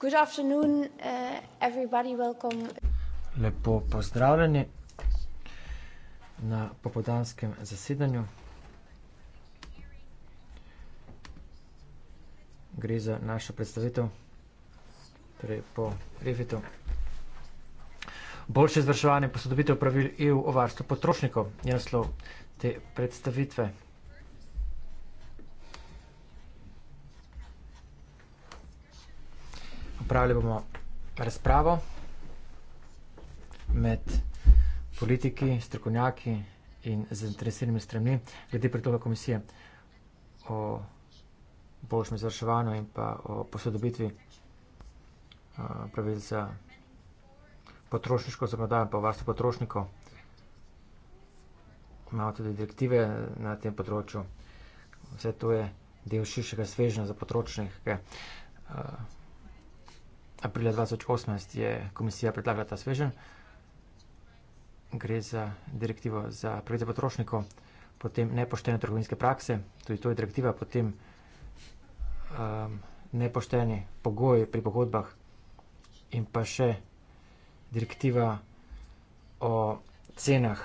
Good afternoon, uh, everybody, welcome. Lepo pozdravljeni na popodanskem zasedanju. Gre za našo predstavitev, torej po refitu. Boljše izvrševanje posodobitev pravil EU o varstvu potrošnikov je naslov te predstavitve. opravili bomo razpravo med politiki, strokovnjaki in zainteresiranimi strani glede predloga komisije o boljšem izvrševanju in pa o posodobitvi uh, pravil za potrošniško zakonodajo in pa varstvo potrošnikov. Imamo tudi direktive na tem področju. Vse to je del širšega svežnja za potrošnike. Uh, aprila 2018 je komisija predlagala ta svežen. Gre za direktivo za pravice potrošnikov, potem nepoštene trgovinske prakse, tudi to je direktiva, potem um, nepošteni pogoji pri pogodbah in pa še direktiva o cenah.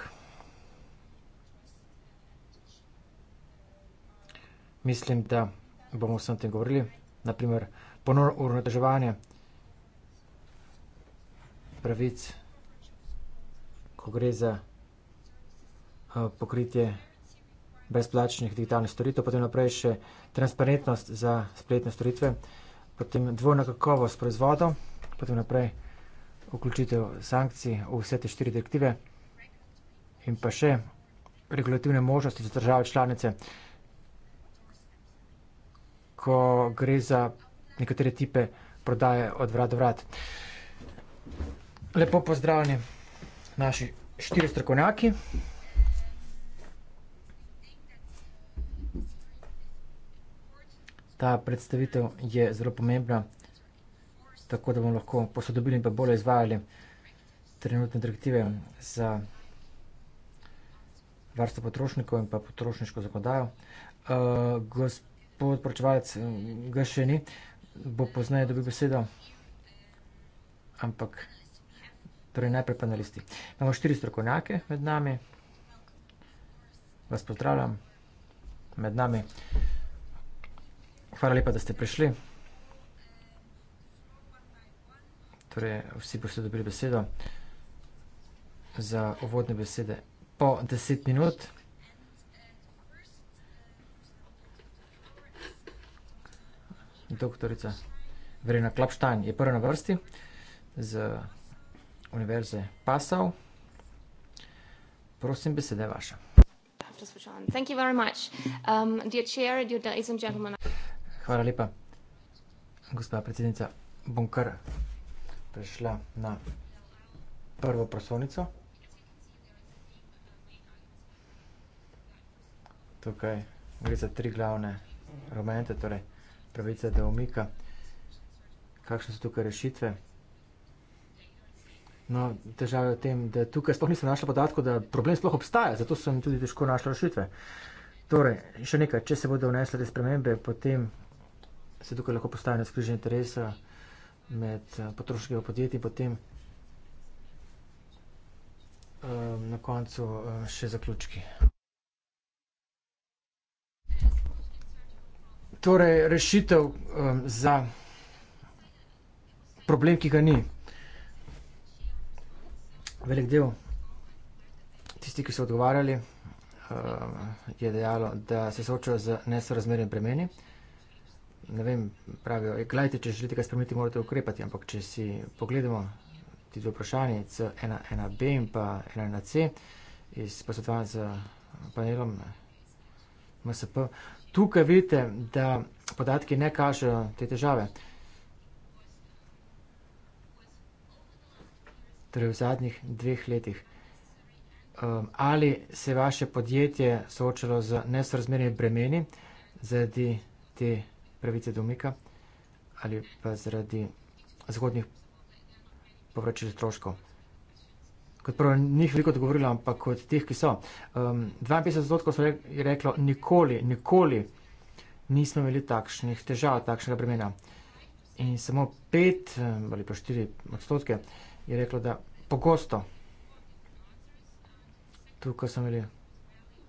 Mislim, da bomo vsem tem govorili, naprimer ponovno uravnoteževanje pravic, ko gre za eh, pokritje brezplačnih digitalnih storitev, potem naprej še transparentnost za spletne storitve, potem dvojna kakovost proizvodov, potem naprej vključitev sankcij v vse te štiri direktive in pa še regulativne možnosti za države članice, ko gre za nekatere tipe prodaje od vrat do vrat. Lepo pozdravljeni naši štiri strokovnjaki. Ta predstavitev je zelo pomembna, tako da bomo lahko posodobili in pa bolje izvajali trenutne direktive za varstvo potrošnikov in pa potrošniško zakladajo. Eh, gospod poročevalec eh, ga še ni, bo pozdravljeni dobil besedo, ampak Torej najprej panelisti. Imamo štiri strokovnjake med nami. Vas pozdravljam med nami. Hvala lepa, da ste prišli. Torej, vsi boste dobili besedo za uvodne besede po deset minut. Doktorica Verena Klapštajn je prva na vrsti za vsega. Univerze Passau. Prosim, beseda je vaša. Um, Hvala lepa, gospa predsednica. Bom kar prešla na prvo prosovnico. Tukaj gre za tri glavne argumente, torej pravica do umika. Kakšne so tukaj rešitve? No, težava je v tem, da tukaj sploh nisem našla podatkov, da problem sploh obstaja, zato sem tudi težko našla rešitve. Torej, še nekaj, če se bodo vnesle te spremembe, potem se tukaj lahko postaje neskriženje interesa med eh, potrošnjega podjetja in potem um, na koncu um, še zaključki. Torej, rešitev um, za problem, ki ga ni velik del tistih, ki so odgovarjali, uh, je dejalo, da se soočajo z nesorazmerjem bremeni. Ne vem, pravijo, gledajte, če želite kaj spremeniti, morate ukrepati, ampak če si pogledamo ti dve vprašanji, C1B in pa 1C, iz posvetovanja z panelom MSP, tukaj vidite, da podatki ne kažejo te težave. Uh, torej v zadnjih dveh letih. Um, ali se je vaše podjetje soočalo z nesrazmernimi bremeni zaradi te pravice domika ali pa zaradi zgodnih povračil stroškov? Kot prvo, njih veliko odgovorilo, ampak kot tih, ki so. Um, 52 odstotkov so reklo, nikoli, nikoli nismo imeli takšnih težav, takšnega bremena. In samo 5 um, ali pa 4 odstotke je rekla, da pogosto tukaj so imeli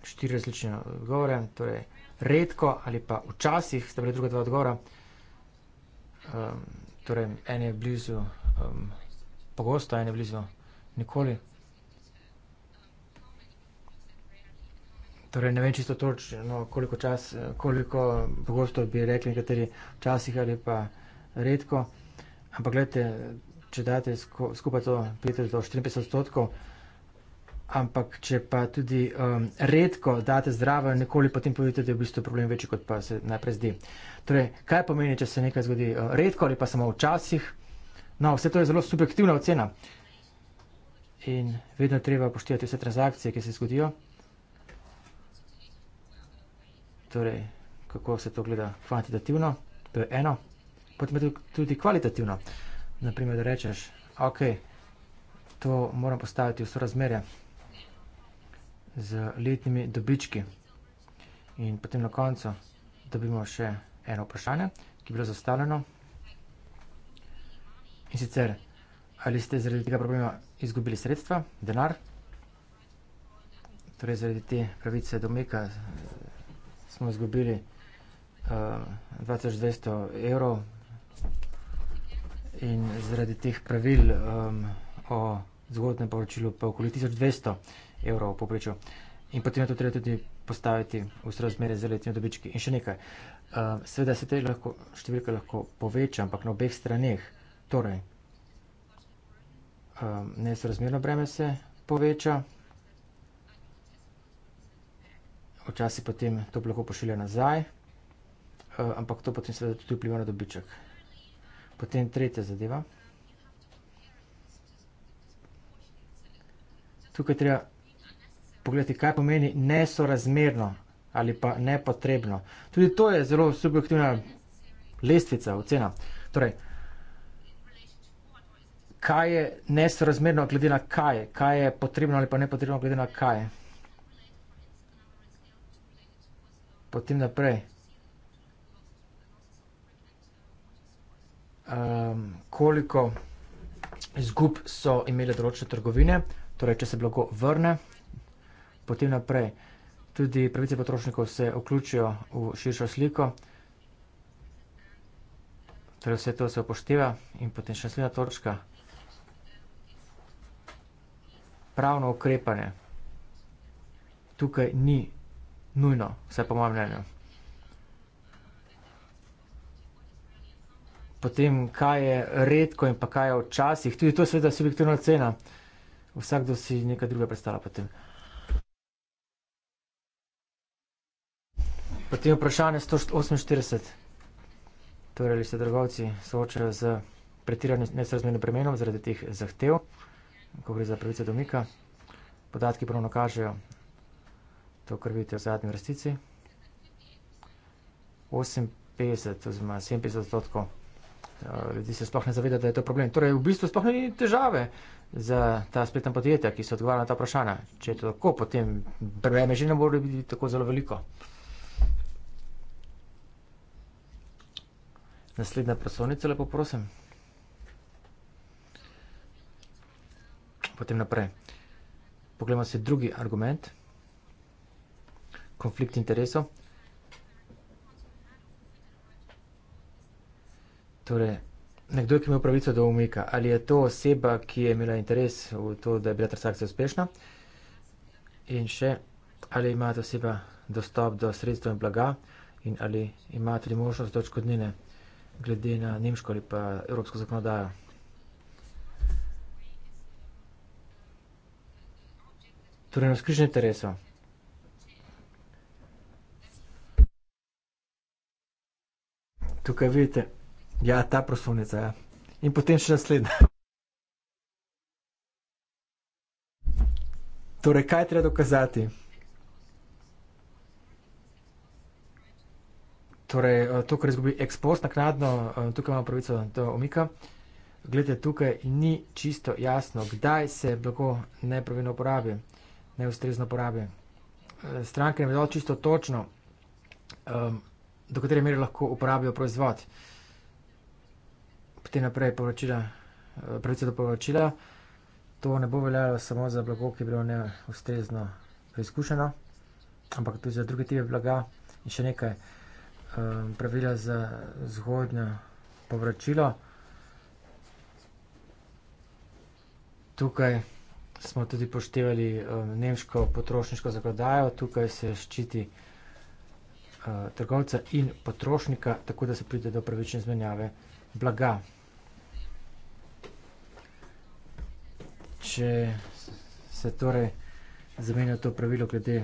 štiri različne odgovore, torej redko ali pa včasih sta bili druga dva odgovora, um, torej en je blizu um, pogosto, en je blizu nikoli. Torej ne vem čisto točno, no, koliko čas, koliko pogosto bi rekli nekateri včasih ali pa redko, ampak gledajte, če date skupaj to, pride do 54 odstotkov. Ampak, če pa tudi um, redko date zdravo, nekoli potem povedete, da je v bistvu problem večji, kot pa se najprej zdi. Torej, kaj pomeni, če se nekaj zgodi uh, redko ali pa samo včasih? No, vse to je zelo subjektivna ocena. In vedno treba poštivati vse transakcije, ki se zgodijo. Torej, kako se to gleda kvantitativno, to je eno, potem tudi kvalitativno. Uh, naprimer, da rečeš, ok, to moram postaviti v sorazmerje z letnimi dobički. In potem na koncu dobimo še eno vprašanje, ki je bilo zastavljeno. In sicer, ali ste zaradi tega problema izgubili sredstva, denar? Torej, zaradi te pravice do meka eh, smo izgubili 2200 eh, evrov in zaradi teh pravil um, o zgodnem poročilu pa okoli 1200 evrov v poprečju. In potem je to treba tudi postaviti v srazmere z letnimi dobički. In še nekaj. Um, seveda se te lahko, številke lahko poveča, ampak na obeh straneh. Torej, um, nesrazmerno breme se poveča. Včasih potem to lahko pošilja nazaj, uh, ampak to potem seveda tudi vpliva na dobiček. Potem tretja zadeva. Tukaj treba pogledati, kaj pomeni nesorazmerno ali pa nepotrebno. Tudi to je zelo subjektivna lestvica, ocena. Torej, kaj je nesorazmerno glede na kaj, kaj je potrebno ali pa nepotrebno glede na kaj. Potem naprej. Potem naprej. um, koliko izgub so imele določene trgovine, torej če se blago vrne, potem naprej. Tudi pravice potrošnikov se vključijo v širšo sliko, torej vse to se upošteva in potem še sledna točka. Pravno ukrepanje tukaj ni nujno, vse po mojem mnenju. potem kaj je redko in pa kaj je včasih. Tudi to je seveda subjektivna cena. Vsakdo si nekaj druga predstavlja potem. Potem vprašanje 148. Torej, ali se drgovci soočajo z pretiranim nesrazmernim premenom zaradi teh zahtev, ko gre za pravice domika. Podatki pravno kažejo to, kar vidite v zadnji vrstici. 58 oziroma 57 odstotkov Eh, ljudi se sploh ne zaveda, da je to problem. Torej, v bistvu sploh ni težave za ta spletna podjetja, ki so odgovarjala na ta vprašanja. Če je to tako, potem breme že ne bo biti tako zelo veliko. Naslednja prosovnica, lepo prosim. Potem naprej. Poglejmo se drugi argument. Konflikt interesov. Torej, nekdo, ki ima pravico do umika, ali je to oseba, ki je imela interes v to, da je bila transakcija uspešna? In še, ali ima ta oseba dostop do sredstva in blaga in ali ima tudi možnost do očkodnine glede na nemško ali pa evropsko zakonodajo? Torej, na skrižnem interesu. Tukaj vidite, Ja, ta prosovnica. Ja. In potem še naslednja. Torej, kaj treba dokazati? Torej, eh, to, kar izgubi ekspost nakladno, eh, tukaj imamo pravico do omika. Glede, tukaj ni čisto jasno, kdaj se blago nepravilno uporabi, neustrezno uporabi. Eh, stranke ne vedo čisto točno, ehm, do katere mere lahko uporabijo proizvod te naprej poročila, eh, pravice do poročila. To ne bo veljalo samo za blago, ki je bilo neustrezno preizkušeno, ampak tudi za druge tipe blaga in še nekaj um, pravila za zgodnjo povračilo. Tukaj smo tudi poštevali um, nemško potrošniško zakladajo, tukaj se ščiti uh, trgovca in potrošnika, tako da se pride do pravične zmenjave blaga. če se torej zamenja to pravilo glede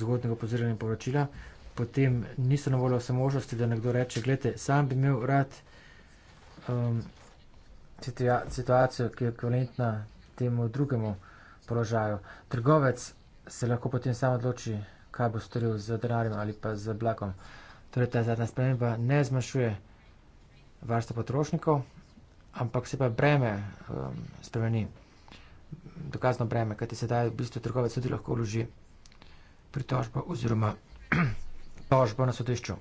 zgodnega poziranja poročila, potem niso na voljo vse možnosti, da nekdo reče, gledajte, sam bi imel rad um, situacijo, ki je ekvivalentna temu drugemu položaju. Trgovec se lahko potem sam odloči, kaj bo storil z denarjem ali pa z blagom. Torej, ta zadnja sprememba ne zmanjšuje varstva potrošnikov, ampak se pa breme um, spremeni, dokazno breme, kajti sedaj v bistvu trgovec tudi lahko vloži pritožbo oziroma tožbo na sodišču.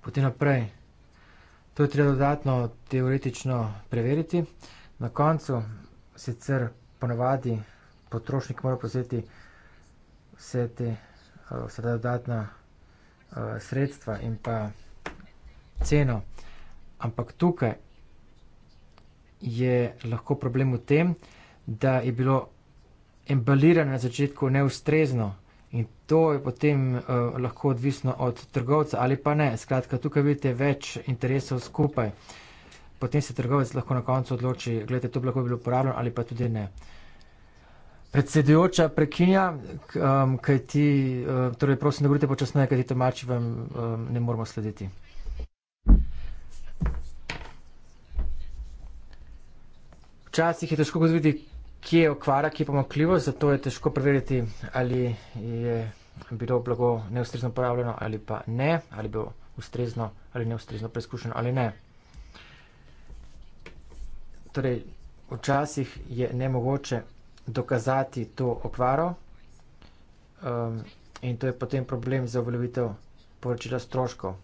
Potem naprej, to je treba dodatno teoretično preveriti. Na koncu sicer ponovadi potrošnik mora prevzeti vse te uh, dodatna uh, sredstva in pa ceno. Ampak tukaj je lahko problem v tem, da je bilo embalirano na začetku neustrezno in to je potem uh, lahko odvisno od trgovca ali pa ne. Skratka, tukaj vidite več interesov skupaj. Potem se trgovec lahko na koncu odloči, gledajte, to bi lahko bilo uporabljeno ali pa tudi ne. Predsedujoča prekinja, um, ehm, kaj ti, uh, eh, torej prosim, da govorite počasneje, kaj ti tomači vam um, ne moramo slediti. Včasih je težko videti, kje je okvara, kje je pomakljivo, zato je težko preveriti, ali je bilo blago neustrezno uporabljeno ali pa ne, ali bo ustrezno ali neustrezno preizkušeno ali ne. Torej, včasih je nemogoče dokazati to okvaro um, in to je potem problem za uveljavitev poročila stroškov.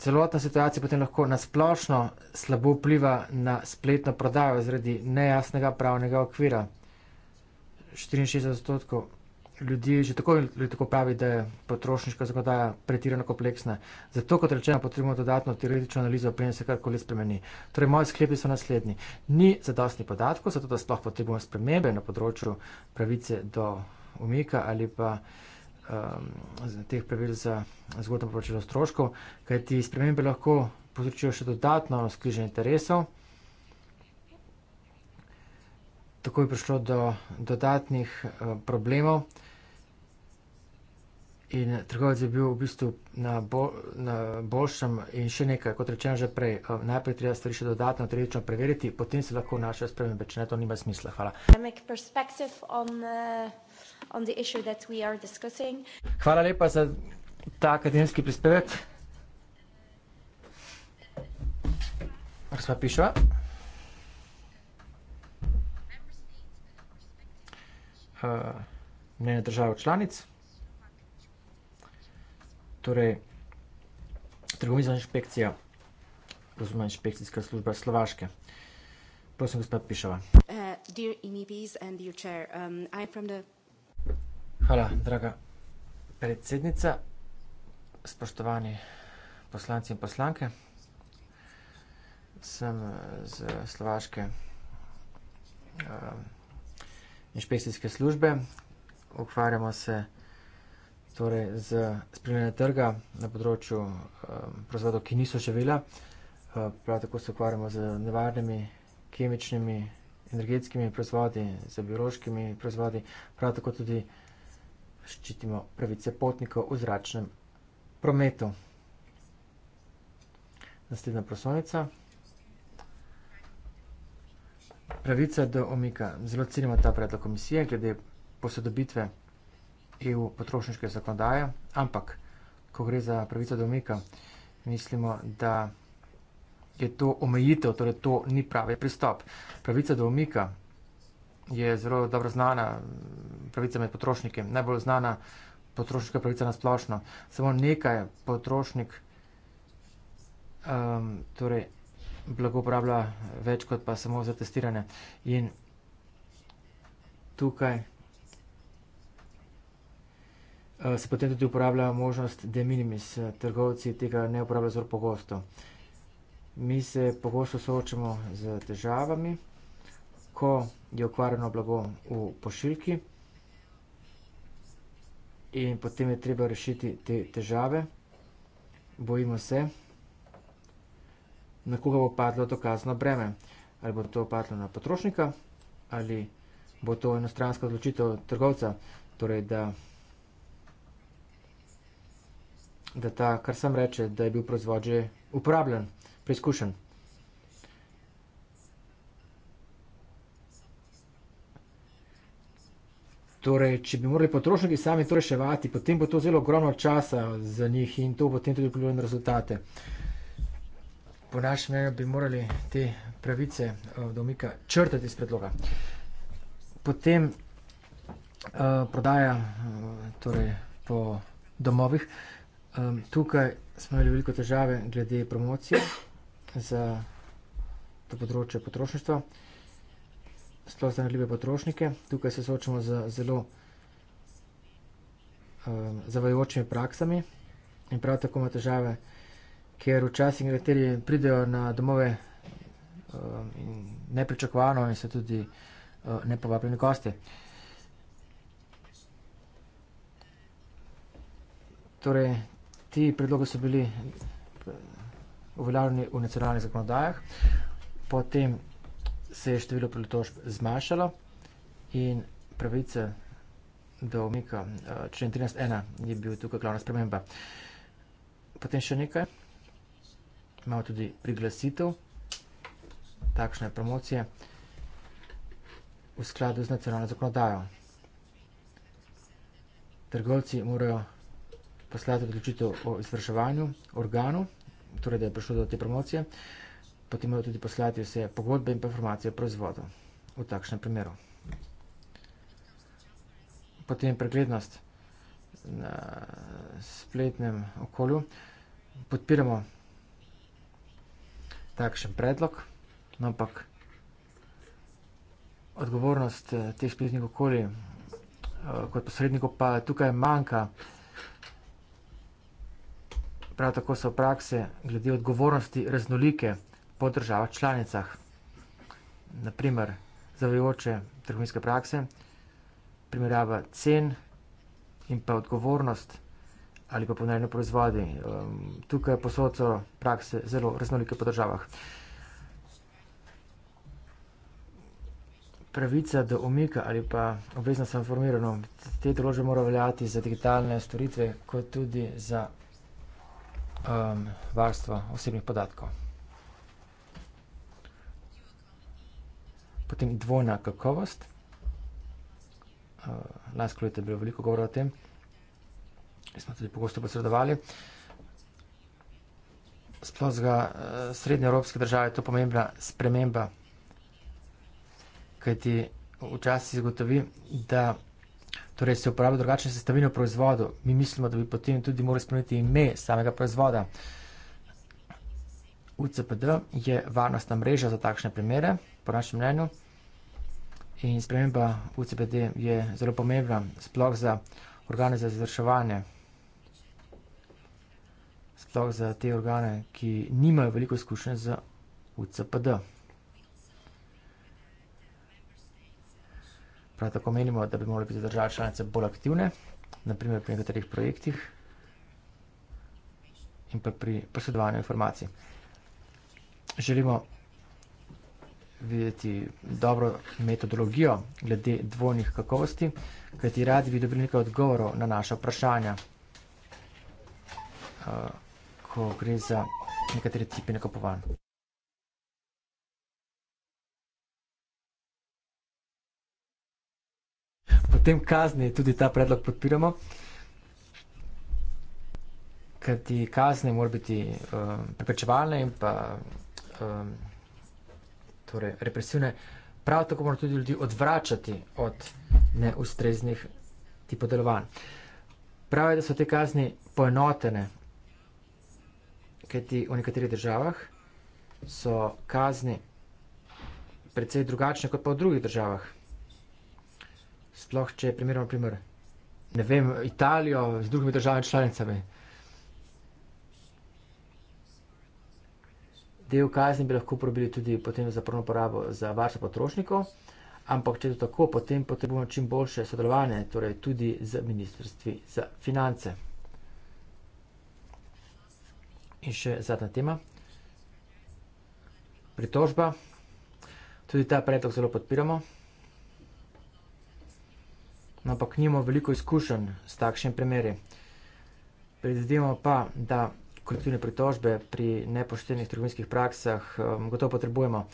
celotna situacija potem lahko nasplošno slabo vpliva na spletno prodajo zaradi nejasnega pravnega okvira. 64 odstotkov ljudi že tako ali tako pravi, da je potrošniška zakonodaja pretirano kompleksna. Zato, kot rečeno, potrebujemo dodatno teoretično analizo, preden se karkoli spremeni. Torej, moji sklepi so naslednji. Ni zadostnih podatkov, zato da sploh potrebujemo spremembe na področju pravice do umika ali pa um, teh pravil za zgodno poplačilo stroškov, kajti spremembe lahko povzročijo še dodatno skriženje interesov. Tako je prišlo do dodatnih uh, problemov in trgovec je bil v bistvu na, bo, na boljšem in še nekaj, kot rečeno že prej, uh, najprej treba stvari še dodatno, trebično preveriti, potem se lahko naše spremembe, če ne, to nima smisla. Hvala. Hvala lepa za ta akademski prispevek. Gospa Pišova. Uh, mnenje držav članic. Torej, trgovinska inšpekcija oziroma inšpekcijska služba Slovaške. Prosim, gospa Pišova. Uh, Hvala, draga predsednica. Spoštovani poslanci in poslanke, sem z Slovaške uh, inšpekcijske službe. Ukvarjamo se torej z spremljanjem trga na področju um, proizvodov, ki niso živela. Uh, eh, prav tako se ukvarjamo z nevarnimi kemičnimi, energetskimi proizvodi, z biološkimi proizvodi, prav tako tudi ščitimo pravice potnikov v zračnem prometu. Naslednja prosovnica. Pravica do omika. Zelo cenimo ta predlog komisije glede posodobitve EU potrošniške zakonodaje, ampak ko gre za pravico do omika, mislimo, da je to omejitev, torej to ni pravi pristop. Pravica do omika je zelo dobro znana pravica med potrošniki, najbolj znana potrošniška pravica na splošno. Samo nekaj potrošnik um, torej blago uporablja več kot pa samo za testiranje. In tukaj uh, se potem tudi uporablja možnost de minimis. Trgovci tega ne uporabljajo zelo pogosto. Mi se pogosto soočamo z težavami ko je okvarjeno blago v pošiljki. In potem je treba rešiti te težave. Bojimo se, na koga bo padlo dokazno breme. Ali bo to padlo na potrošnika, ali bo to enostranska odločitev trgovca, torej da da ta, kar sam reče, da je bil proizvod že uporabljen, preizkušen. Torej, če bi morali potrošniki sami to reševati, potem bo to zelo ogromno časa za njih in to potem tudi vpliva na rezultate. Po našem mnenju bi morali te pravice uh, do umika črtati iz predloga. Potem uh, prodaja uh, torej po domovih. Um, tukaj smo imeli veliko težave glede promocije za to področje potrošništva. Uh, sploh za nadljive potrošnike. Tukaj se soočamo z zelo um, zavajočimi praksami in prav tako ima težave, ker včasih nekateri pridejo na domove um, in nepričakovano in so tudi uh, nepovabljeni gosti. Torej, ti predlogi so bili uh, uveljavljeni v nacionalnih zakonodajah, potem se je število pritožb zmanjšalo in pravice do omika eh, člen 13.1 je bil tukaj glavna sprememba. Potem še nekaj. Imamo tudi priglasitev takšne promocije v skladu z nacionalno zakonodajo. Trgovci morajo poslati odločitev o izvrševanju organu, torej da je prišlo do te promocije potem morajo tudi poslati vse pogodbe in informacije o proizvodu v takšnem primeru. Potem preglednost na spletnem okolju. Podpiramo takšen predlog, no, ampak odgovornost eh, teh spletnih okolij eh, kot posrednikov pa tukaj manjka. Prav tako so prakse glede odgovornosti raznolike vsega po državah članicah. Naprimer, zavajoče trgovinske prakse, primerjava cen in pa odgovornost ali pa ponajno proizvodi. Ehm, tukaj posod so prakse zelo raznolike po državah. Pravica do omika ali pa obvezno samoformirano, te doložbe mora veljati za digitalne storitve, kot tudi za ehm, varstvo osebnih podatkov. potem dvojna kakovost. Uh, lansko leto je bilo veliko govora o tem, mi smo tudi pogosto posredovali. Sploh za uh, eh, srednje evropske države je to pomembna sprememba, kaj ti včasih zagotovi, da torej, se uporablja drugačne sestavine v proizvodu. Mi mislimo, da bi potem tudi morali spremeniti ime samega proizvoda. UCPD je varnostna mreža za takšne primere po našem mnenju. In sprememba UCPD je zelo pomembna, sploh za organe za izvrševanje, sploh za te organe, ki nimajo veliko izkušnje z UCPD. Prav tako menimo, da bi morali biti države članice bolj aktivne, naprimer pri nekaterih projektih in pa pri posredovanju informacij. Želimo videti dobro metodologijo glede dvojnih kakovosti, kajti radi bi dobili nekaj odgovorov na naše vprašanja, uh, ko gre za nekatere tipe nakupovanj. Potem kazni tudi ta predlog podpiramo, kajti kazne mora biti um, preprečevalne in pa um, torej represivne, prav tako mora tudi ljudi odvračati od neustreznih tipov delovanj. Pravi, da so te kazni poenotene, kajti v nekaterih državah so kazni precej drugačne kot pa v drugih državah. Sploh, če primerjamo primer, ne vem, Italijo z drugimi državami članicami. Del kazni bi lahko uporabili tudi potem za prvo uporabo za varstvo potrošnikov, ampak če je to tako, potem potrebujemo čim boljše sodelovanje, torej tudi z ministrstvi za finance. In še zadnja tema. Pritožba. Tudi ta predlog zelo podpiramo. No, ampak nimamo veliko izkušenj s takšnim primeri. Predvidimo pa, da kolektivne pritožbe pri nepoštenih trgovinskih praksah, um, gotovo potrebujemo.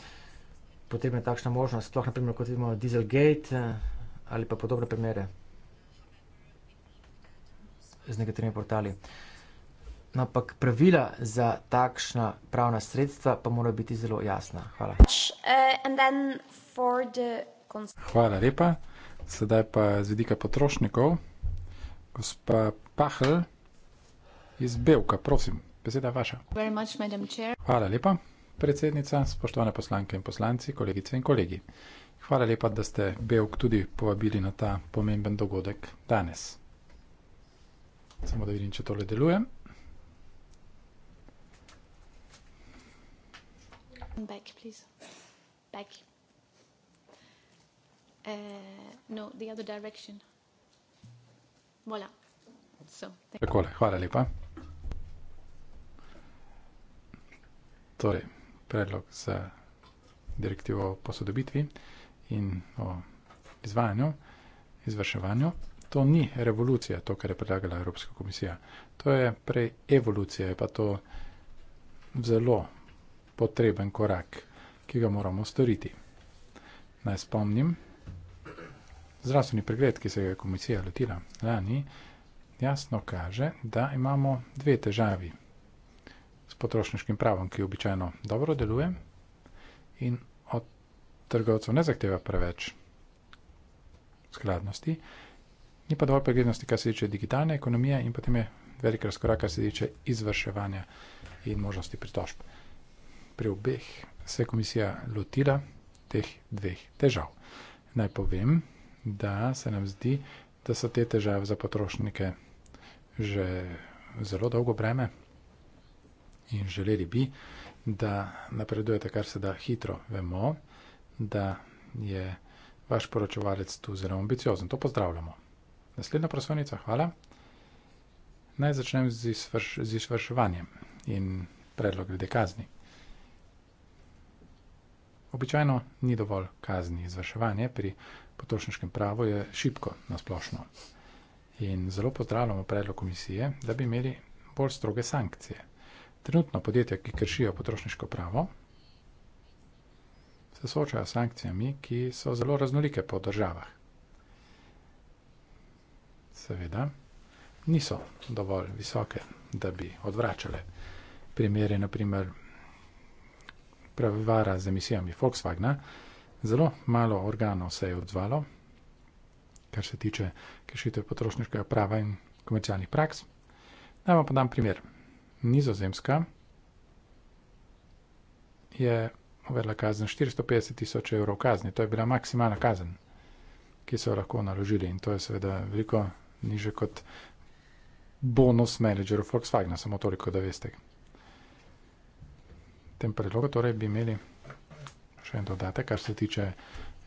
Potrebna je takšna možnost, sploh naprimer, kot vidimo Dieselgate eh, ali pa podobne primere z nekaterimi portali. No, ampak pravila za takšna pravna sredstva pa morajo biti zelo jasna. Hvala. Eh, Hvala lepa. Sedaj pa z vidika potrošnikov, gospa Pahl iz Belka, prosim, beseda vaša. Hvala lepa, predsednica, spoštovane poslanke in poslanci, kolegice in kolegi. Hvala lepa, da ste Belk tudi povabili na ta pomemben dogodek danes. Samo da vidim, če tole deluje. Back, please. Back. Uh, no, the other direction. Voilà. So, Takole, hvala lepa. torej predlog za direktivo o posodobitvi in o izvajanju, izvrševanju. To ni revolucija, to, kar je predlagala Evropska komisija. To je prej evolucija, je pa to zelo potreben korak, ki ga moramo storiti. Naj spomnim, zdravstveni pregled, ki se ga je komisija lotila lani, jasno kaže, da imamo dve težavi s potrošniškim pravom, ki običajno dobro deluje in od trgovcev ne zahteva preveč skladnosti. Ni pa dovolj preglednosti, kar se tiče digitalne ekonomije in potem je velik razkorak, kar se tiče izvrševanja in možnosti pritožb. Pri obeh se je komisija lotila teh dveh težav. Naj povem, da se nam zdi, da so te težave za potrošnike že zelo dolgo breme, in želeli bi, da napredujete kar se da hitro. Vemo, da je vaš poročevalec tu zelo ambiciozen. To pozdravljamo. Naslednja prosovnica, hvala. Naj začnem z, izvrš, z izvrševanjem in predlog glede kazni. Običajno ni dovolj kazni. Izvrševanje pri potrošniškem pravu je šipko na splošno. In zelo pozdravljamo predlog komisije, da bi imeli bolj stroge sankcije. Trenutno podjetja, ki kršijo potrošniško pravo, se soočajo s sankcijami, ki so zelo raznolike po državah. Seveda, niso dovolj visoke, da bi odvračale primere, naprimer pravivara z emisijami Volkswagna. Zelo malo organov se je odzvalo, kar se tiče kršitev potrošniškega prava in komercialnih praks. Naj vam podam primer. Nizozemska je uvedla kazen 450 tisoč evrov kazni. To je bila maksimalna kazen, ki so jo lahko naložili in to je seveda veliko niže kot bonus menedžerov Volkswagena, samo toliko, da veste. V tem predlogu torej bi imeli še en dodatek, kar se tiče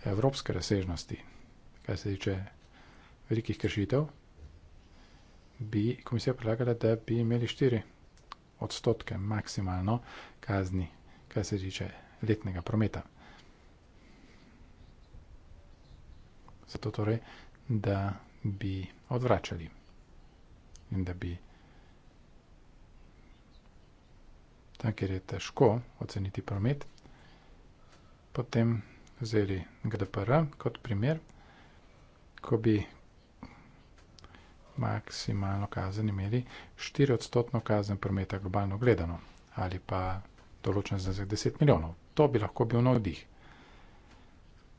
evropske razsežnosti, kar se tiče velikih kršitev, bi komisija predlagala, da bi imeli štiri odstotke maksimalno kazni, kar se tiče letnega prometa. Zato torej, da bi odvračali in da bi tam, kjer je težko oceniti promet, potem vzeli GDPR kot primer, ko bi maksimalno kazen imeli 4 odstotno kazen prometa globalno gledano ali pa določen znesek 10 milijonov. To bi lahko bil nov dih.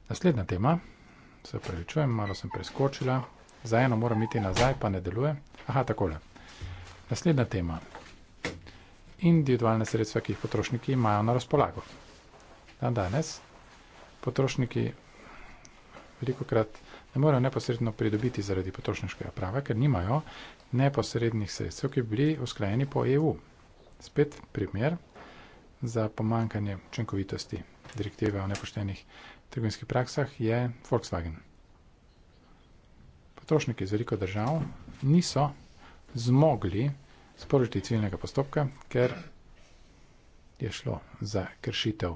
Naslednja tema, se prevečujem, malo sem preskočila, za eno moram iti nazaj, pa ne deluje. Aha, takole. Naslednja tema, individualne sredstva, ki jih potrošniki imajo na razpolago. Dan danes potrošniki veliko krat vsega, ne morejo neposredno pridobiti zaradi potrošniškega prava, ker nimajo neposrednih sredstev, ki bi bili usklajeni po EU. Spet primer za pomankanje učinkovitosti direktive o nepoštenih trgovinskih praksah je Volkswagen. Potrošniki z veliko držav niso zmogli sporočiti civilnega postopka, ker je šlo za kršitev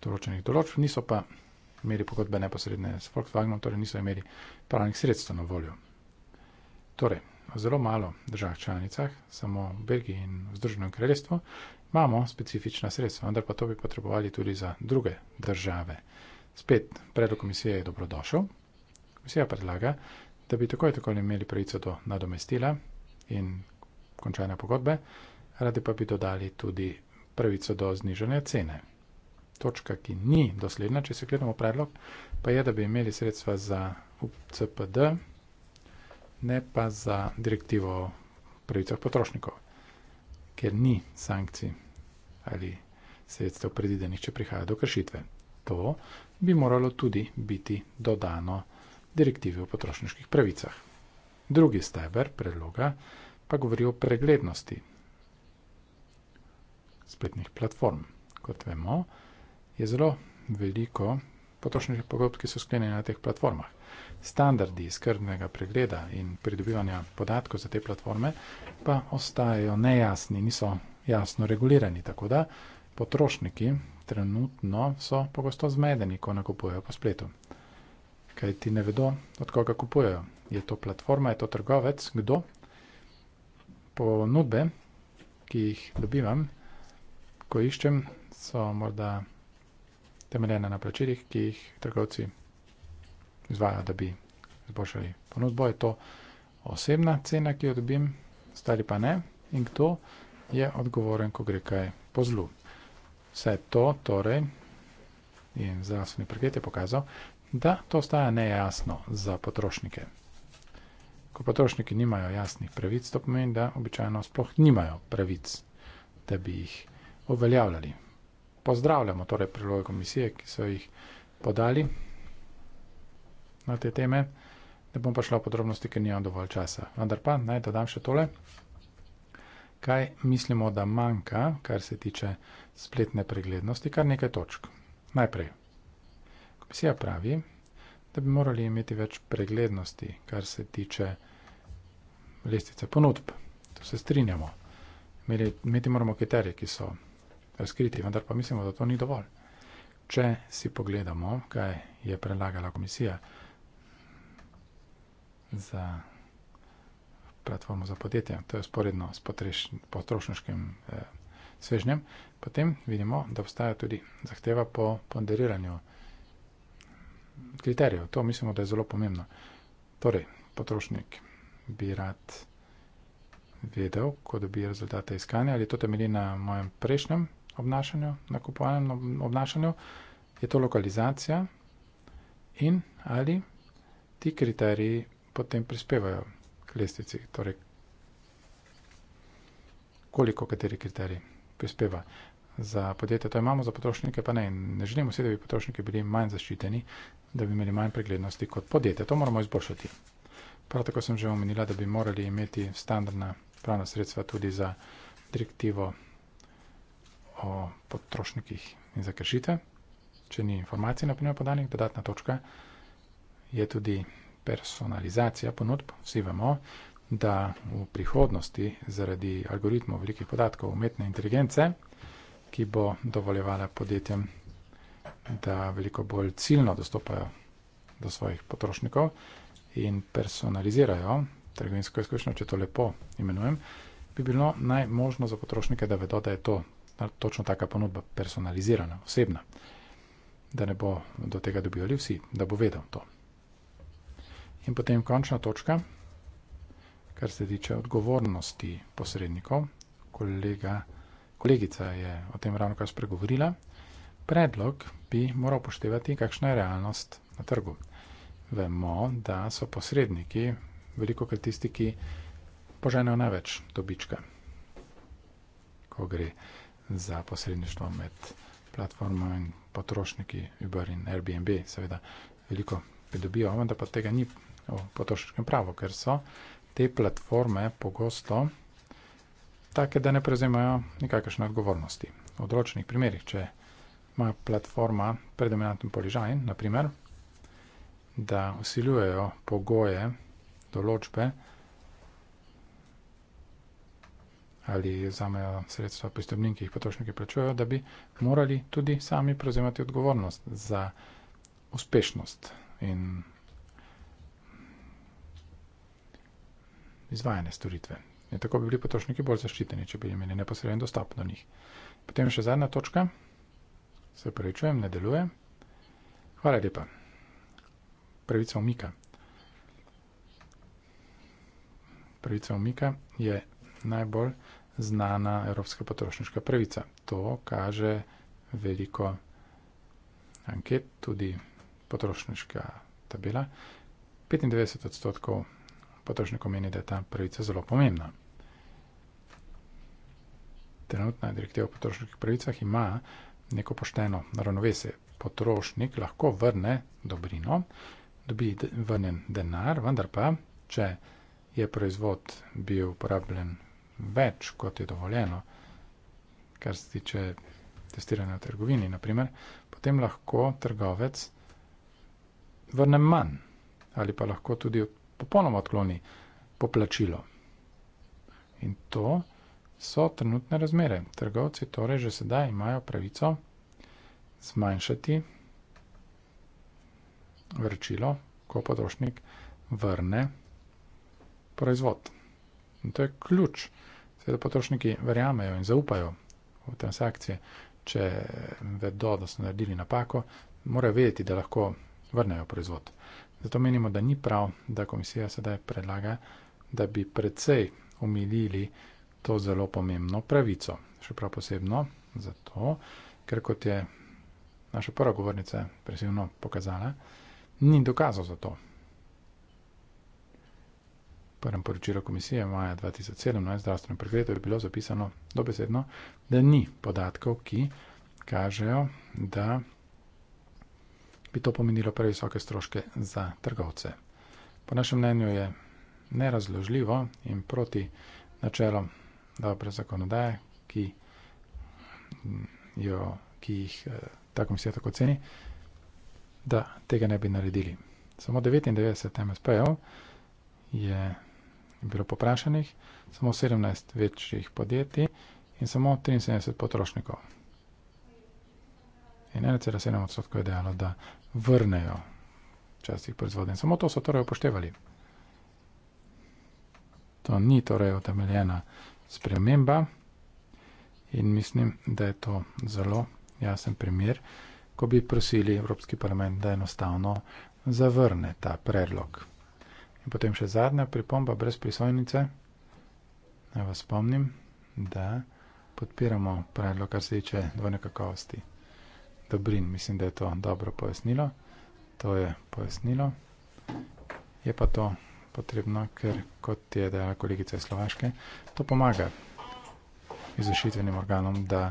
določenih določb, niso pa imeli pogodbe neposredne s Volkswagenom, torej niso imeli pravnih sredstev na voljo. Torej, v zelo malo državah članicah, samo v Belgiji in v Združenem kraljestvu, imamo specifična sredstva, vendar pa to bi potrebovali tudi za druge države. Spet predlog komisije je dobrodošel. Komisija predlaga, da bi takoj tako imeli pravico do nadomestila in končanja pogodbe, radi pa bi dodali tudi pravico do znižanja cene točka, ki ni dosledna, če se gledamo predlog, pa je, da bi imeli sredstva za CPD, ne pa za direktivo o pravicah potrošnikov, ker ni sankcij ali sredstev predidenih, če prihaja do kršitve. To bi moralo tudi biti dodano direktivi o potrošniških pravicah. Drugi steber predloga pa govori o preglednosti spletnih platform. Kot vemo, je zelo veliko potrošniških pogodb, ki so sklenjene na teh platformah. Standardi skrbnega pregleda in pridobivanja podatkov za te platforme pa ostajajo nejasni, niso jasno regulirani, tako da potrošniki trenutno so pogosto zmedeni, ko nakupujejo po spletu. Kaj ti ne vedo, od koga kupujejo? Je to platforma, je to trgovec, kdo? Ponudbe, ki jih dobivam, ko iščem, so morda temeljena na plačilih, ki jih trgovci izvajo, da bi izboljšali ponudbo. Je to osebna cena, ki jo dobim, stari pa ne. In kdo je odgovoren, ko gre kaj po zlu? Vse to torej in zdravstveni pregled je pokazal, da to ostaja nejasno za potrošnike. Ko potrošniki nimajo jasnih pravic, to pomeni, da običajno sploh nimajo pravic, da bi jih uveljavljali pozdravljamo torej priloge komisije, ki so jih podali na te teme. Ne bom pa šla v podrobnosti, ker nimam dovolj časa. Vendar pa naj dodam še tole. Kaj mislimo, da manjka, kar se tiče spletne preglednosti, kar nekaj točk. Najprej. Komisija pravi, da bi morali imeti več preglednosti, kar se tiče lestice ponudb. To se strinjamo. Imeti moramo kriterije, ki so razkriti, vendar pa mislimo, da to ni dovolj. Če si pogledamo, kaj je predlagala komisija za platformo za podjetje, to je sporedno s potrošniškim eh, svežnjem, potem vidimo, da obstaja tudi zahteva po ponderiranju kriterijev. To mislimo, da je zelo pomembno. Torej, potrošnik bi rad vedel, ko dobi rezultate iskanja, ali to temelji na mojem prejšnjem obnašanju, nakupovalnem obnašanju, je to lokalizacija in ali ti kriteriji potem prispevajo k lestvici, torej koliko kateri kriterij prispeva. Za podjetje to imamo, za potrošnike pa ne. Ne želimo si, da bi potrošniki bili manj zaščiteni, da bi imeli manj preglednosti kot podjetje. To moramo izboljšati. Prav tako sem že omenila, da bi morali imeti standardna pravna sredstva tudi za direktivo o potrošnikih in za kršitve. Če ni informacij, na primer, podanih, dodatna točka je tudi personalizacija ponudb. Vsi vemo, da v prihodnosti zaradi algoritmov velikih podatkov umetne inteligence, ki bo dovoljevala podjetjem, da veliko bolj ciljno dostopajo do svojih potrošnikov in personalizirajo trgovinsko izkušnjo, če to lepo imenujem, bi bilo najmožno za potrošnike, da vedo, da je to točno taka ponudba personalizirana, osebna, da ne bo do tega dobili vsi, da bo vedel to. In potem končna točka, kar se tiče odgovornosti posrednikov. Kolega, kolegica je o tem ravno kar spregovorila. Predlog bi moral poštevati, kakšna je realnost na trgu. Vemo, da so posredniki veliko krat tisti, ki poženejo največ dobička, ko gre za za posredništvo med platformami in potrošniki Uber in Airbnb. Seveda veliko pridobijo, vendar pa tega ni v potrošniškem pravu, ker so te platforme pogosto take, da ne prevzemajo nikakršne odgovornosti. V odročnih primerih, če ima platforma predominanten položaj, naprimer, da usiljujejo pogoje, določbe, ali zamejo sredstva pristopnim, ki jih potrošniki plačujejo, da bi morali tudi sami prevzemati odgovornost za uspešnost in izvajanje storitve. In tako bi bili potrošniki bolj zaščiteni, če bi imeli neposreden dostop do njih. Potem še zadnja točka, se prevečujem, ne deluje. Hvala lepa. Pravica umika. Pravica umika je najbolj znana evropska potrošniška pravica. To kaže veliko anket, tudi potrošniška tabela. 95 odstotkov potrošnikov meni, da je ta pravica zelo pomembna. Trenutna direktiva o potrošniških pravicah ima neko pošteno ravnovesje. Potrošnik lahko vrne dobrino, dobi vrnen denar, vendar pa, če je proizvod bil uporabljen več, kot je dovoljeno, kar se tiče testiranja v trgovini, naprimer, potem lahko trgovec vrne manj ali pa lahko tudi popolnoma odkloni poplačilo. In to so trenutne razmere. Trgovci torej že sedaj imajo pravico zmanjšati vrčilo, ko potrošnik vrne proizvod. In to je ključ. Seveda potrošniki verjamejo in zaupajo v transakcije, če vedo, da so naredili napako, morajo vedeti, da lahko vrnejo proizvod. Zato menimo, da ni prav, da komisija sedaj predlaga, da bi predvsej umilili to zelo pomembno pravico. Še prav posebno zato, ker kot je naša prva govornica presivno pokazala, ni dokazov za to, prvem poročilu komisije maja 2017 zdravstvenem pregledu je bilo zapisano dobesedno, da ni podatkov, ki kažejo, da bi to pomenilo previsoke stroške za trgovce. Po našem mnenju je nerazložljivo in proti načelom dobre zakonodaje, ki, jo, ki jih eh, ta komisija tako ceni, da tega ne bi naredili. Samo 99 MSP-ov je je bilo poprašanih, samo 17 večjih podjetij in samo 73 potrošnikov. In 1,7 odstotkov je dejalo, da vrnejo časih proizvodnje. Samo to so torej upoštevali. To ni torej otemeljena sprememba in mislim, da je to zelo jasen primer, ko bi prosili Evropski parlament, da enostavno zavrne ta predlog. In potem še zadnja pripomba brez prisojnice. Naj vas spomnim, da podpiramo pravilo, kar se tiče dvojne kakovosti. Dobrin, mislim, da je to dobro pojasnilo. To je pojasnilo. Je pa to potrebno, ker kot je dejala kolegica iz Slovaške, to pomaga izvršitvenim organom, da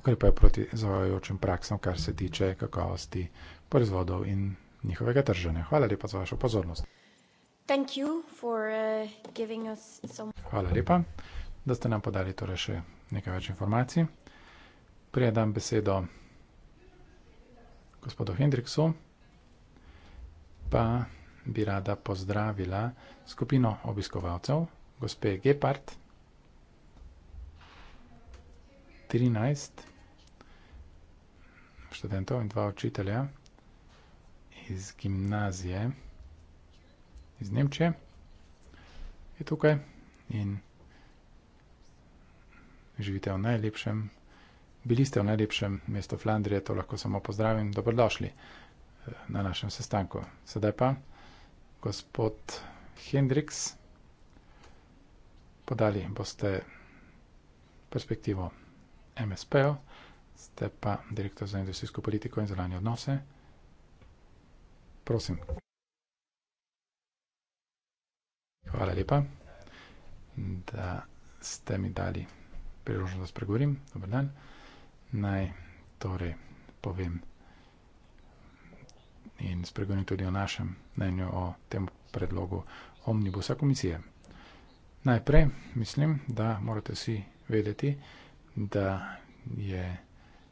okrepajo proti zavajajočim praksam, kar se tiče kakovosti proizvodov in njihovega držanja. Hvala lepa za vašo pozornost. Uh, Hvala lepa, da ste nam podali torej še nekaj več informacij. Prijedam besedo gospodu Hendriksu, pa bi rada pozdravila skupino obiskovalcev, gospe Gepard 13, študentov in dva učitelja iz gimnazije iz Nemčije, je tukaj in živite v najlepšem, bili ste v najlepšem mestu Flandrije, to lahko samo pozdravim, dobrodošli eh, na našem sestanku. Sedaj pa gospod Hendriks, podali boste perspektivo MSP-o, ste pa direktor za industrijsko politiko in zelanje odnose. Prosim. Hvala lepa, da ste mi dali priložnost, da spregovorim. Dobro dan. Naj torej povem in spregovorim tudi o našem mnenju o tem predlogu omnibusa komisije. Najprej mislim, da morate vsi vedeti, da je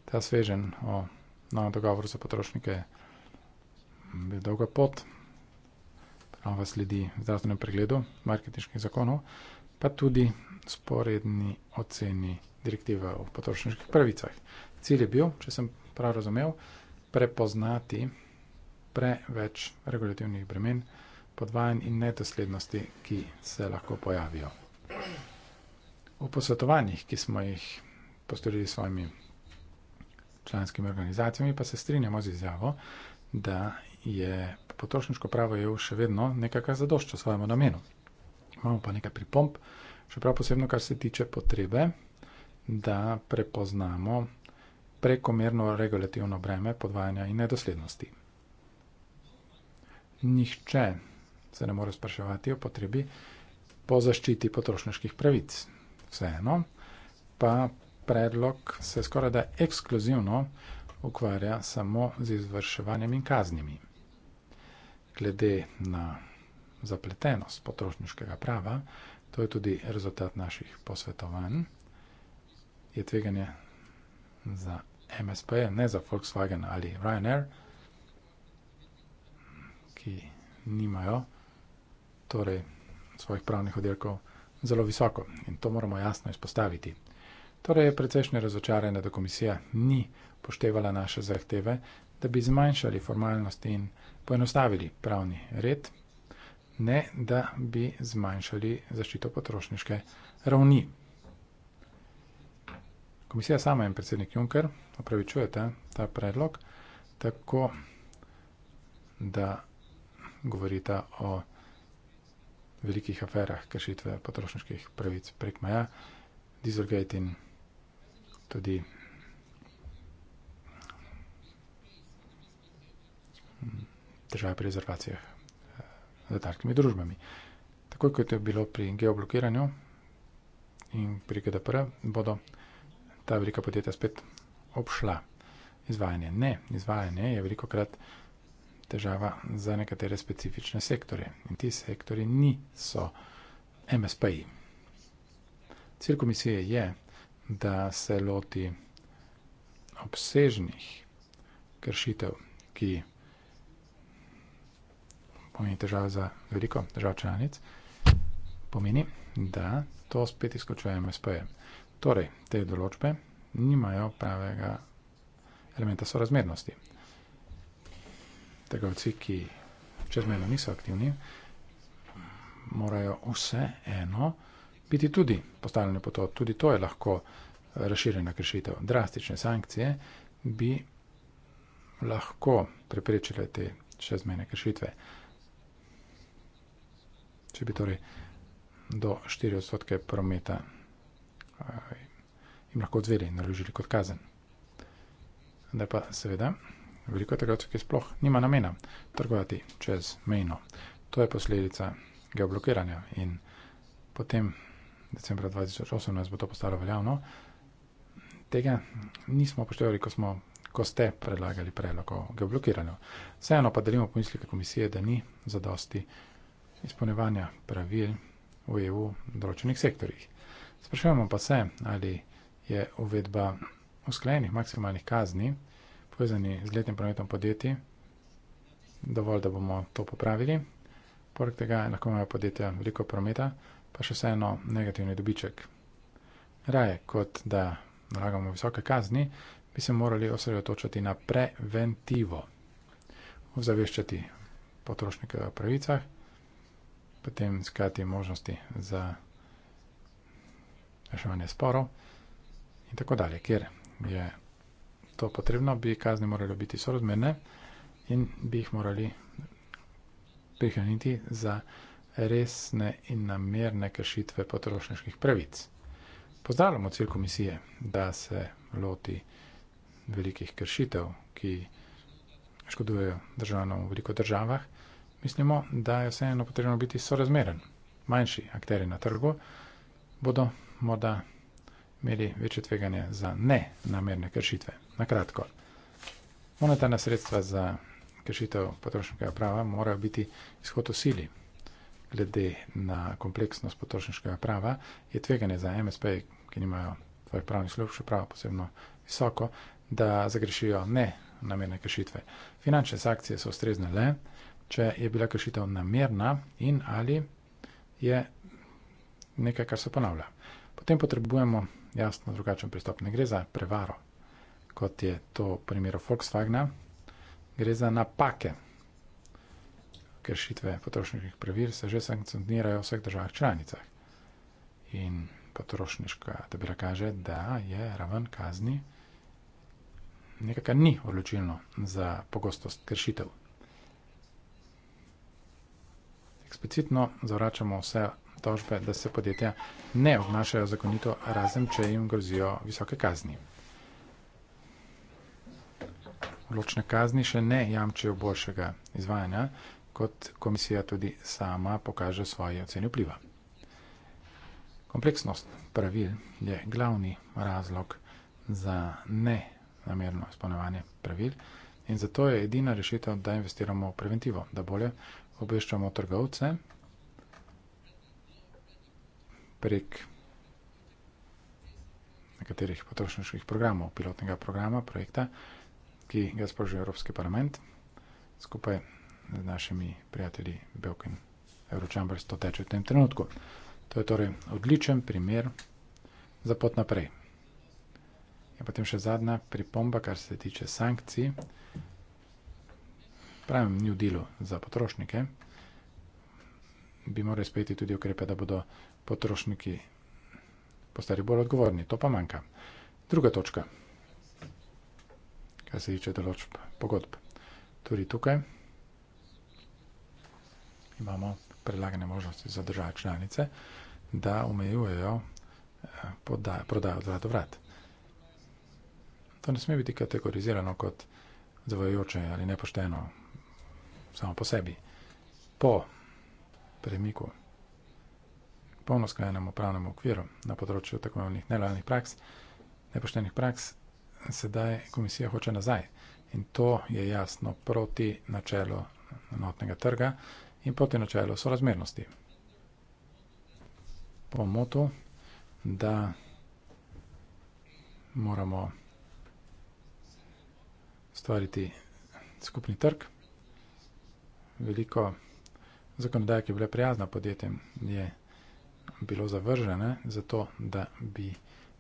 ta svežen o novem dogovoru za potrošnike bil dolga pot nova sledi zdravstvenem pregledu marketinških zakonov, pa tudi sporedni oceni direktive o potrošniških pravicah. Cilj je bil, če sem prav razumel, prepoznati preveč regulativnih bremen, podvajanj in nedoslednosti, ki se lahko pojavijo. V posvetovanjih, ki smo jih postorili s svojimi članskimi organizacijami, pa se strinjamo z izjavo, da je potrošniško pravo je še vedno nekaj, kar zadošča svojemu namenu. Imamo pa nekaj pripomp, še prav posebno, kar se tiče potrebe, da prepoznamo prekomerno regulativno breme podvajanja in nedoslednosti. Nihče se ne more spraševati o potrebi po zaščiti potrošniških pravic. Vseeno pa predlog se skoraj da ekskluzivno ukvarja samo z izvrševanjem in kaznimi glede na zapletenost potrošniškega prava, to je tudi rezultat naših posvetovanj, je tveganje za MSP, ne za Volkswagen ali Ryanair, ki nimajo torej svojih pravnih oddelkov zelo visoko in to moramo jasno izpostaviti. Torej je precejšnje razočarjanje, da komisija ni poštevala naše zahteve, da bi zmanjšali formalnosti in poenostavili pravni red, ne da bi zmanjšali zaščito potrošniške ravni. Komisija sama in predsednik Juncker opravičujete ta predlog tako, da govorita o velikih aferah kršitve potrošniških pravic prek meja, Dieselgate in tudi težave pri rezervacijah eh, z letalskimi družbami. Tako kot je bilo pri geoblokiranju in pri GDPR, bodo ta velika podjetja spet obšla izvajanje. Ne, izvajanje je veliko krat težava za nekatere specifične sektore in ti sektori niso MSPI. Cilj komisije je, da se loti obsežnih kršitev, ki pomeni težava za veliko držav članic, pomeni, da to spet izključuje MSP-je. Torej, te določbe nimajo pravega elementa sorazmernosti. Trgovci, ki čezmerno niso aktivni, morajo vse eno biti tudi postavljeni po to. Tudi to je lahko razširjena kršitev. Drastične sankcije bi lahko preprečile te čezmerne kršitve če bi torej do 4 odstotke prometa eh, jim lahko odzveli in naložili kot kazen. Da pa seveda veliko trgovcev, ki sploh nima namena trgovati čez mejno. To je posledica geoblokiranja in potem decembra 2018 bo to postalo veljavno. Tega nismo upoštevali, ko, smo, ko ste predlagali predlog o geoblokiranju. Vseeno pa delimo pomisleke komisije, da ni zadosti izpolnevanja pravil v EU v določenih sektorjih. Sprašujemo pa se, ali je uvedba usklajenih maksimalnih kazni povezani z letnim prometom podjetij dovolj, da bomo to popravili. Poleg tega lahko imajo podjetja veliko prometa, pa še vseeno negativni dobiček. Raje, kot da nalagamo visoke kazni, bi se morali osredotočati na preventivo, ozaveščati potrošnike o pravicah potem iskati možnosti za reševanje sporov in tako dalje. Ker je to potrebno, bi kazni morali biti sorazmerne in bi jih morali prihraniti za resne in namerne kršitve potrošniških pravic. Pozdravljamo cilj komisije, da se loti velikih kršitev, ki škodujejo državno v veliko državah mislimo, da je vseeno potrebno biti sorazmeren. Manjši akteri na trgu bodo morda imeli večje tveganje za nenamerne kršitve. Na kratko, monetarna sredstva za kršitev potrošnjega prava morajo biti izhod v sili. Glede na kompleksnost potrošnjega prava je tveganje za MSP, ki nimajo svojih pravnih služb, še prav posebno visoko, da zagrešijo nenamerne kršitve. Finančne sankcije so ustrezne le, če je bila kršitev namerna in ali je nekaj, kar se ponavlja. Potem potrebujemo jasno drugačen pristop. Ne gre za prevaro, kot je to v primeru Volkswagna, gre za napake. Kršitve potrošniških pravil se že sankcionirajo v vseh državah članicah. In potrošniška tabela kaže, da je raven kazni nekakšen ni odločilno za pogostost kršitev eksplicitno zavračamo vse tožbe, da se podjetja ne obnašajo zakonito, razen če jim grozijo visoke kazni. Odločne kazni še ne jamčijo boljšega izvajanja, kot komisija tudi sama pokaže svoje ocene vpliva. Kompleksnost pravil je glavni razlog za ne namerno izpolnjevanje pravil in zato je edina rešitev, da investiramo v preventivo, da bolje obveščamo trgovce prek nekaterih potrošniških programov, pilotnega programa, projekta, ki ga sprožuje Evropski parlament skupaj z našimi prijatelji Belkin Eurochambers to teče v tem trenutku. To je torej odličen primer za pot naprej. In potem še zadnja pripomba, kar se tiče sankcij pravem New Dealu za potrošnike, bi morali sprejeti tudi ukrepe, da bodo potrošniki postali bolj odgovorni. To pa manjka. Druga točka, kar se tiče določb pogodb. Tudi tukaj imamo predlagane možnosti za države članice, da omejujejo eh, prodajo vrat do vrat. To ne sme biti kategorizirano kot zavajajoče ali nepošteno samo po sebi. Po premiku, polno sklenemu pravnemu okviru na področju tako imenovanih nelojalnih praks, nepoštenih praks, sedaj komisija hoče nazaj. In to je jasno proti načelu enotnega trga in proti načelu sorazmernosti. Po motu, da moramo stvariti skupni trg veliko zakonodaje, ki je bila prijazna podjetjem, je bilo zavržene, zato da bi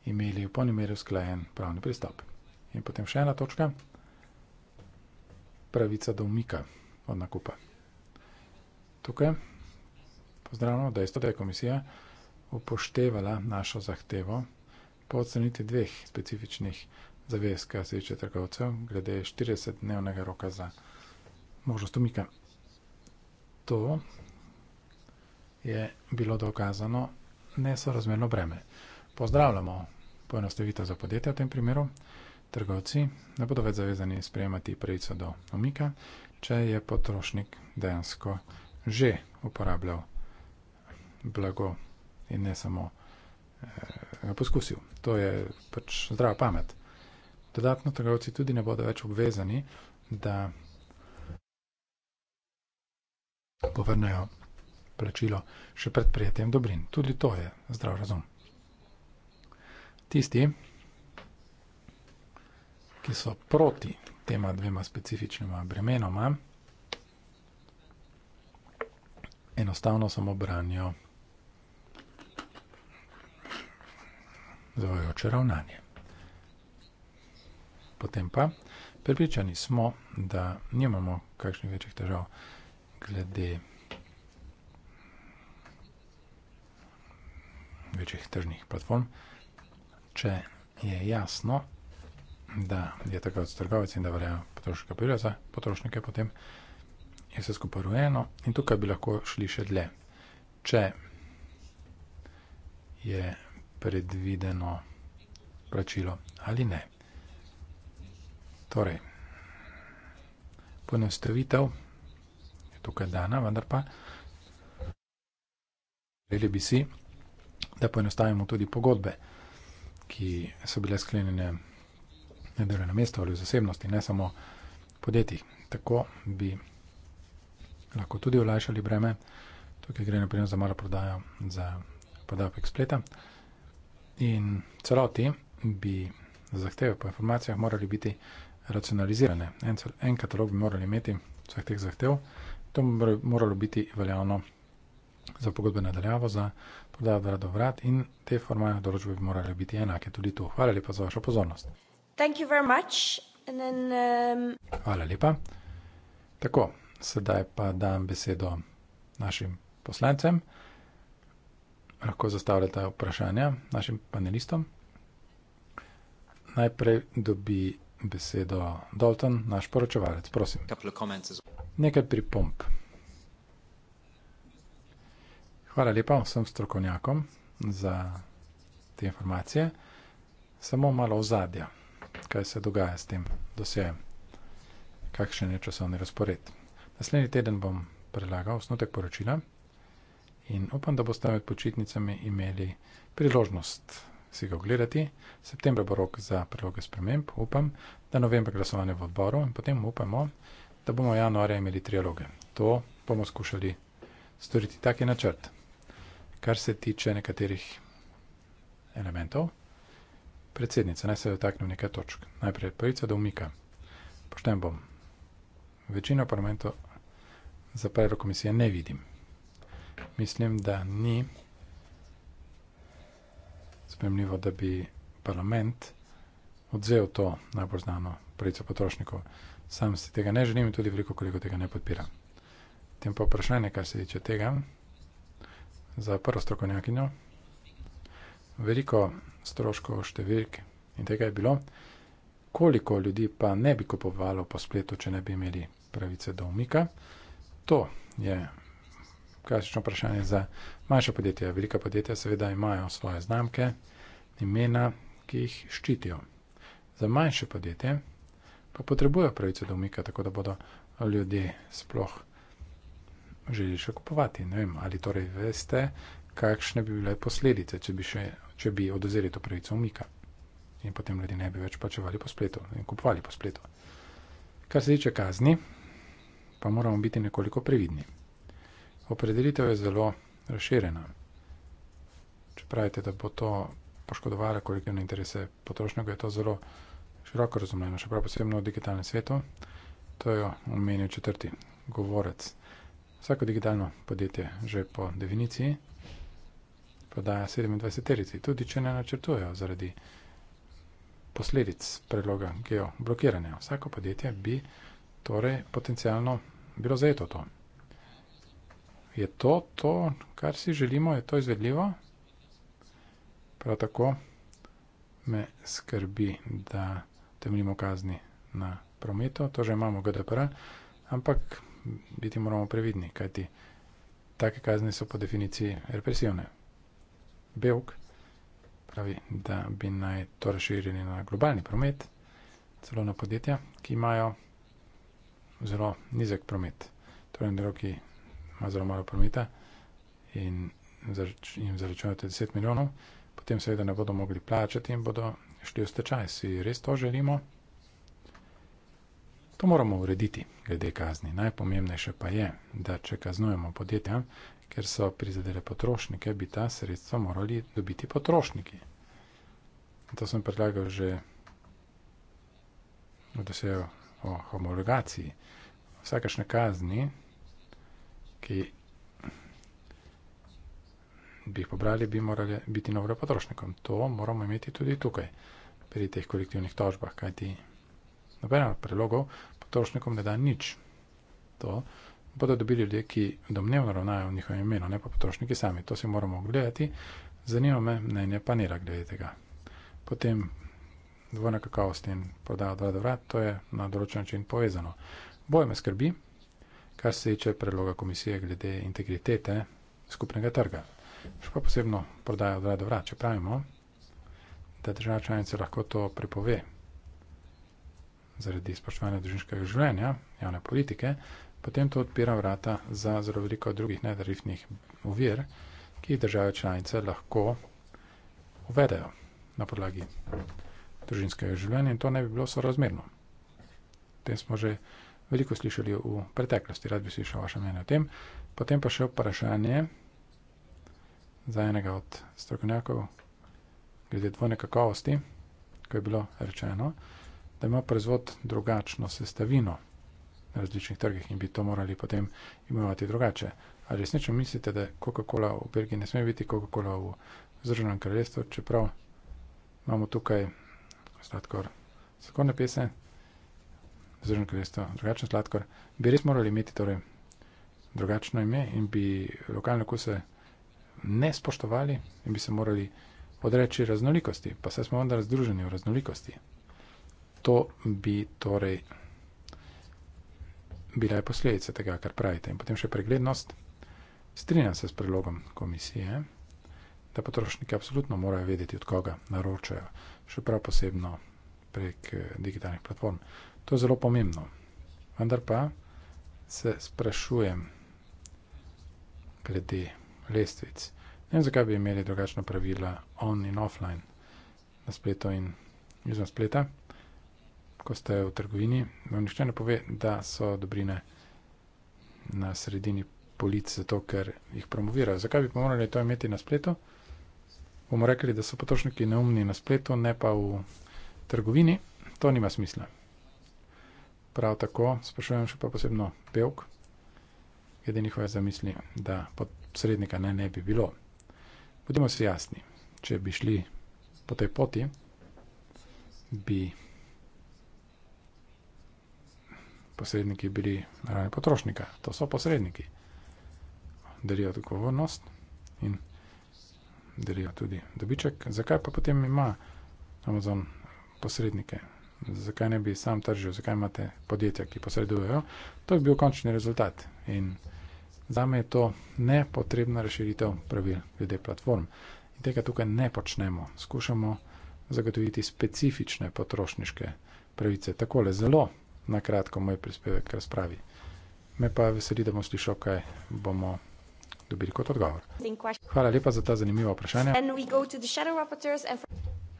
imeli v polni meri usklajen pravni pristop. In potem še ena točka, pravica do umika od nakupa. Tukaj pozdravljamo dejstvo, da je komisija upoštevala našo zahtevo po odstraniti dveh specifičnih zavez, kar se tiče trgovcev, glede 40-dnevnega roka za možnost umika to je bilo dokazano nesorazmerno breme. Pozdravljamo poenostavitev za podjetja v tem primeru. Trgovci ne bodo več zavezani sprejemati pravico do omika, če je potrošnik dejansko že uporabljal blago in ne samo eh, poskusil. To je pač zdrava pamet. Dodatno trgovci tudi ne bodo več obvezani, da povrnejo plačilo še pred prijetjem dobrin. Tudi to je zdrav razum. Tisti, ki so proti tema dvema specifičnima bremenoma, enostavno samo branijo zavajoče ravnanje. Potem pa, prepričani smo, da nimamo kakšnih večjih težav glede večjih tržnih platform. Če je jasno, da je tako od trgovec in da verjajo potrošnika prijo za potrošnike, potem je vse skupaj rojeno in tukaj bi lahko šli še dlje. Če je predvideno plačilo ali ne. Torej, ponestavitev, tukaj dana, vendar pa želeli bi si, da poenostavimo tudi pogodbe, ki so bile sklenjene na delovnem mestu ali v zasebnosti, ne samo podjetjih. Tako bi lahko tudi olajšali breme, tukaj gre naprimer za malo prodajo, za podatek spleta. In celoti bi zahteve po informacijah morali biti racionalizirane. En, cel, en katalog bi morali imeti vseh teh zahtev. To bi moralo biti veljavno za pogodbe nadaljavo, za podajo do vrat in te formalne določbe bi morale biti enake tudi tu. Hvala lepa za vašo pozornost. Thank you very much. And then, um... Hvala lepa. Tako, sedaj pa dam besedo našim poslancem. Lahko zastavljate vprašanja našim panelistom. Najprej dobi besedo Dalton, naš poročevalec. Prosim. A couple of comments as well nekaj pripomp. Hvala lepa vsem strokovnjakom za te informacije. Samo malo ozadja, kaj se dogaja s tem dosjejem, kakšen je časovni razpored. Naslednji teden bom predlagal osnutek poročila in upam, da boste med počitnicami imeli priložnost si ga ogledati. Septembra bo rok za predloge sprememb, upam, da novembra glasovanje v odboru in potem upamo, da da bomo januarja imeli trialoge. To bomo skušali storiti. Tak je načrt. Kar se tiče nekaterih elementov, predsednica, naj se dotaknem nekaj točk. Najprej pravica do umika. Pošten bom. Večino parlamentov za pravilo komisije ne vidim. Mislim, da ni spremljivo, da bi parlament odzel to najbolj znano pravico potrošnikov. Sam si tega ne želim, tudi veliko kolegov tega ne podpira. Tem pa vprašanje, kar se tiče tega, za prvo strokovnjakinjo. Veliko stroškov, številk in tega je bilo. Koliko ljudi pa ne bi kupovalo po spletu, če ne bi imeli pravice do umika? To je klasično vprašanje za manjša podjetja. Velika podjetja seveda imajo svoje znamke, imena, ki jih ščitijo. Za manjše podjetje pa potrebujejo pravico do umika, tako da bodo ljudje sploh želeli še kupovati. Ne vem, ali torej veste, kakšne bi bile posledice, če bi, še, če bi odozeli to pravico umika. In potem ljudje ne bi več plačevali po spletu in kupovali po spletu. Kar se tiče kazni, pa moramo biti nekoliko previdni. Opredelitev je zelo razširjena. Če pravite, da bo to poškodovalo kolektivne interese potrošnjega, je to zelo široko razumljeno, še prav posebno v digitalnem svetu. To je omenil četrti govorec. Vsako digitalno podjetje že po definiciji prodaja 27-terici, tudi če ne načrtujejo zaradi posledic predloga geoblokiranja. Vsako podjetje bi torej potencijalno bilo zajeto to. Je to to, kar si želimo, je to izvedljivo? Prav tako me skrbi, da temeljimo kazni na prometu, to že imamo GDPR, ampak biti moramo previdni, kajti take kazni so po definiciji represivne. Belk pravi, da bi naj to razširili na globalni promet, celo na podjetja, ki imajo zelo nizek promet. Torej, nekdo, ki ima zelo malo prometa in jim zaračunate 10 milijonov, potem seveda ne bodo mogli plačati in bodo šli v stečaj, si res to želimo? To moramo urediti glede kazni. Najpomembnejše pa je, da če kaznujemo podjetja, ker so prizadele potrošnike, bi ta sredstva morali dobiti potrošniki. To sem predlagal že v desejo o homologaciji. Vsakašne kazni, ki bi jih pobrali, bi morali biti na voljo potrošnikom. To moramo imeti tudi tukaj, pri teh kolektivnih tožbah, kajti nobeno predlogov potrošnikom ne da nič. To bodo dobili ljudje, ki domnevno ravnajo v njihovem imenu, ne pa potrošniki sami. To si moramo ogledati. Zanima me mnenje panela glede tega. Potem dvojna kakovost in prodaja od vrat do vrat, to je na določen način povezano. Boj me skrbi, kar se tiče predloga komisije glede integritete skupnega trga še pa posebno prodajo od vrat do vrat, če pravimo, da država članica lahko to prepove zaradi spoštovanja družinskega življenja, javne politike, potem to odpira vrata za zelo veliko drugih nedarifnih uvir, ki jih države članice lahko uvedejo na podlagi družinskega življenja in to ne bi bilo sorazmerno. To smo že veliko slišali v preteklosti, rad bi slišal vaše mnenje o tem. Potem pa še vprašanje, za enega od strokovnjakov glede dvojne kakovosti, ko je bilo rečeno, da ima proizvod drugačno sestavino na različnih trgih in bi to morali potem imenovati drugače. Ali resnično mislite, da Coca-Cola v Belgiji ne sme biti Coca-Cola v Združenem kraljestvu, čeprav imamo tukaj sladkor sladkorne pese, Združeno kraljestvo drugačen sladkor, bi res morali imeti torej drugačno ime in bi lokalne kuse ne spoštovali in bi se morali odreči raznolikosti, pa saj smo vendar združeni v raznolikosti. To bi torej bila je posledica tega, kar pravite. In potem še preglednost. Strinjam se s prilogom komisije, da potrošniki absolutno morajo vedeti, od koga naročajo, še prav posebno prek eh, digitalnih platform. To je zelo pomembno. Vendar pa se sprašujem glede lestvic. Ne vem, zakaj bi imeli drugačno pravila on in offline na spletu in izven spleta, ko ste v trgovini. Vam nišče ne pove, da so dobrine na sredini polic, zato ker jih promovirajo. Zakaj bi pa morali to imeti na spletu? Bomo rekli, da so potrošniki neumni na spletu, ne pa v trgovini. To nima smisla. Prav tako sprašujem še pa posebno pevk, glede njihove zamisli, da pod srednika ne, ne bi bilo. Budimo si jasni, če bi šli po tej poti, bi posredniki bili ravni potrošnika. To so posredniki. Delijo odgovornost in delijo tudi dobiček. Zakaj pa potem ima Amazon posrednike? Zakaj ne bi sam tržil? Zakaj imate podjetja, ki posredujejo? To je bil končni rezultat. In Zame je to nepotrebna razširitev pravil glede platform. In tega tukaj ne počnemo. Skušamo zagotoviti specifične potrošniške pravice. Takole zelo na kratko moj prispevek k razpravi. Me pa veseli, da bomo slišal, kaj bomo dobili kot odgovor. Hvala lepa za ta zanimiva vprašanja.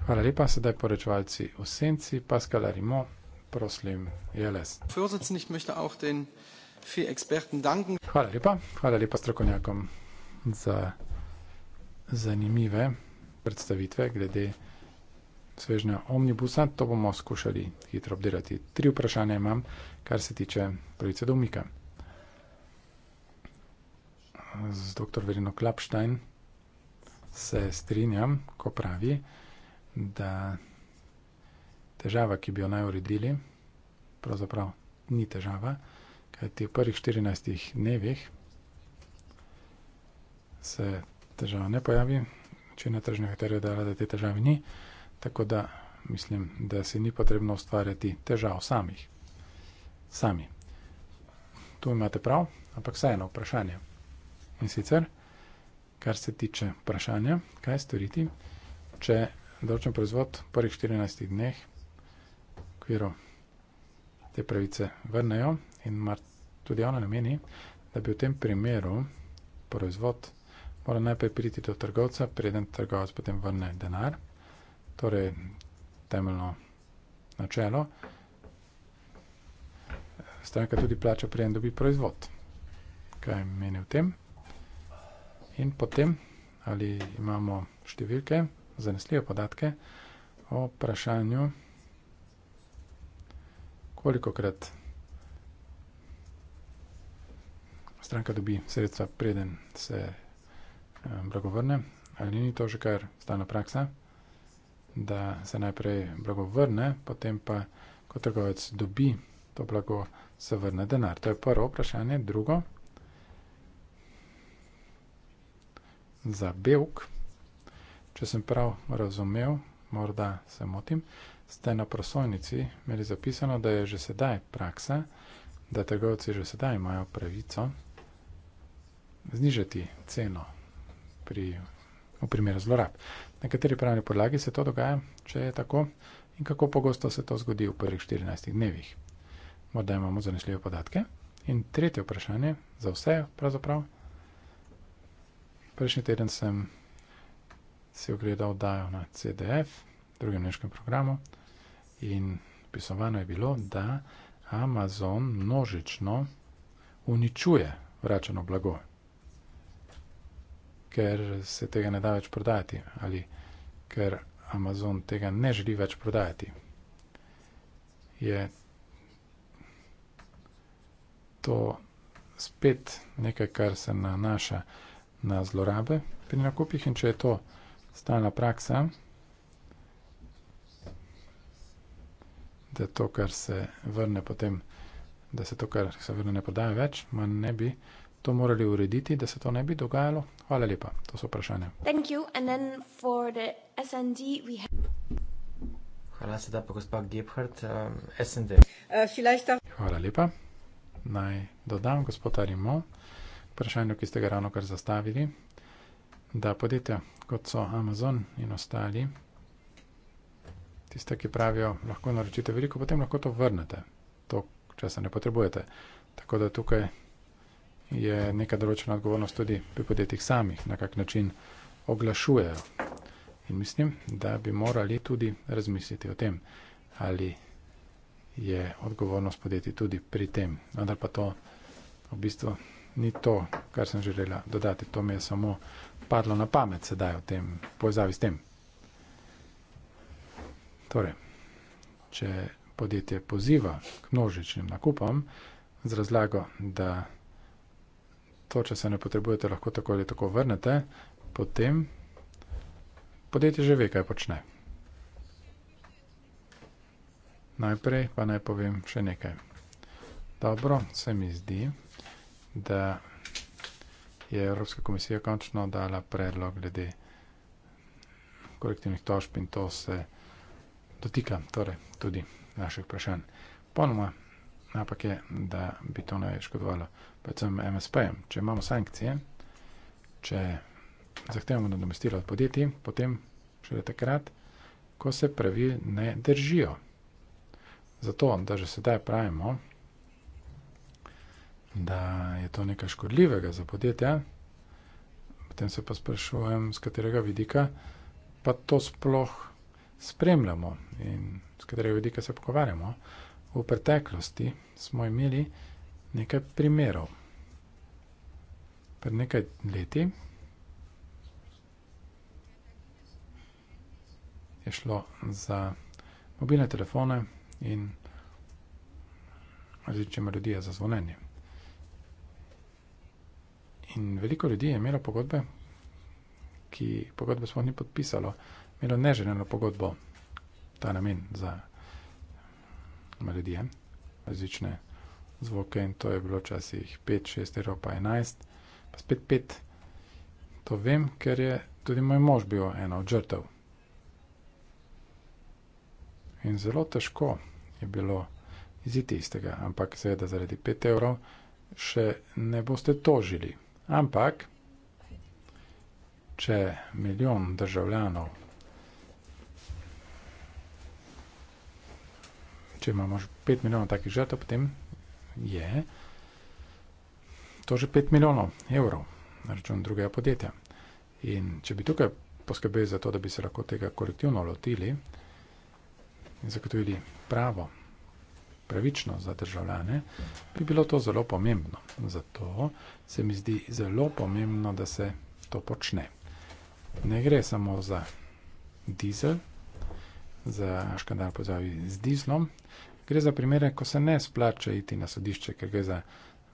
Hvala lepa, sedaj porečevalci v senci, Pascal Arimo, proslim, JLS. Vrzec, nič mešta auch den Hvala lepa, hvala lepa strokovnjakom za zanimive predstavitve glede svežnja omnibusa. To bomo skušali hitro obdelati. Tri vprašanja imam, kar se tiče pravice do umika. Z dr. Verino Klapštajn se strinjam, ko pravi, da težava, ki bi jo naj uredili, pravzaprav ni težava. Kajti v prvih 14 dnevih se težava ne pojavi, če na tržnih terjev dela, da te težave ni, tako da mislim, da se ni potrebno ustvarjati težav samih. Sami. Tu imate prav, ampak vse eno vprašanje. In sicer, kar se tiče vprašanja, kaj storiti, če določen proizvod v prvih 14 dneh v okviru te pravice vrnejo, In mar tudi ona ne meni, da bi v tem primeru proizvod mora najprej priti do trgovca, preden trgovec potem vrne denar. Torej, temeljno načelo. Stranka tudi plača, preden dobi proizvod. Kaj meni v tem? In potem, ali imamo številke, zanesljive podatke o vprašanju, koliko krat vprašanje, stranka dobi sredstva, preden se eh, blagovrne. Ali ni to že kar stana praksa, da se najprej blagovrne, potem pa, ko trgovec dobi to blago, se vrne denar? To je prvo vprašanje. Drugo, za Belk, če sem prav razumel, morda se motim, ste na prosojnici imeli zapisano, da je že sedaj praksa, da trgovci že sedaj imajo pravico znižati ceno pri, v primeru zlorab. Na kateri pravni podlagi se to dogaja, če je tako in kako pogosto se to zgodi v prvih 14 dnevih. Morda imamo zanesljive podatke. In tretje vprašanje, za vse pravzaprav. Prejšnji teden sem si ogledal dajo na CDF, drugem nemškem programu, in pisovano je bilo, da Amazon množično uničuje vračeno blago ker se tega ne da več prodati ali ker Amazon tega ne želi več prodati. Je to spet nekaj, kar se nanaša na zlorabe pri nakupih in če je to stalna praksa, da to, kar se vrne potem, da se to, kar se vrne, ne prodaja več, manj ne bi to morali urediti, da se to ne bi dogajalo? Hvala lepa, to so vprašanje. Hvala, sedaj pa gospod Gebhardt, um, SND. Eh, Hvala lepa. Naj dodam, gospod Arimo, vprašanju, ki ste ga ravno kar zastavili, da podjetja, kot so Amazon in ostali, tiste, ki pravijo, lahko naročite veliko, potem lahko to vrnete, to, če se ne potrebujete. Tako da tukaj je neka določena odgovornost tudi pri podjetjih samih, na kak način oglašujejo. In mislim, da bi morali tudi razmisliti o tem, ali je odgovornost podjetij tudi pri tem. Vendar pa to v bistvu ni to, kar sem želela dodati. To mi je samo padlo na pamet sedaj v tem povezavi s tem. Torej, če podjetje poziva k množičnim nakupom z razlago, da to, če se ne potrebujete, lahko tako ali tako vrnete, potem podjetje že ve, kaj počne. Najprej pa naj povem še nekaj. Dobro, se mi zdi, da je Evropska komisija končno dala predlog glede kolektivnih tožb in to se dotika torej, tudi naših vprašanj. Ponoma napak je, da bi to naj škodovalo predvsem MSP-jem. Če imamo sankcije, če zahtevamo nadomestilo od podjetij, potem šele takrat, ko se pravil ne držijo. Zato, da že sedaj pravimo, da je to nekaj škodljivega za podjetja, potem se pa sprašujem, z katerega vidika pa to sploh spremljamo in z katerega vidika se pogovarjamo. V preteklosti smo imeli nekaj primerov pred nekaj leti je šlo za mobilne telefone in različne melodije za zvonjenje. In veliko ljudi je imelo pogodbe, ki pogodbe smo ni podpisalo, imelo neželjeno pogodbo, ta namen za melodije, različne zvoke in to je bilo včasih 5, 6 evrov pa 11 pa spet pet. To vem, ker je tudi moj mož bil ena od žrtev. In zelo težko je bilo iziti iz tega, ampak seveda zaradi pet evrov še ne boste tožili. Ampak, če milijon državljanov, če imamo pet milijonov takih žrtev, potem je. Yeah to že 5 milijonov evrov na račun drugega podjetja. In če bi tukaj poskrbeli za to, da bi se lahko tega kolektivno lotili in zagotovili pravo, pravično za državljane, bi bilo to zelo pomembno. Zato se mi zdi zelo pomembno, da se to počne. Ne gre samo za dizel, za škandal pozavi z dizlom, gre za primere, ko se ne splača iti na sodišče, ker gre za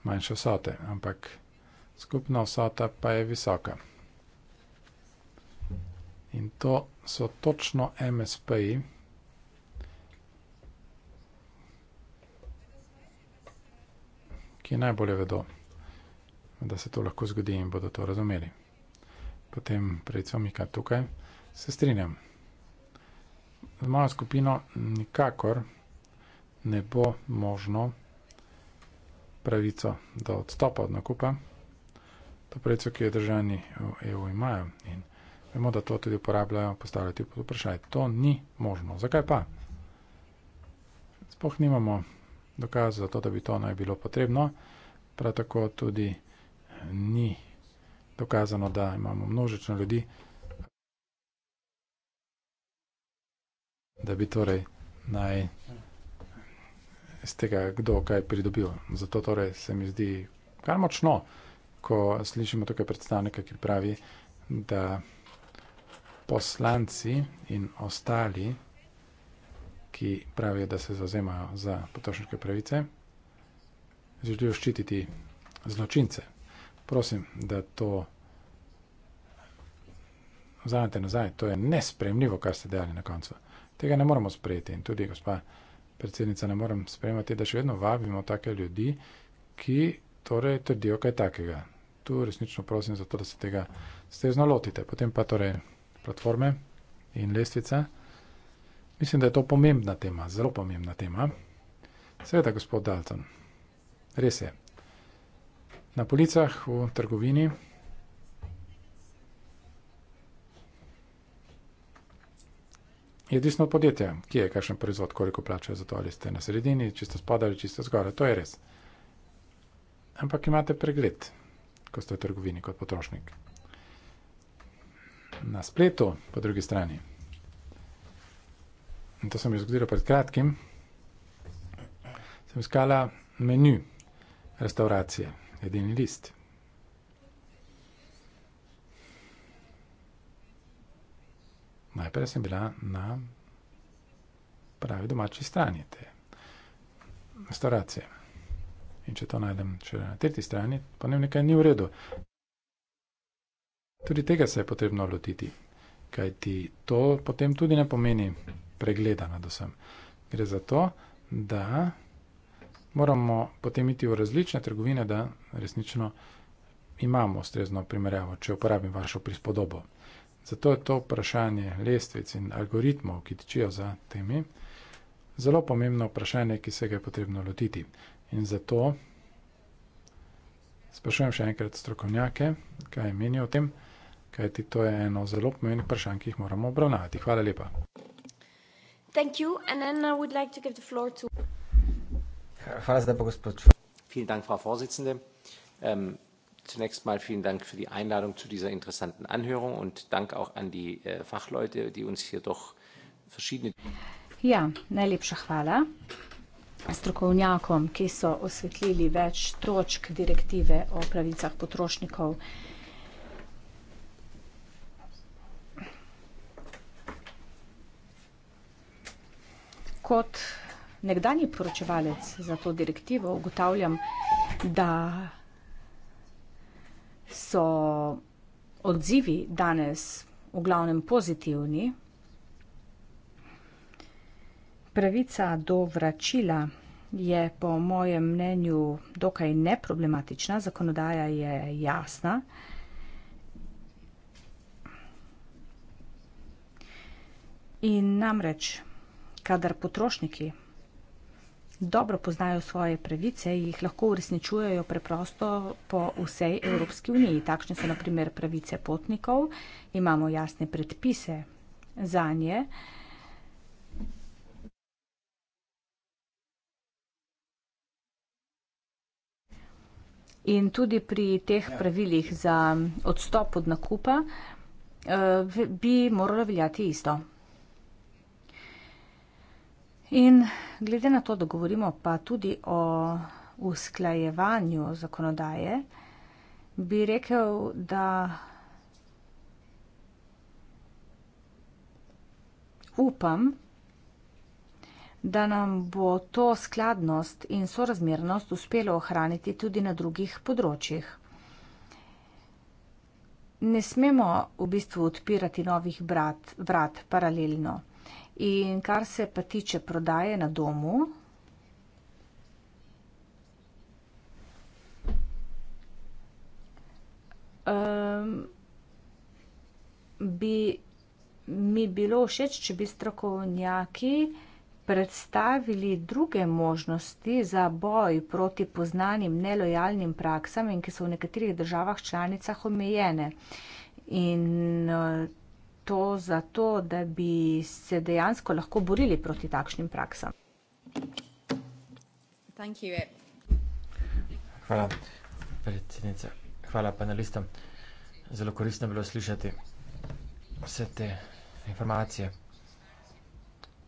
manjše vsote, ampak skupna vsota pa je visoka. In to so točno MSP-ji, ki najbolje vedo, da se to lahko zgodi in bodo to razumeli. Potem predvsem mi kar tukaj se strinjam. Z mojo skupino nikakor ne bo možno vsega, pravico do odstopa od nakupa. To pravico, ki jo državni v EU imajo in vemo, da to tudi uporabljajo, postavljati pod vprašanje. To ni možno. Zakaj pa? Spoh nimamo dokazov za to, da bi to naj bilo potrebno. Prav tako tudi ni dokazano, da imamo množično ljudi, da bi torej naj iz tega, kdo kaj pridobil. Zato torej se mi zdi kar močno, ko slišimo tukaj predstavnika, ki pravi, da poslanci in ostali, ki pravijo, da se zazemajo za potrošniške pravice, želijo ščititi zločince. Prosim, da to vzamete nazaj. To je nespremljivo, kar ste dejali na koncu. Tega ne moramo sprejeti in tudi gospa predsednica, ne morem spremljati, da še vedno vabimo take ljudi, ki torej trdijo kaj takega. Tu resnično prosim za to, da se tega strezno lotite. Potem pa torej platforme in lestvica. Mislim, da je to pomembna tema, zelo pomembna tema. Seveda, gospod Dalton, res je. Na policah, v trgovini. je odvisno od podjetja, ki je kakšen proizvod, koliko plačajo za to, ali ste na sredini, če ste spada ali če ste zgoraj. To je res. Ampak imate pregled, ko ste v trgovini kot potrošnik. Na spletu, po drugi strani, in to sem jaz zgodil pred kratkim, sem iskala menu restauracije, edini list. najprej sem bila na pravi domači strani te restauracije. In če to najdem še na tretji strani, pa ne nekaj ni v redu. Tudi tega se je potrebno lotiti, kajti to potem tudi ne pomeni pregleda nad vsem. Gre za to, da moramo potem iti v različne trgovine, da resnično imamo ustrezno primerjavo, če uporabim vašo prispodobo. Zato je to vprašanje lestvic in algoritmov, ki tičijo za temi, zelo pomembno vprašanje, ki se ga je potrebno lotiti. In zato sprašujem še enkrat strokovnjake, kaj menijo o tem, kaj ti to je eno zelo pomembnih vprašanj, ki jih moramo obravnavati. Hvala lepa. Uh, Hvala, zdaj pa gospod. Hvala, gospod predsednik. Zunächst mal vielen Dank für die Einladung zu dieser interessanten Anhörung und Dank auch an die äh, Fachleute, die uns hier doch verschiedene. Ja, najlepša hvala strokovnjakom, ki so osvetlili več točk direktive o pravicah potrošnikov. Kot nekdani poročevalec za to direktivo ugotavljam, da so odzivi danes v glavnem pozitivni. Pravica do vračila je po mojem mnenju dokaj neproblematična, zakonodaja je jasna. In namreč, kadar potrošniki dobro poznajo svoje pravice, jih lahko uresničujejo preprosto po vsej Evropski uniji. Takšne so naprimer pravice potnikov, imamo jasne predpise za nje. In tudi pri teh pravilih za odstop od nakupa eh, bi moralo veljati isto. In glede na to, da govorimo pa tudi o usklajevanju zakonodaje, bi rekel, da upam, da nam bo to skladnost in sorazmernost uspelo ohraniti tudi na drugih področjih. Ne smemo v bistvu odpirati novih brat, vrat paralelno. In kar se pa tiče prodaje na domu. Um, bi mi bilo všeč, če bi strokovnjaki predstavili druge možnosti za boj proti poznanim nelojalnim praksam in ki so v nekaterih državah članicah omejene. In uh, to zato, da bi se dejansko lahko borili proti takšnim praksam? Hvala, predsednica. Hvala panelistom. Zelo koristno je bilo slišati vse te informacije.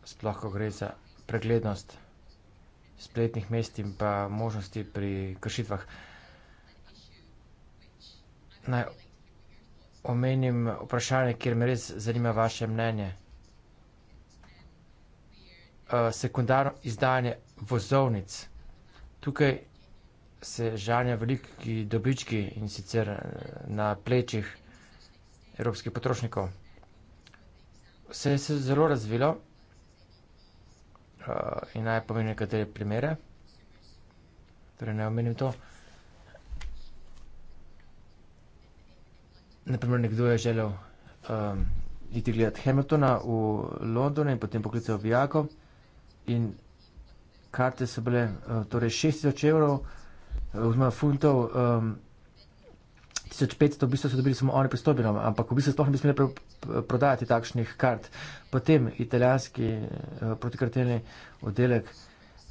Sploh, ko gre za preglednost spletnih mest in pa možnosti pri kršitvah. Naj omenim vprašanje, kjer me res zanima vaše mnenje. Uh, sekundarno izdajanje vozovnic. Tukaj se žanja veliki dobički in sicer eh, na plečih evropskih potrošnikov. Vse je se zelo razvilo uh, in naj pomeni nekatere primere. Torej, ne omenim to. Uh, naprimer, nekdo je želel um, iti gledati Hamiltona v Londone in potem poklical v Jako. In karte so bile, uh, torej 6000 evrov, uh, oziroma funtov, um, 1500, v bistvu so dobili samo oni pristopino, ampak v bistvu sploh ne bi smeli pr pr prodajati takšnih kart. Potem italijanski uh, protikartelni oddelek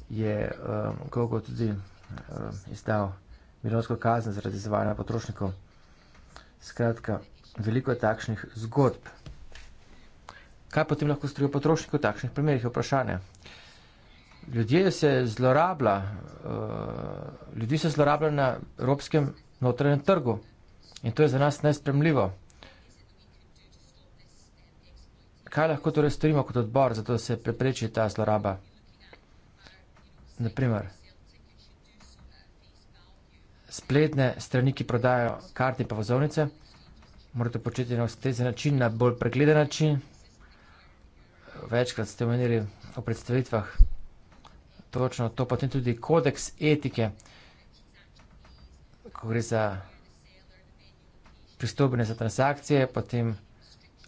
je um, koliko tudi um, izdal milijonsko kazen zaradi zavajanja potrošnikov. Skratka, veliko je takšnih zgodb. Kaj potem lahko storijo potrošniki v takšnih primerih? Vprašanje. Ljudje se zlorablja, uh, eh, ljudi se zlorablja na evropskem notranjem trgu in to je za nas nespremljivo. Kaj lahko torej storimo kot odbor, zato da se prepreči ta zloraba? Naprimer, spletne strani, ki prodajajo karte in povozovnice. Morate početi na ustrezen način, na bolj pregleden način. Večkrat ste omenili o predstavitvah točno to, potem tudi kodeks etike, ko gre za pristopne za transakcije, potem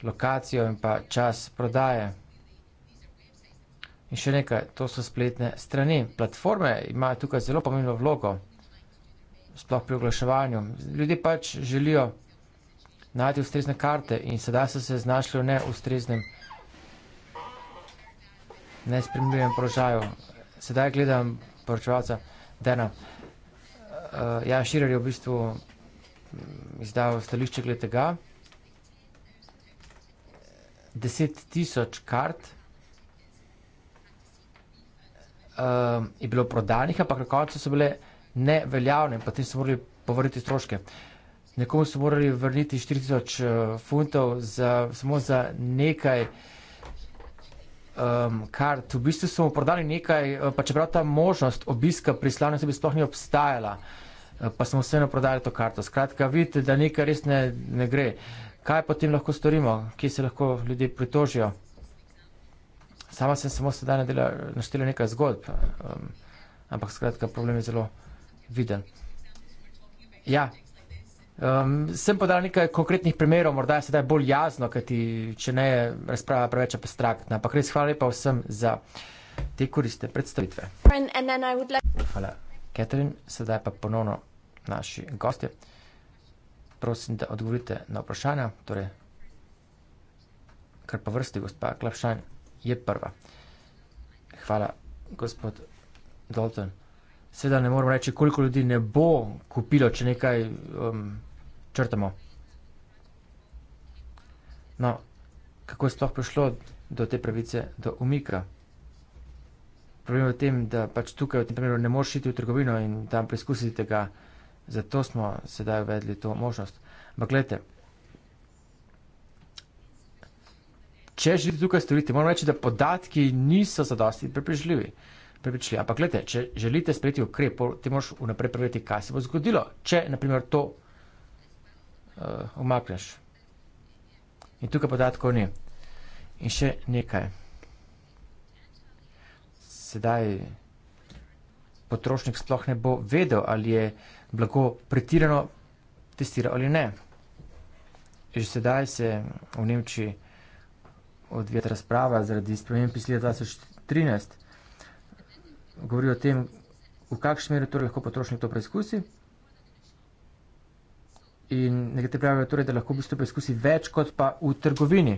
lokacijo in pa čas prodaje. In še nekaj, to so spletne strani. Platforme imajo tukaj zelo pomembno vlogo sploh pri oglaševanju. Ljudje pač želijo najti ustrezne karte in sedaj so se znašli v neustreznem, nespremljivem položaju. Sedaj gledam poročevalca Dena. Uh, eh, ja, Širer je v bistvu mm, izdal stališče glede tega. 10 tisoč kart uh, je bilo prodanih, ampak na koncu so bile neveljavne, potem so morali povrniti stroške. Nekomu so morali vrniti 4000 eh, funtov za, samo za nekaj um, ehm, kart. V bistvu so mu prodali nekaj, eh, pa čeprav ta možnost obiska pri slavni osebi sploh ni obstajala, eh, pa smo vseeno prodali to karto. Skratka, vidite, da nekaj res ne, ne gre. Kaj potem lahko storimo, kje se lahko ljudje pritožijo? Sama sem samo sedaj naštela nekaj zgodb, um, ampak skratka, problem je zelo videli. Ja. Um, sem podal nekaj konkretnih primerov, morda je sedaj bolj jasno, kaj ti, če ne, razprava preveč abstraktna. Ampak res hvala lepa vsem za te koriste predstavitve. Hvala, Catherine. Sedaj pa ponovno naši gosti. Prosim, da odgovorite na vprašanja. Torej, kar pa vrsti, gospa Klapšan, je prva. Hvala, gospod Dalton seveda ne moremo reči, koliko ljudi ne bo kupilo, če nekaj um, črtamo. No, kako je sploh prišlo do te pravice, do umika? Problem je v tem, da pač tukaj v tem primeru ne moreš iti v trgovino in tam preizkusiti tega. Zato smo sedaj uvedli to možnost. Ampak gledajte, če želite tukaj storiti, moram reči, da podatki niso zadosti pripričljivi prepričali. Ampak, gledajte, če želite sprejeti ukrep, ti moraš vnaprej preveriti, kaj se bo zgodilo, če naprimer to uh, eh, omakneš. In tukaj podatkov ni. In še nekaj. Sedaj potrošnik sploh ne bo vedel, ali je blago pretirano testirano ali ne. Že sedaj se v Nemčiji odvija razprava zaradi spremenjenih pisil 2013 govori o tem, v kakšni meri torej lahko potrošnik to preizkusi. In nekateri pravijo, torej, da lahko v bistvu preizkusi več kot pa v trgovini.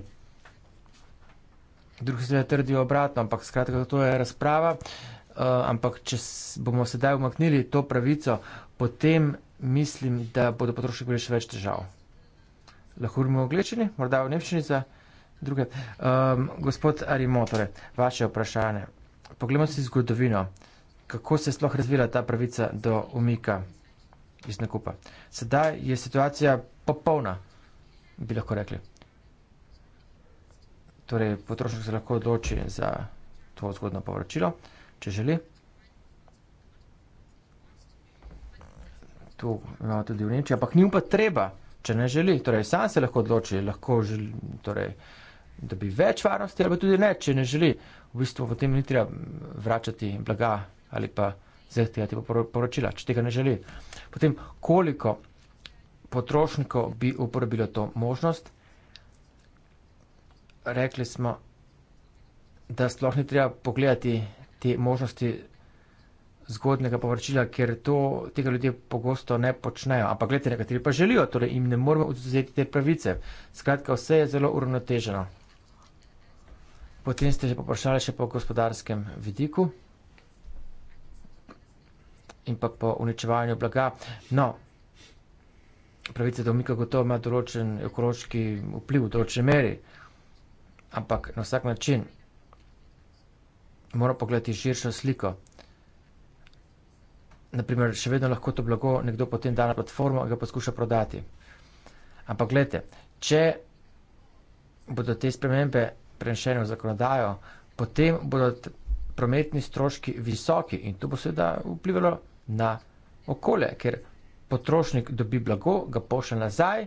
Drugi se trdijo obratno, ampak skratka, to je razprava. Uh, ampak, če bomo sedaj umaknili to pravico, potem mislim, da bodo potrošniki imeli še več težav. Lahko bomo v Glečini, morda v Nemčini za druge. Um, gospod Arimotore, vaše vprašanje. Poglejmo si zgodovino, kako se je sploh razvila ta pravica do umika iz nakupa. Sedaj je situacija popolna, bi lahko rekli. Torej, potrošnik se lahko odloči za to zgodno povračilo, če želi. To imamo tudi v Nemčiji, ampak njim pa treba, če ne želi. Torej, sam se lahko odloči, lahko želi, torej, uh, da bi več varnosti, ali pa tudi ne, če ne želi. V bistvu v tem ni treba vračati blaga ali pa zahtevati poročila, če tega ne želi. Potem, koliko potrošnikov bi uporabilo to možnost, rekli smo, da sploh ni treba pogledati te možnosti zgodnega povračila, ker to tega ljudje pogosto ne počnejo. Ampak gledajte, nekateri pa želijo, torej jim ne moramo odzeti te pravice. Skratka, vse je zelo uravnoteženo. Potem ste že poprašali še po gospodarskem vidiku in pa po uničevanju blaga. No, pravice do umika gotovo ima določen ekološki vpliv v določen meri, ampak na vsak način mora pogledati širšo sliko. Naprimer, še vedno lahko to blago nekdo potem da na platformo in ga poskuša prodati. Ampak gledajte, če bodo te spremembe prenešene v zakonodajo, potem bodo prometni stroški visoki in to bo seveda vplivalo na okolje, ker potrošnik dobi blago, ga pošlje nazaj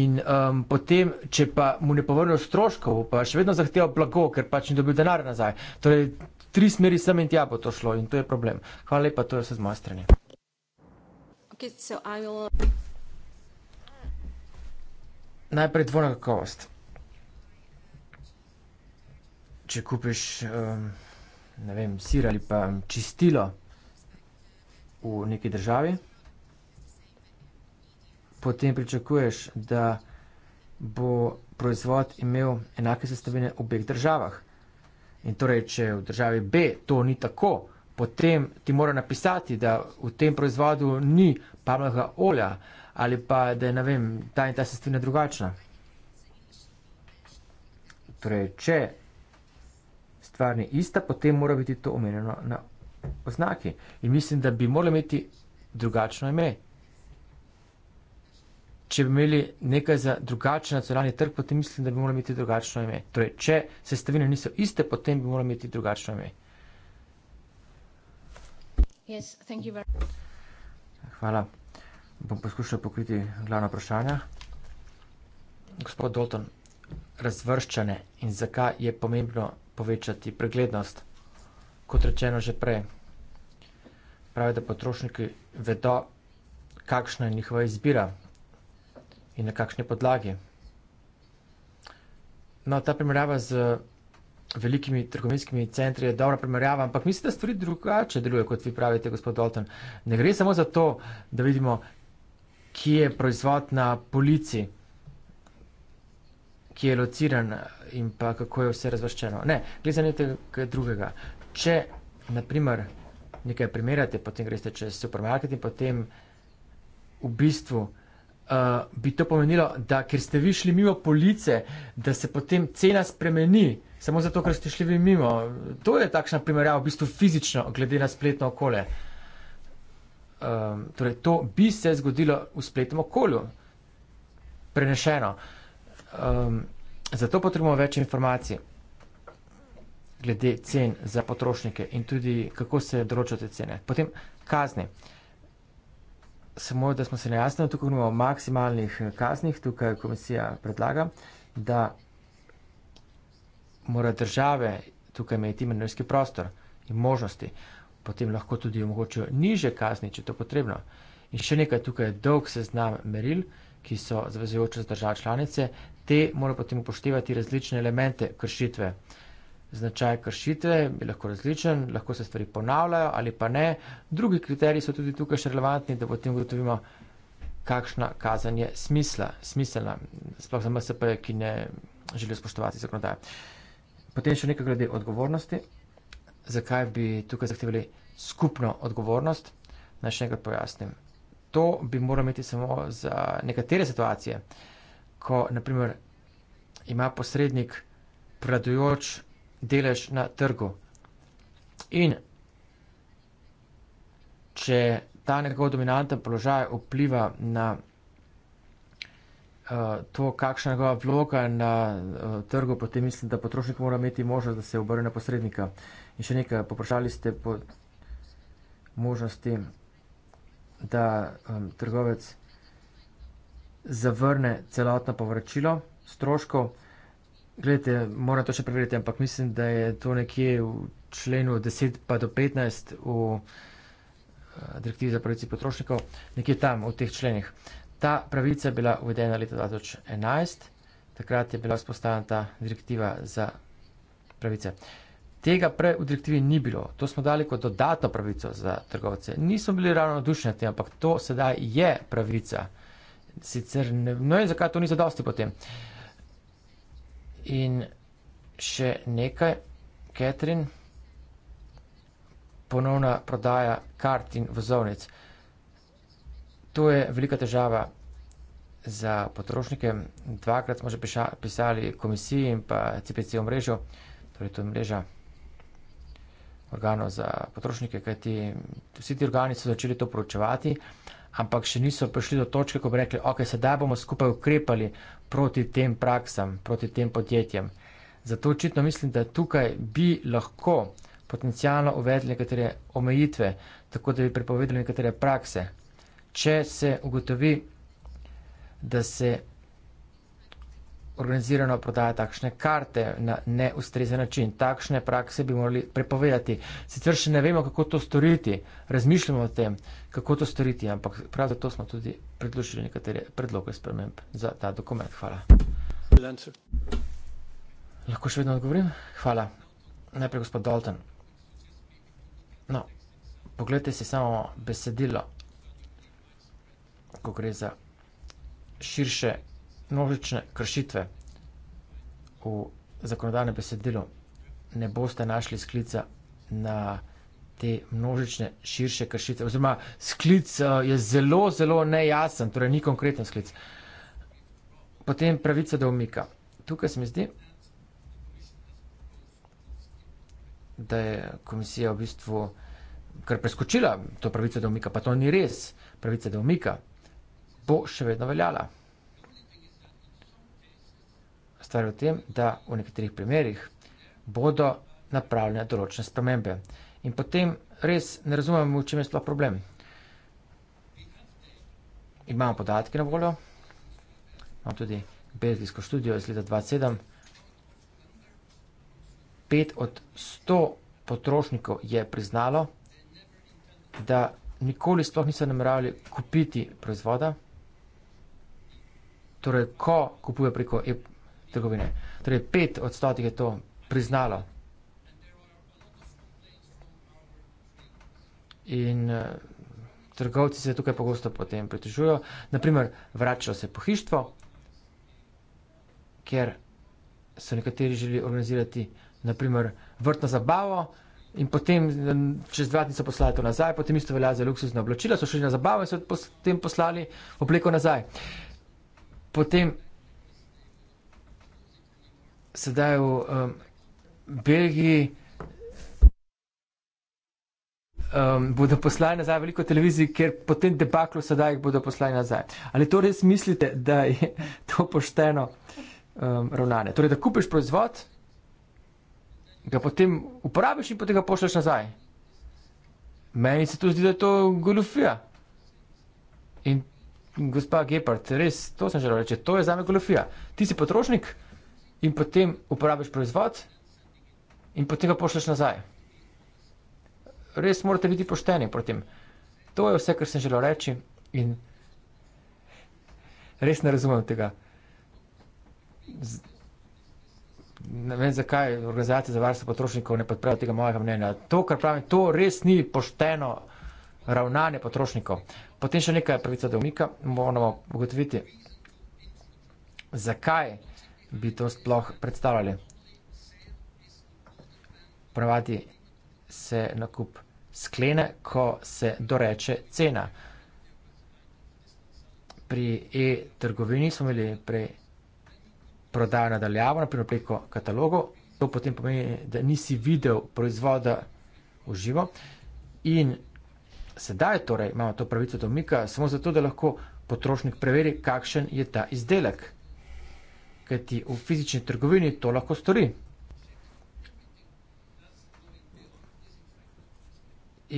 in um, potem, če pa mu ne povrnijo stroškov, pa še vedno zahteva blago, ker pač ni dobil denar nazaj. Torej, tri smeri sem in tja bo to šlo in to je problem. Hvala lepa, to je vse z moje strani. Okay, so I will... Najprej dvojna kakovost če kupiš um, vem, sir ali pa čistilo v neki državi, potem pričakuješ, da bo proizvod imel enake sestavine v obeh državah. In torej, če v državi B to ni tako, potem ti mora napisati, da v tem proizvodu ni pamljega olja ali pa da je vem, ta in ta sestavina drugačna. Torej, če stvar ni ista, potem mora biti to omenjeno na oznaki. In mislim, da bi morali imeti drugačno ime. Če bi imeli nekaj za drugačen nacionalni trg, potem mislim, da bi morali imeti drugačno ime. Torej, če sestavine niso iste, potem bi morali imeti drugačno ime. Yes, Hvala. Bom poskušal pokriti glavno vprašanje. Gospod Dalton, razvrščanje in zakaj je pomembno povečati preglednost. Kot rečeno že prej, pravi, da potrošniki vedo, kakšna je njihova izbira in na kakšni podlagi. No, ta primerjava z velikimi trgovinskimi centri je dobra primerjava, ampak mislim, da stvari drugače delujejo, kot vi pravite, gospod Dalton. Ne gre samo za to, da vidimo, kje je proizvod na policiji ki je lociran in pa kako je vse razvrščeno. Ne, gre za nekaj drugega. Če, naprimer, nekaj primerjate, potem greste čez supermarket in potem v bistvu uh, bi to pomenilo, da ker ste vi šli mimo police, da se potem cena spremeni, samo zato, ker ste šli vi mimo. To je takšna primerjava, v bistvu fizično, glede na spletno okolje. Um, torej, to bi se zgodilo v spletnem okolju, prenešeno. Uh, Um, zato potrebujemo več informacij glede cen za potrošnike in tudi kako se določate cene. Potem kazni. Samo, da smo se nejasni, tukaj govorimo o maksimalnih eh, kaznih, tukaj komisija predlaga, da mora države tukaj imeti menjerski prostor in možnosti. Potem lahko tudi omogočijo niže kazni, če to potrebno. In še nekaj, tukaj je dolg seznam meril, ki so zavezujoče za države članice, te mora potem upoštevati različne elemente kršitve. Značaj kršitve je lahko različen, lahko se stvari ponavljajo ali pa ne. Drugi kriteriji so tudi tukaj še relevantni, da potem ugotovimo, kakšna kazen je smisla, smiselna, sploh za MSP, ki ne želijo spoštovati zakonodaje. Potem še nekaj glede odgovornosti. Zakaj bi tukaj zahtevali skupno odgovornost? Naj še enkrat pojasnim. To bi moralo imeti samo za nekatere situacije. Uh, ko naprimer, ima posrednik predujoč delež na trgu. In če ta njegov dominanten položaj vpliva na uh, to, kakšna je njegova vloga na uh, trgu, potem mislim, da potrošnik mora imeti možnost, da se obrne na posrednika. In še nekaj, poprašali ste po možnosti, da um, trgovec zavrne celotno povračilo stroškov. Gledajte, moram to še preveriti, ampak mislim, da je to nekje v členu 10 pa do 15 v eh, direktivi za pravici potrošnikov, nekje tam v teh členih. Ta pravica je bila uvedena leta 2011, takrat je bila spostavljena ta direktiva za pravice. Tega prej v direktivi ni bilo, to smo dali kot dodatno pravico za trgovce. Nismo bili ravno odušeni na tem, ampak to sedaj je pravica sicer ne, ne no vem, zakaj to ni zadosti potem. In še nekaj, Catherine, ponovna prodaja kart in vozovnic. To je velika težava za potrošnike. Dvakrat smo že pisali komisiji in pa CPC omrežju, torej to je mreža organov za potrošnike, kajti vsi ti organi so začeli to poročevati. Uh, ampak še niso prišli do točke, ko bi rekli, ok, sedaj bomo skupaj ukrepali proti tem praksam, proti tem podjetjem. Zato očitno mislim, da tukaj bi lahko potencijalno uvedli nekatere omejitve, tako da bi prepovedali nekatere prakse. Če se ugotovi, da se organizirano prodaja takšne karte na neustrezen način. Takšne prakse bi morali prepovedati. Sicer še ne vemo, kako to storiti, razmišljamo o tem, kako to storiti, ampak prav zato smo tudi predložili nekatere predloge sprememb za ta dokument. Hvala. Lahko še vedno odgovorim? Hvala. Najprej gospod Dalton. No, pogledajte si samo besedilo, ko gre za širše množične kršitve v zakonodajnem besedilu ne boste našli sklica na te množične širše kršitve, oziroma sklic eh, je zelo, zelo nejasen, torej ni konkreten sklic. Potem pravica do umika. Tukaj se mi zdi, da je komisija v bistvu kar preskočila to pravico do umika, pa to ni res. Pravica do umika bo še vedno veljala stvar v tem, da v nekaterih primerjih bodo napravljene določene spremembe. In potem res ne razumemo, v čem je sploh problem. Imamo podatke na voljo, imamo tudi belgijsko študijo iz leta 2007. Pet od sto potrošnikov je priznalo, da nikoli sploh niso nameravali kupiti proizvoda. Torej, ko kupuje preko trgovine. Torej, pet odstotih je to priznalo. In uh, trgovci se tukaj pogosto potem pritožujo. Naprimer, vračajo se pohištvo, ker so nekateri želeli organizirati naprimer, vrtno zabavo. In potem, eh, čez dva dni so poslali to nazaj, potem isto velja za luksuzna oblačila, so šli na zabavo in so potem poslali obleko nazaj. Potem sedaj v um, Belgiji. Um, bodo poslali nazaj veliko televizij, ker potem debaklo sedaj jih bodo poslali nazaj. Ali to res mislite, da je to pošteno um, ravnanje? Torej, da kupiš proizvod, ga potem uporabiš in potem ga pošleš nazaj. Meni se to zdi, da je to golofija. In gospa Gepard, res, to sem želel reči, to je zame golofija. Ti si potrošnik, in potem uporabiš proizvod in potem ga pošleš nazaj. Res morate biti pošteni pri tem. To je vse, kar sem želel reči in res ne razumem tega. Z Ne vem, zakaj organizacije za varstvo potrošnikov ne podprejo tega mojega mnenja. To, kar pravim, to res ni pošteno ravnanje potrošnikov. Potem še nekaj pravica do umika. Moramo ugotoviti, zakaj bi to sploh predstavljali. Pravati se nakup sklene, ko se doreče cena. Pri e-trgovini smo imeli prej prodajo nadaljavo, naprimer preko katalogu. To potem pomeni, da nisi videl proizvoda v živo. In sedaj torej imamo to pravico do umika samo zato, da lahko potrošnik preveri, kakšen je ta izdelek kajti v fizični trgovini to lahko stori.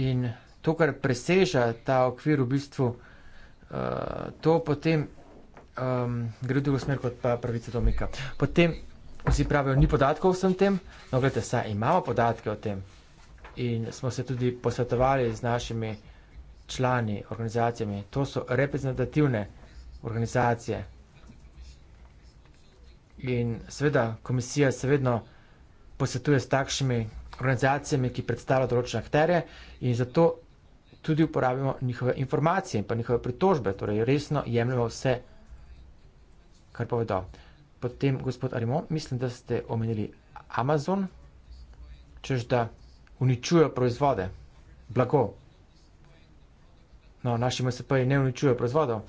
In to, kar preseža ta okvir, v bistvu, uh, to potem um, gre v drugo smer kot pa pravica domika. Potem vsi pravijo, ni podatkov o vsem tem, no gledajte, saj imamo podatke o tem. In smo se tudi posvetovali z našimi člani, organizacijami. To so reprezentativne organizacije. In seveda komisija se vedno posvetuje s takšnimi organizacijami, ki predstavljajo določene akterje in zato tudi uporabimo njihove informacije in pa njihove pritožbe, torej resno jemljamo vse, kar povedo. Potem, gospod Arimo, mislim, da ste omenili Amazon, čež da uničujo proizvode, blago. No, naši MSP-ji ne uničujo proizvodov,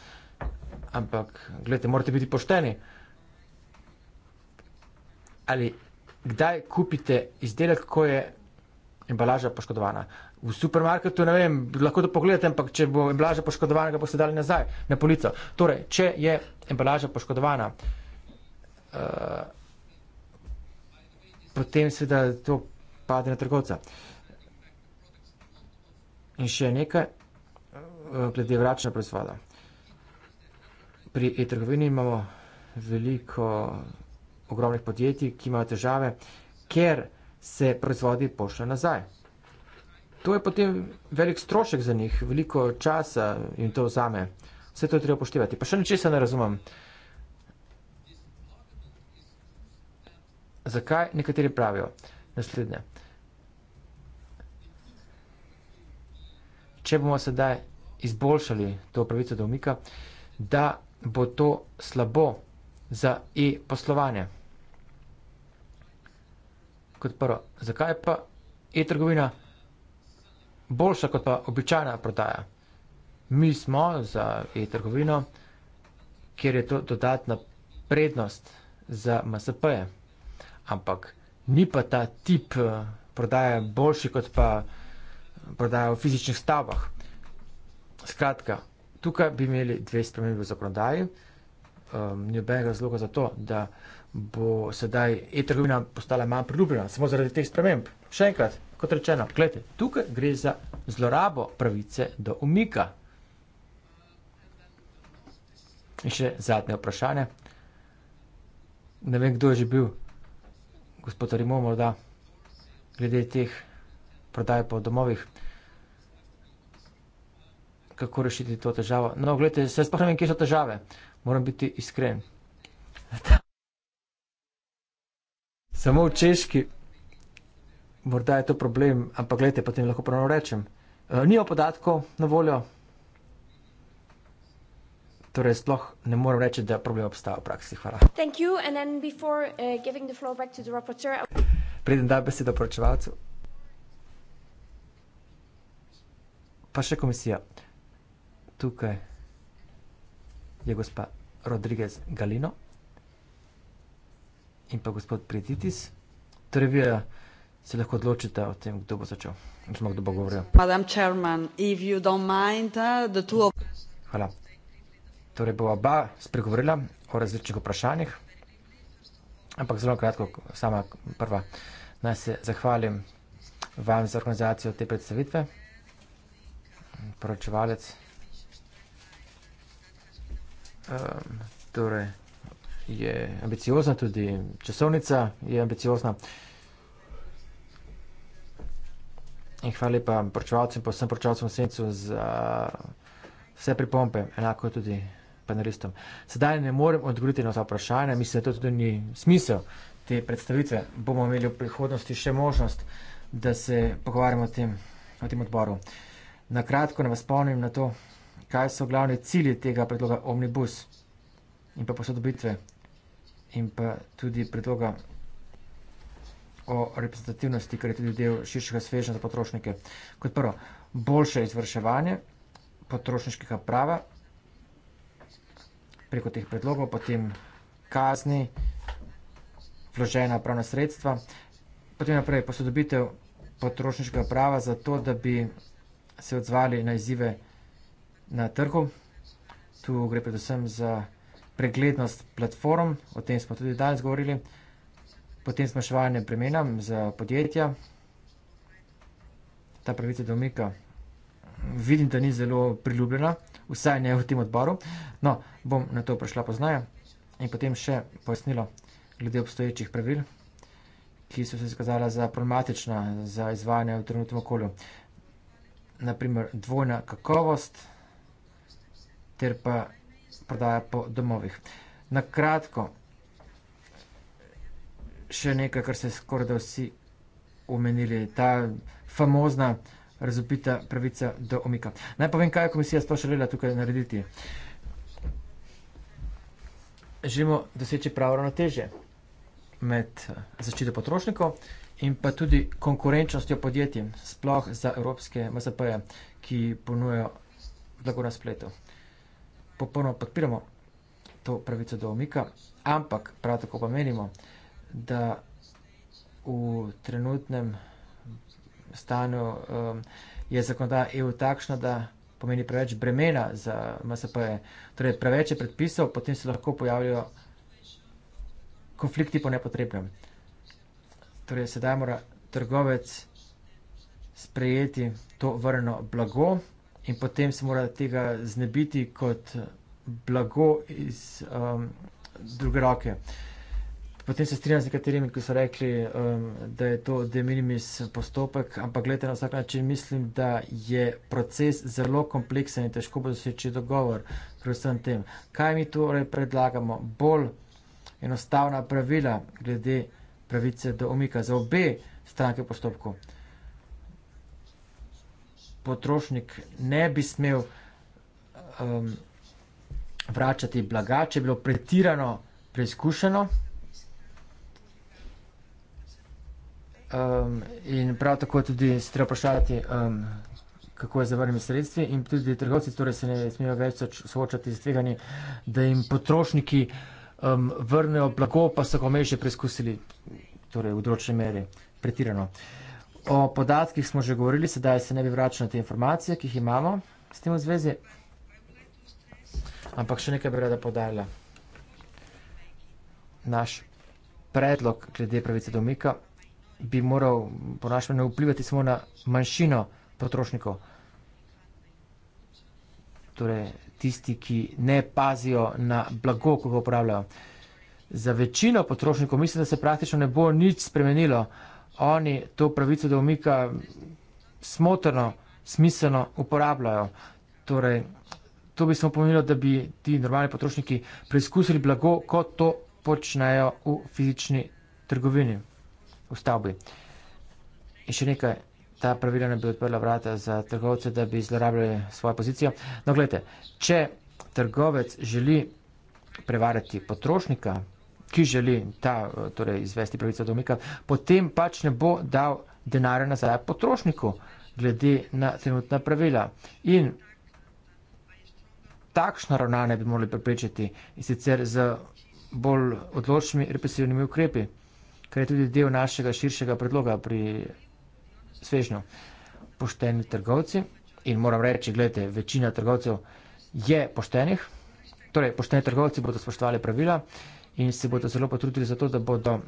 ampak, gledajte, morate biti pošteni ali kdaj kupite izdelek, ko je embalaža poškodovana. V supermarketu, ne vem, lahko to pogledate, ampak če bo embalaža poškodovana, ga boste dali nazaj na polico. Torej, če je embalaža poškodovana, uh, potem seveda to pade na trgovca. In še nekaj, eh, glede vračanja proizvoda. Pri e-trgovini imamo veliko ogromnih podjetij, ki imajo težave, ker se proizvodi pošlje nazaj. To je potem velik strošek za njih, veliko časa in to vzame. Vse to je treba poštevati. Pa še nečesa ne razumem. Zakaj nekateri pravijo naslednje? Če bomo sedaj izboljšali to pravico do umika, da bo to slabo za e-poslovanje kot prvo. Zakaj pa je trgovina boljša kot pa običajna prodaja? Mi smo za e-trgovino, kjer je to dodatna prednost za MSP-je. Ampak ni pa ta tip eh, prodaje boljši kot pa eh, prodaja v fizičnih stavbah. Skratka, tukaj bi imeli dve spremembe v zakonodaji. Um, ni obenega razloga za to, da uh, bo sedaj e-trgovina postala manj priljubljena, samo zaradi teh sprememb. Še enkrat, kot rečeno, gledajte, tukaj gre za zlorabo pravice do umika. In še zadnje vprašanje. Ne vem, kdo je že bil, gospod Rimo, morda, glede teh prodaj po domovih. Kako rešiti to težavo? No, gledajte, se sploh ne vem, kje so težave. Moram biti iskren. Ta Samo v češki, morda je to problem, ampak gledajte, potem lahko pravno rečem. Uh, eh, Nijo podatkov na voljo, torej sploh ne morem reči, da problem obstaja v praksi. Hvala. Before, uh, rapporteur... Preden da besedo poročevalcu. Pa še komisija. Tukaj je gospa Rodriguez Galino in pa gospod Preditis. Torej, vi eh, se lahko odločite o tem, kdo bo začel. Oziroma, kdo bo govoril. Madam Chairman, if you don't mind, eh, the two of... Hvala. Torej, bo oba spregovorila o različnih vprašanjih. Ampak zelo kratko, sama prva. Naj se zahvalim vam za organizacijo te predstavitve. Poročevalec. Um, torej, je ambiciozna, tudi časovnica je ambiciozna. In hvala lepa poročevalcem, pa vsem poročevalcem v Sencu za vse pripombe, enako tudi panelistom. Sedaj ne morem odgovoriti na vsa vprašanja, mislim, da to tudi ni smisel te predstavitve. Bomo imeli v prihodnosti še možnost, da se pogovarjamo o tem, o tem odboru. Na kratko ne vas spomnim na to, kaj so glavne cilje tega predloga Omnibus in pa posodobitve in pa tudi predloga o reprezentativnosti, kar je tudi del širšega svežnja za potrošnike. Kot prvo, boljše izvrševanje potrošniških prava preko teh predlogov, potem kazni, vložena pravna sredstva, potem naprej posodobitev potrošniškega prava za to, da bi se odzvali na izzive na trgu. Tu gre predvsem za potrošniške prava, preglednost platform, o tem smo tudi danes govorili, potem smo še vajanje premena za podjetja, ta pravica domika vidim, da ni zelo priljubljena, vsaj ne v tem odboru, no, bom na to prišla poznaje in potem še pojasnilo glede obstoječih pravil, ki so se skazala za problematična, za izvajanje v trenutnem okolju. Naprimer, dvojna kakovost, ter pa izvajanje prodaja po domovih. Na kratko, še nekaj, kar se skoraj da vsi omenili, ta famozna razupita pravica do omika. Naj povem, kaj je komisija sploh želela tukaj narediti. Želimo doseči pravo ravnoteže med eh, zaščito potrošnikov in pa tudi konkurenčnostjo podjetij, sploh za evropske MSP-je, ki ponujajo blago na spletu popolnoma podpiramo to pravico do omika, ampak prav tako pa menimo, da v trenutnem stanju um, je zakonodaja EU takšna, da pomeni preveč bremena za MSP-je. Torej, preveč je predpisov, potem se lahko pojavljajo konflikti po nepotrebnem. Torej, sedaj mora trgovec sprejeti to vrno blago in potem se mora tega znebiti kot blago iz um, druge roke. Potem se strinjam z nekaterimi, ki so rekli, um, da je to de minimis postopek, ampak gledajte na vsak način, mislim, da je proces zelo kompleksen in težko bo doseči dogovor pri vsem tem. Kaj mi torej predlagamo? Bolj enostavna pravila glede pravice do omika za obe stranke postopkov potrošnik ne bi smel um, vračati blaga, če je bilo pretirano preizkušeno. Um, in prav tako tudi se treba vprašati, um, kako je z zavrnimi sredstvi in tudi trgovci torej se ne smejo več soočati z tvegani, da jim potrošniki um, vrnejo blago, pa so komej še preizkusili, torej v določni meri pretirano. Uh, O podatkih smo že govorili, sedaj se ne bi vračal na te informacije, ki jih imamo s tem v zvezi. Ampak še nekaj bi rada podarila. Naš predlog glede pravice do umika bi moral po našem mnenju vplivati samo na manjšino potrošnikov. Torej, tisti, ki ne pazijo na blago, ko ga uporabljajo. Za večino potrošnikov mislim, da se praktično ne bo nič spremenilo, oni to pravico do umika smotrno, smiselno uporabljajo. Torej, to bi samo pomenilo, da bi ti normalni potrošniki preizkusili blago, kot to počnejo v fizični trgovini, v stavbi. In še nekaj, ta pravila ne bi odprla vrata za trgovce, da bi zlorabljali svojo pozicijo. No, gledajte, če trgovec želi prevarati potrošnika, ki želi ta, torej izvesti pravico do umika, potem pač ne bo dal denarja nazaj potrošniku, glede na trenutna pravila. In takšno ravnanje bi morali preprečiti in sicer z bolj odločnimi represivnimi ukrepi, kar je tudi del našega širšega predloga pri svežnju. Pošteni trgovci in moram reči, gledajte, večina trgovcev je poštenih, torej pošteni trgovci bodo spoštovali pravila in se bodo zelo potrudili za to, da bodo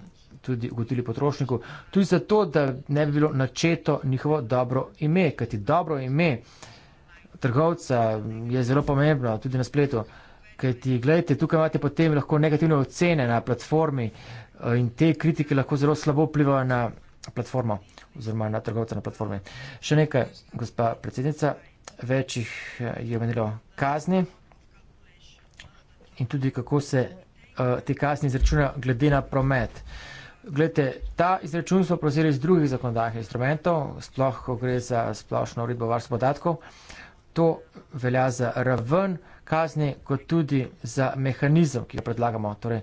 tudi ugotili potrošniku, tudi zato, da ne bi bilo načeto njihovo dobro ime, kajti dobro ime trgovca je zelo pomembno tudi na spletu, kajti gledajte, tukaj imate potem lahko negativne ocene na platformi eh, in te kritike lahko zelo slabo vplivajo na platformo oziroma na trgovca na platformi. Še nekaj, gospa predsednica, večjih eh, je omenilo kazni in tudi kako se Eh, te kazni izračuna glede na promet. Glede, ta izračun smo prevzeli iz drugih zakonodajnih instrumentov, sploh ko gre za splošno uredbo varstva podatkov. To velja za raven kazni, kot tudi za mehanizem, ki ga predlagamo, torej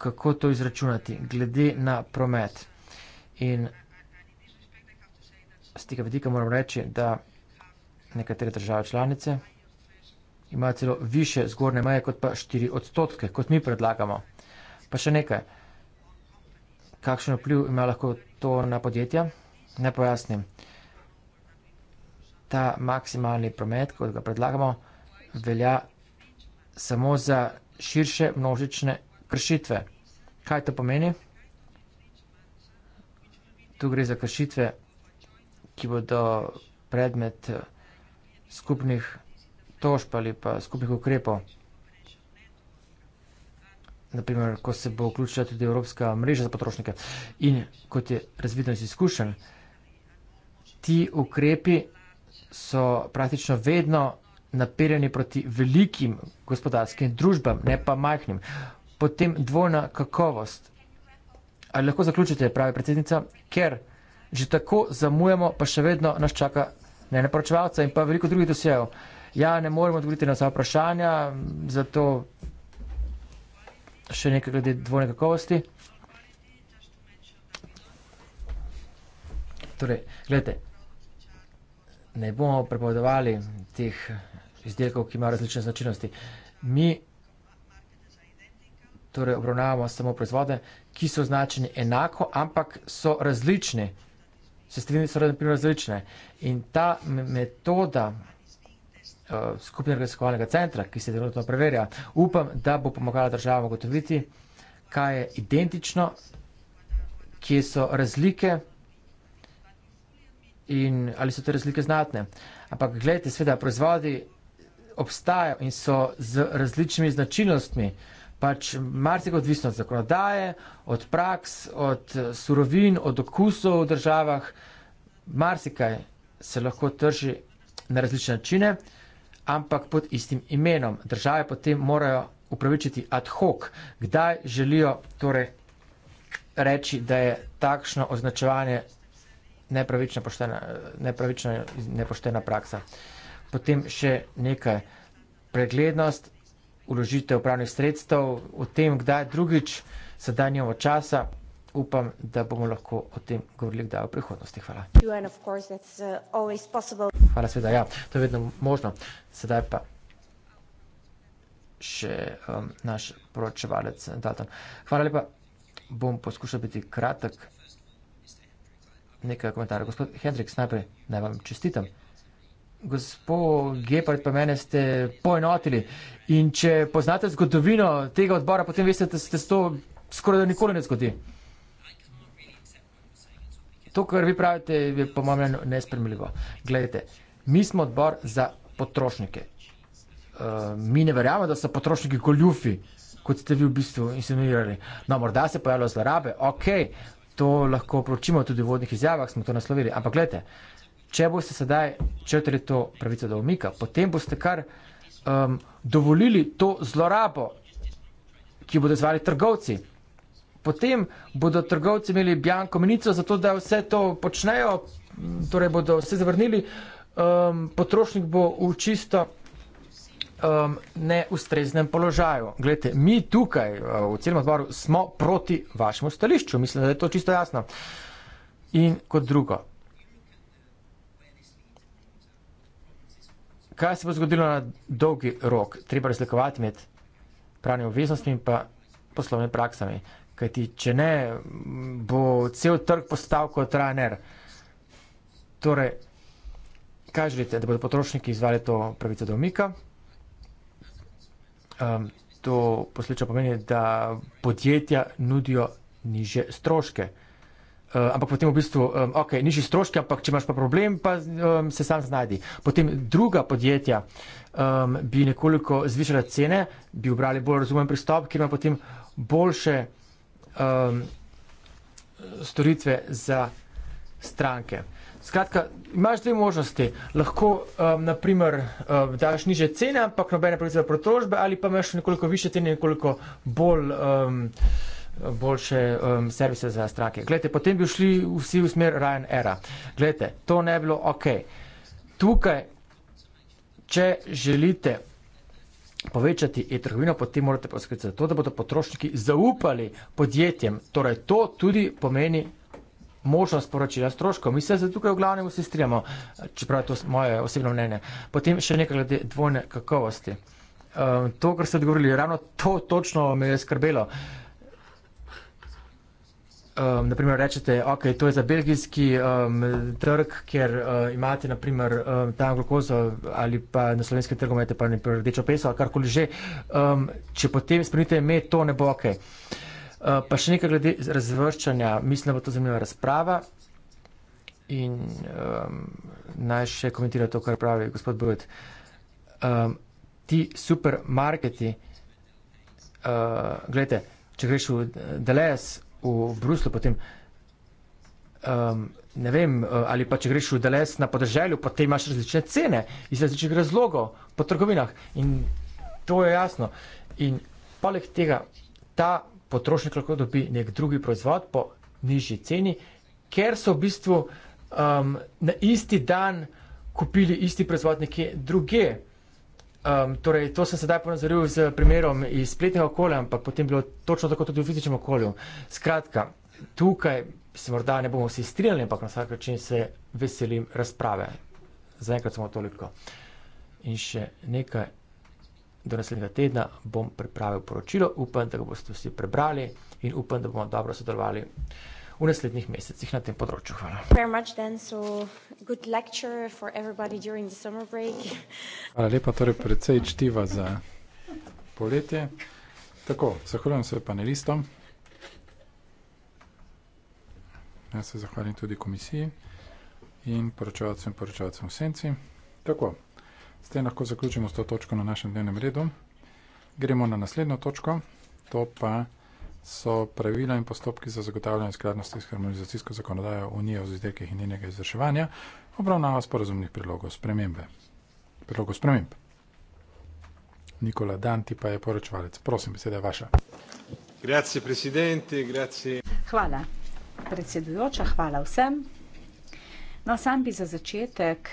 kako to izračunati, glede na promet. In z tega vidika moram reči, da nekatere države članice ima celo više zgornje meje kot pa 4 odstotke, kot mi predlagamo. Pa še nekaj, kakšen vpliv ima lahko to na podjetja? Ne pojasnim. Ta maksimalni promet, kot ga predlagamo, velja samo za širše množične kršitve. Kaj to pomeni? Tu gre za kršitve, ki bodo predmet eh, skupnih tožb ali pa skupnih ukrepov. Naprimer, ko se bo vključila tudi Evropska mreža za potrošnike in kot je razvidno iz izkušenj, ti ukrepi so praktično vedno naperjeni proti velikim gospodarskim družbam, ne pa majhnim. Potem dvojna kakovost. Ali lahko zaključite, pravi predsednica, ker že tako zamujamo, pa še vedno nas čaka ne neporočevalca in pa veliko drugih dosjejev. Ja, ne moremo odgovoriti na vsa vprašanja, zato še nekaj glede dvojne kakovosti. Torej, gledajte, ne bomo prepovedovali teh izdelkov, ki imajo različne značilnosti. Mi torej obravnavamo samo proizvode, ki so označeni enako, ampak so različni. Sestavine so različne. In ta metoda, uh, skupnega raziskovalnega centra, ki se trenutno preverja. Upam, da bo pomagala država ugotoviti, kaj je identično, kje so razlike in ali so te razlike znatne. Ampak gledajte, sveda, proizvodi obstajajo in so z različnimi značilnostmi. Pač marsik odvisno od zakonodaje, od praks, od surovin, od okusov v državah, marsikaj se lahko trži na različne načine ampak pod istim imenom. Države potem morajo upravičiti ad hoc, kdaj želijo torej reči, da je takšno označevanje nepravična, poštena, nepravična, nepoštena praksa. Potem še nekaj preglednost, uložitev upravnih sredstev, o tem, kdaj drugič, sedaj nimamo časa upam, da bomo lahko o tem govorili kdaj v prihodnosti. Hvala. Uh, Hvala, seveda, ja, to je vedno možno. Sedaj pa še um, naš poročevalec Dalton. Hvala lepa. Bom poskušal biti kratek. Nekaj komentarjev. Gospod Hendrik, najprej naj vam čestitam. Gospod Gepard, pa mene ste poenotili. In če poznate zgodovino tega odbora, potem veste, da se to skoraj da nikoli ne zgodi. To, kar vi pravite, je po mojem mnenju nespremljivo. Gledajte, mi smo odbor za potrošnike. Uh, mi ne verjamemo, da so potrošniki goljufi, kot ste vi v bistvu insinuirali. No, morda se pojavljajo zlorabe, ok, to lahko pročimo tudi v vodnih izjavah, smo to naslovili. Ampak gledajte, če boste sedaj črtali to pravico do umika, potem boste kar um, dovolili to zlorabo, ki bodo zvali trgovci potem bodo trgovci imeli bjanko menico za to, da vse to počnejo, torej bodo vse zavrnili, um, potrošnik bo v čisto um, neustreznem položaju. Glede, mi tukaj uh, v celem odboru smo proti vašemu stališču, mislim, da je to čisto jasno. In kot drugo. Kaj se bo zgodilo na dolgi rok? Treba razlikovati med pravnimi obveznostmi in pa poslovnimi praksami kajti če ne, bo cel trg postal kot Ryanair. Torej, kaj želite, da bodo potrošniki izvali to pravico do umika? Um, to posleča pomeni, da podjetja nudijo niže stroške. Uh, ampak potem v bistvu, um, ehm, ok, nižji stroški, ampak če imaš pa problem, pa um, se sam znajdi. Potem druga podjetja um, bi nekoliko zvišala cene, bi obrali bolj razumen pristop, ker ima potem boljše um, storitve za stranke. Skratka, imaš dve možnosti. Lahko, um, naprimer, um, daš niže cene, ampak nobene pravice do protrožbe, ali pa imaš nekoliko više cene, nekoliko bolj, um, boljše um, servise za stranke. Glede, potem bi šli vsi v smer Ryanaira. Glede, to ne bi bilo ok. Tukaj, če želite povečati e-trgovino, potem morate poskrbeti za to, da bodo potrošniki zaupali podjetjem. Torej, to tudi pomeni možnost poročila stroškov. Mi se za tukaj v glavnem vsi strijamo, čeprav je to moje osebno mnenje. Potem še nekaj glede dvojne kakovosti. Um, to, kar ste odgovorili, ravno to točno me je skrbelo. Uh, um, naprimer, rečete, da okay, je to za belgijski um, trg, ker uh, imate naprimer, um, tam glukozo ali pa na slovenskem trgu imate pa neko rdečo peso ali karkoli že, um, če potem spremenite ime, to ne bo ok. Uh, pa še nekaj glede razvrščanja, mislim, da bo to zanimiva razprava. In um, naj še komentira to, kar pravi gospod Bojot. Um, ti supermarketi, uh, gledajte, če greš v Deleuze, v Bruslu, potem um, ne vem, uh, ali pa če greš v Dales na podeželju, potem imaš različne cene iz različnih razlogov po trgovinah in to je jasno. In poleg tega ta potrošnik lahko dobi nek drugi proizvod po nižji ceni, ker so v bistvu um, na isti dan kupili isti proizvod nekje drugje. Um, torej, to sem sedaj ponazoril z primerom iz spletnega okolja, ampak potem bilo točno tako tudi v fizičnem okolju. Skratka, tukaj se morda ne bomo vsi strinjali, ampak na vsak način se veselim razprave. Zaenkrat samo toliko. In še nekaj, do naslednjega tedna bom pripravil poročilo, upam, da ga boste vsi prebrali in upam, da bomo dobro sodelovali v naslednjih mesecih na tem področju. Hvala. Hvala lepa, torej predvsej čtiva za poletje. Tako, zahvaljujem se panelistom. Jaz se zahvalim tudi komisiji in poročevalcem in poročevalcem v senci. Tako, s tem lahko zaključimo s to točko na našem dnevnem redu. Gremo na naslednjo točko, to pa je so pravila in postopki za zagotavljanje skladnosti s harmonizacijsko zakonodajo Unije o izdelkih in njenega izvrševanja obravnava sporazumnih predlogov spremembe. Predlogov sprememb. Nikola Danti pa je poročevalec. Prosim, beseda je vaša. Grazie, presidente, grazie. Hvala, predsedujoča, hvala vsem. No, sam bi za začetek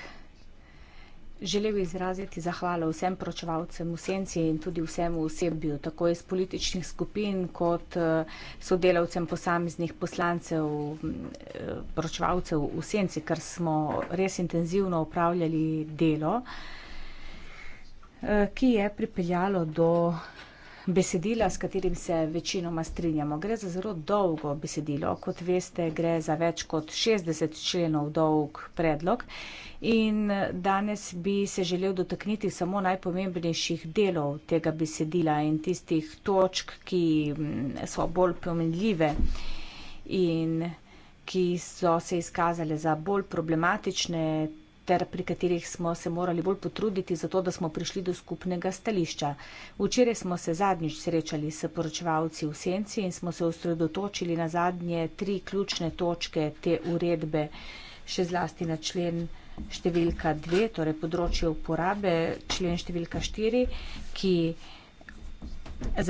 želel izraziti zahvalo vsem pročevalcem v senci in tudi vsemu osebju, tako iz političnih skupin kot eh, sodelavcem posameznih poslancev, eh, pročevalcev v senci, ker smo res intenzivno upravljali delo, eh, ki je pripeljalo do besedila, s katerim se večinoma strinjamo. Gre za zelo dolgo besedilo, kot veste, gre za več kot 60 členov dolg predlog in danes bi se želel dotakniti samo najpomembnejših delov tega besedila in tistih točk, ki so bolj pomenljive in ki so se izkazale za bolj problematične ter pri katerih smo se morali bolj potruditi, zato da smo prišli do skupnega stališča. Včeraj smo se zadnjič srečali s poročevalci v senci in smo se osredotočili na zadnje tri ključne točke te uredbe, še zlasti na člen številka 2, torej področje uporabe, člen številka 4, ki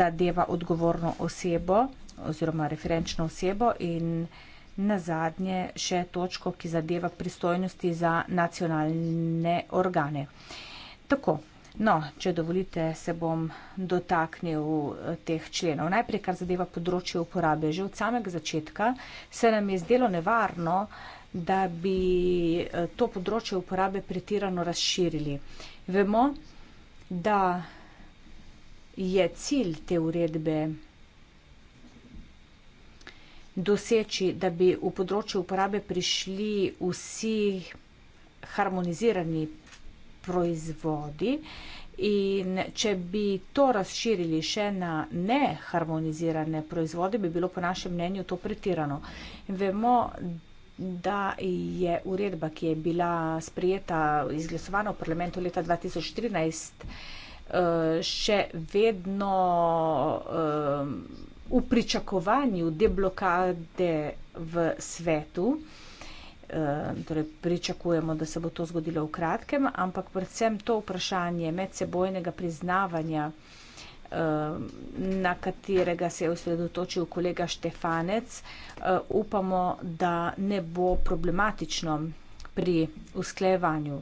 zadeva odgovorno osebo oziroma referenčno osebo in na zadnje še točko, ki zadeva pristojnosti za nacionalne organe. Tako, no, če dovolite, se bom dotaknil eh, teh členov. Najprej, kar zadeva področje uporabe. Že od samega začetka se nam je zdelo nevarno, da bi eh, to področje uporabe pretirano razširili. Vemo, da je cilj te uredbe doseči, da bi v področju uporabe prišli vsi harmonizirani proizvodi in če bi to razširili še na neharmonizirane proizvode, bi bilo po našem mnenju to pretirano. Vemo, da je uredba, ki je bila sprijeta, izglasovana v parlamentu leta 2013, eh, še vedno eh, v pričakovanju deblokade v svetu. Eh, torej, pričakujemo, da se bo to zgodilo v kratkem, ampak predvsem to vprašanje medsebojnega priznavanja, eh, na katerega se je osredotočil kolega Štefanec, eh, upamo, da ne bo problematično pri usklejevanju.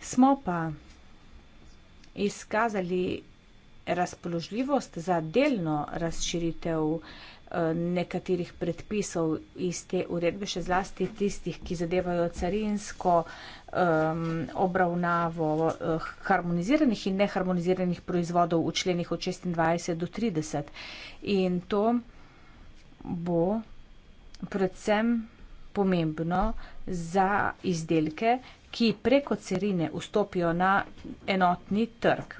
Smo pa izkazali razpoložljivost za delno razširitev eh, nekaterih predpisov iz te uredbe, še zlasti tistih, ki zadevajo carinsko um, obravnavo eh, harmoniziranih in neharmoniziranih proizvodov v členih od 26 do 30. In to bo predvsem pomembno za izdelke, ki preko carine vstopijo na enotni trg.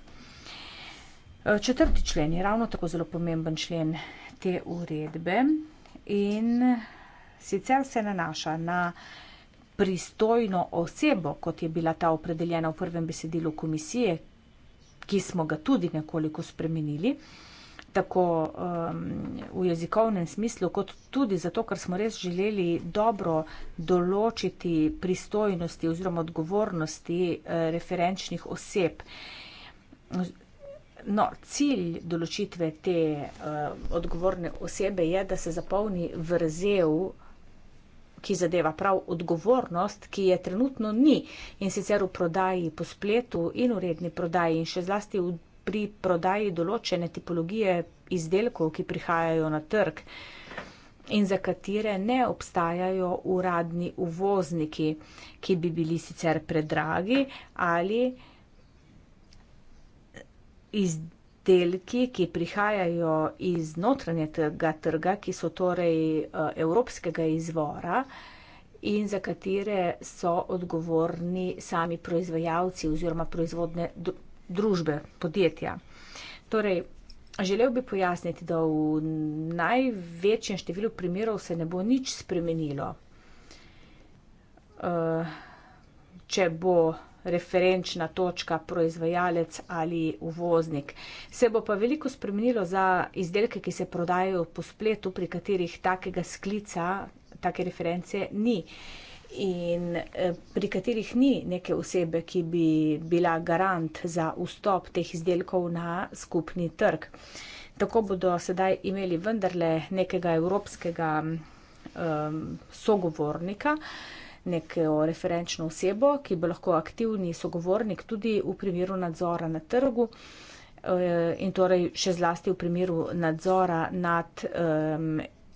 Eh, četrti člen je ravno tako zelo pomemben člen te uredbe in sicer se nanaša na pristojno osebo, kot je bila ta opredeljena v prvem besedilu komisije, ki smo ga tudi nekoliko spremenili, tako um, v jezikovnem smislu, kot tudi zato, ker smo res želeli dobro določiti pristojnosti oziroma odgovornosti eh, referenčnih oseb No, cilj določitve te uh, odgovorne osebe je, da se zapolni vrzel, ki zadeva prav odgovornost, ki je trenutno ni in sicer v prodaji po spletu in v redni prodaji in še zlasti v, pri prodaji določene tipologije izdelkov, ki prihajajo na trg in za katere ne obstajajo uradni uvozniki, ki bi bili sicer predragi ali izdelki, ki prihajajo iz notranjega trga, ki so torej eh, evropskega izvora in za katere so odgovorni sami proizvajalci oziroma proizvodne družbe, podjetja. Torej, želel bi pojasniti, da v največjem številu primerov se ne bo nič spremenilo. Eh, če bo referenčna točka proizvajalec ali uvoznik. Se bo pa veliko spremenilo za izdelke, ki se prodajajo po spletu, pri katerih takega sklica, take reference ni in eh, pri katerih ni neke osebe, ki bi bila garant za vstop teh izdelkov na skupni trg. Tako bodo sedaj imeli vendarle nekega evropskega um, sogovornika, uh, neko referenčno osebo, ki bo lahko aktivni sogovornik tudi v primeru nadzora na trgu eh, in torej še zlasti v primeru nadzora nad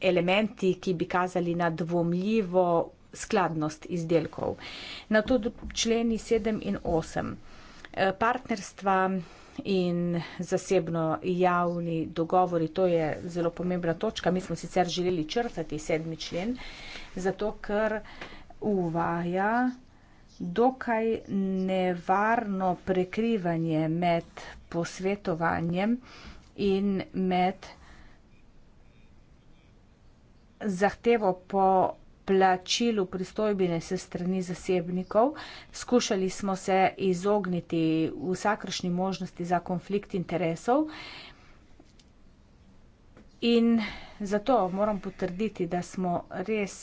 elementi, ki bi kazali na dvomljivo skladnost izdelkov. Na to členi 7 in 8. Eh, partnerstva in zasebno javni dogovori, to je zelo pomembna točka. Mi smo sicer želeli črtati sedmi člen, zato ker uvaja dokaj nevarno prekrivanje med posvetovanjem in med zahtevo po plačilu pristojbine se strani zasebnikov. Skušali smo se izogniti vsakršni možnosti za konflikt interesov in zato moram potrditi, da smo res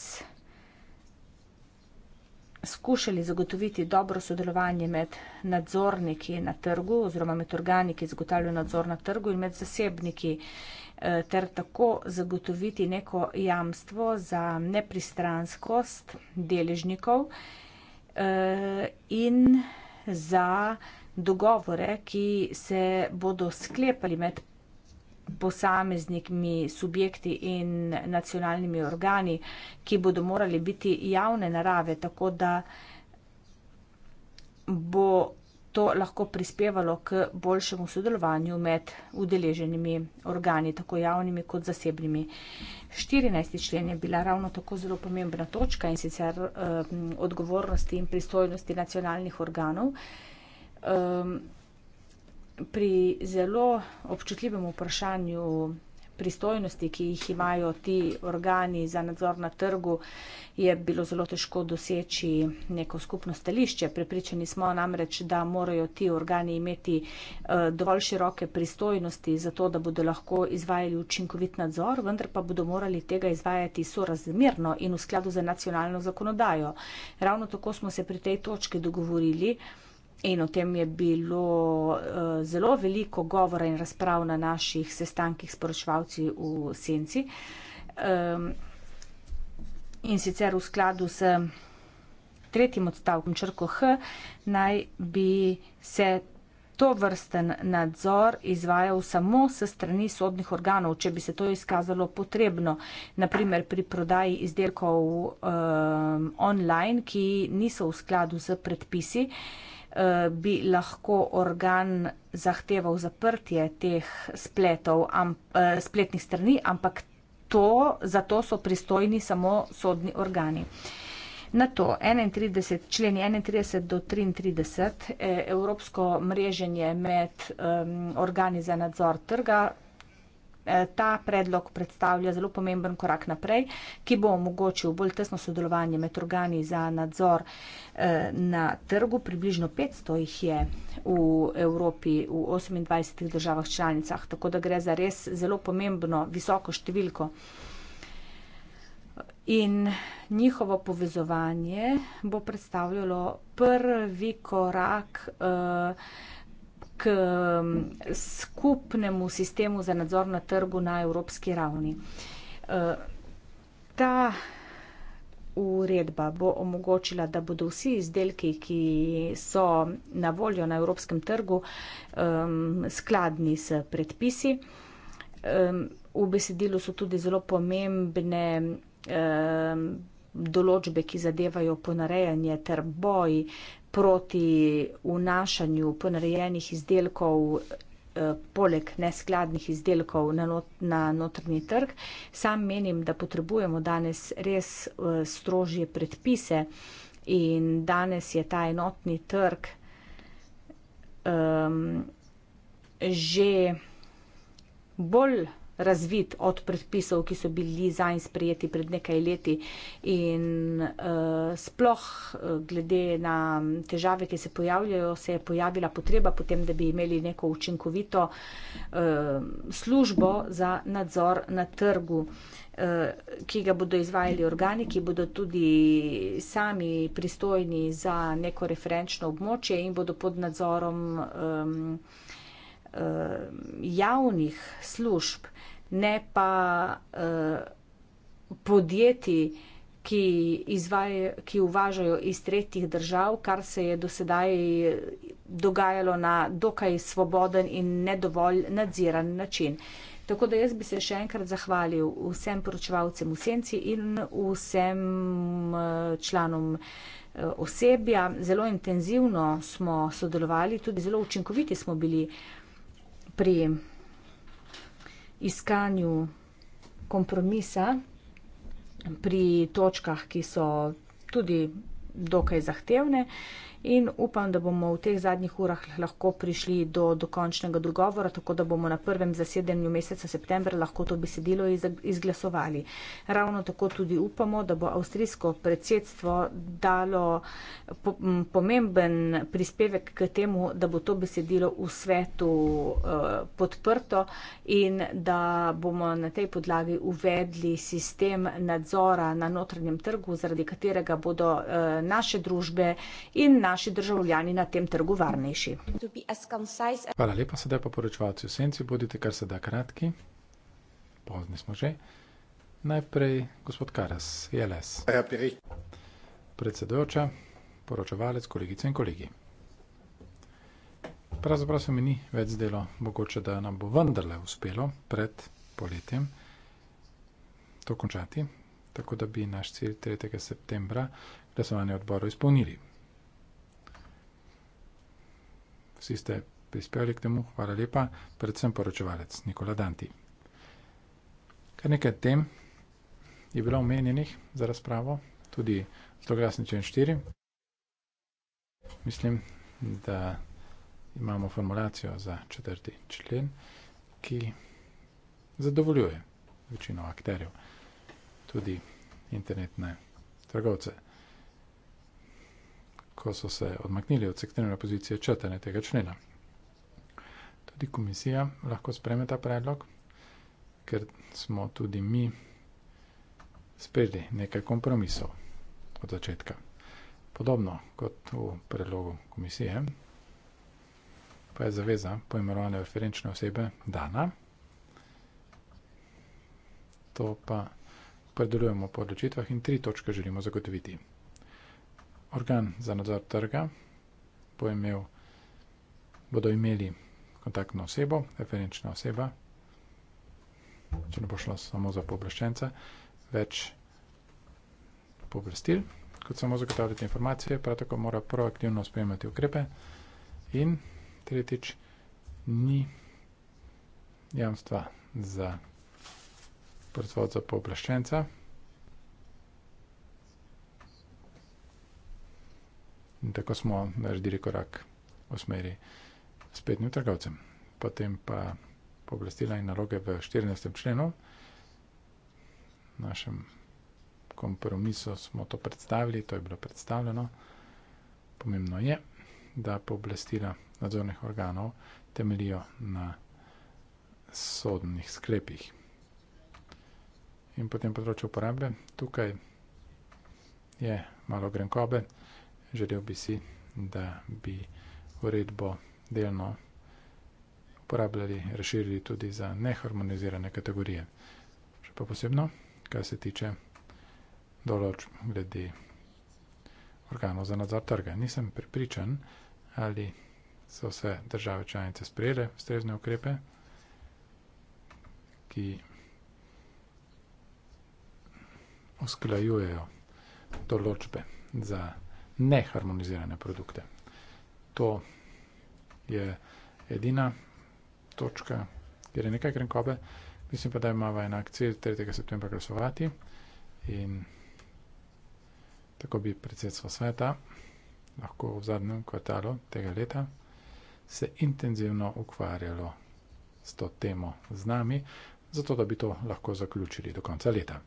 skušali zagotoviti dobro sodelovanje med nadzorniki na trgu oziroma med organi, ki zagotavljajo nadzor na trgu in med zasebniki eh, ter tako zagotoviti neko jamstvo za nepristranskost deležnikov eh, in za dogovore, ki se bodo sklepali med posameznikmi, subjekti in nacionalnimi organi, ki bodo morali biti javne narave, tako da bo to lahko prispevalo k boljšemu sodelovanju med udeleženimi organi, tako javnimi kot zasebnimi. 14. člen je bila ravno tako zelo pomembna točka in sicer um, odgovornosti in pristojnosti nacionalnih organov. Um, pri zelo občutljivem vprašanju pristojnosti, ki jih imajo ti organi za nadzor na trgu, je bilo zelo težko doseči neko skupno stališče. Pripričani smo namreč, da morajo ti organi imeti eh, dovolj široke pristojnosti za to, da bodo lahko izvajali učinkovit nadzor, vendar pa bodo morali tega izvajati sorazmerno in v skladu z nacionalno zakonodajo. Ravno tako smo se pri tej točki dogovorili, In o tem je bilo uh, zelo veliko govora in razprav na naših sestankih s poročevalci v Senci. Um, in sicer v skladu s tretjim odstavkom črko H naj bi se to vrsten nadzor izvajal samo s strani sodnih organov, če bi se to izkazalo potrebno, naprimer pri prodaji izdelkov um, online, ki niso v skladu s predpisi. Uh, Eh, bi lahko organ zahteval zaprtje teh spletov, eh, spletnih strani, ampak to, za to so pristojni samo sodni organi. Na to 31, členi 31 do 33 eh, Evropsko mreženje med um, organi za nadzor trga Eh, ta predlog predstavlja zelo pomemben korak naprej, ki bo omogočil bolj tesno sodelovanje med organi za nadzor eh, na trgu. Približno 500 jih je v Evropi v 28 državah članicah, tako da gre za res zelo pomembno visoko številko. In njihovo povezovanje bo predstavljalo prvi korak. Uh, k skupnemu sistemu za nadzor na trgu na evropski ravni. E, ta uredba bo omogočila, da bodo vsi izdelki, ki so na voljo na evropskem trgu, skladni s predpisi. V besedilu so tudi zelo pomembne določbe, ki zadevajo ponarejanje ter boj proti unašanju ponarejenih izdelkov eh, poleg neskladnih izdelkov na, not, na notrni trg. Sam menim, da potrebujemo danes res eh, strožje predpise in danes je ta enotni trg um, že bolj razvit od predpisov, ki so bili zanj sprejeti pred nekaj leti in uh, sploh eh, glede na težave, ki se pojavljajo, se je pojavila potreba potem, da bi imeli neko učinkovito uh, službo za nadzor na trgu, uh, ki ga bodo izvajali organi, ki bodo tudi sami pristojni za neko referenčno območje in bodo pod nadzorom. Um, javnih služb ne pa uh, podjetij, ki, izvaj, ki uvažajo iz tretjih držav, kar se je dosedaj dogajalo na dokaj svoboden in nedovolj nadziran način. Tako da jaz bi se še enkrat zahvalil vsem poročevalcem v Senci in vsem eh, članom eh, osebja. Zelo intenzivno smo sodelovali, tudi zelo učinkoviti smo bili pri iskanju kompromisa pri točkah, ki so tudi dokaj zahtevne in upam, da bomo v teh zadnjih urah lahko prišli do dokončnega dogovora, tako da bomo na prvem zasedanju meseca septembra lahko to besedilo izglasovali. Ravno tako tudi upamo, da bo avstrijsko predsedstvo dalo pomemben prispevek k temu, da bo to besedilo v svetu e, podprto in da bomo na tej podlagi uvedli sistem nadzora na notranjem trgu, zaradi katerega bodo e, naše družbe in naše naši državljani na tem trgu varnejši. Hvala lepa, sedaj pa poročevalci v senci, bodite kar se da kratki. Pozni smo že. Najprej gospod Karas, JLS. Predsedujoča, poročevalec, kolegice in kolegi. Pravzaprav se mi ni več zdelo mogoče, da nam bo vendarle uspelo pred poletjem to končati, tako da bi naš cilj 3. septembra glasovanje odboru izpolnili. Vsi ste prispevali k temu, hvala lepa, predvsem poročevalec Nikola Danti. Kar nekaj tem je bilo omenjenih za razpravo, tudi zloglasni člen 4. Mislim, da imamo formulacijo za četrti člen, ki zadovoljuje večino akterjev, tudi internetne trgovce ko so se odmaknili od sektorne opozicije četene tega člena. Tudi komisija lahko spreme ta predlog, ker smo tudi mi sprejeli nekaj kompromisov od začetka. Podobno kot v predlogu komisije, pa je zaveza poimenovane referenčne osebe dana, to pa predelujemo po odločitvah in tri točke želimo zagotoviti organ za nadzor trga bo imel, bodo imeli kontaktno osebo, referenčna oseba, če ne bo šlo samo za pooblaščenca, več pooblastil, kot samo zagotavljati informacije, prav tako mora proaktivno sprejemati ukrepe in tretjič ni jamstva za proizvod za pooblaščenca. Po In tako smo naredili korak v smeri spetnim trgovcem. Potem pa pooblastila in naloge v 14. členu, v našem kompromisu smo to predstavili, to je bilo predstavljeno. Pomembno je, da pooblastila nadzornih organov temeljijo na sodnih sklepih. In potem področje uporabe, tukaj je malo grenkobe. Želel bi si, da bi uredbo delno uporabljali, razširili tudi za neharmonizirane kategorije. Še pa posebno, kar se tiče določb glede organov za nadzor trga. Nisem pripričan, ali so vse države članice sprejele ustrezne ukrepe, ki usklajujejo določbe za nadzor trga neharmonizirane produkte. To je edina točka, kjer je nekaj krenkobe. Mislim pa, da imamo enak cilj 3. septembra glasovati in tako bi predsedstvo sveta lahko v zadnjem kvartalu tega leta se intenzivno ukvarjalo s to temo z nami, zato da bi to lahko zaključili do konca leta.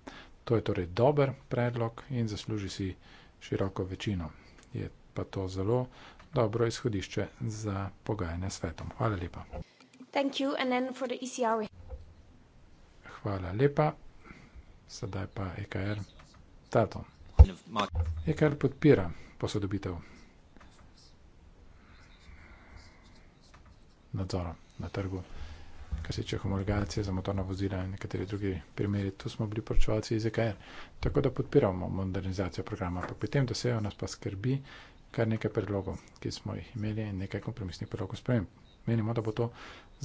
To je torej dober predlog in zasluži si široko večino je pa to zelo dobro izhodišče za pogajanje svetom. Hvala lepa. E Hvala lepa. Sedaj pa EKR. Tato. EKR podpira posodobitev nadzora na trgu kar se tiče homologacije za motorna vozila in nekateri drugi primeri, tu smo bili poročevalci iz EKR. Tako da podpiramo modernizacijo programa, ampak pri tem dosejo nas pa skrbi kar nekaj predlogov, ki smo jih imeli in nekaj kompromisnih predlogov sprememb. Menimo, da bo to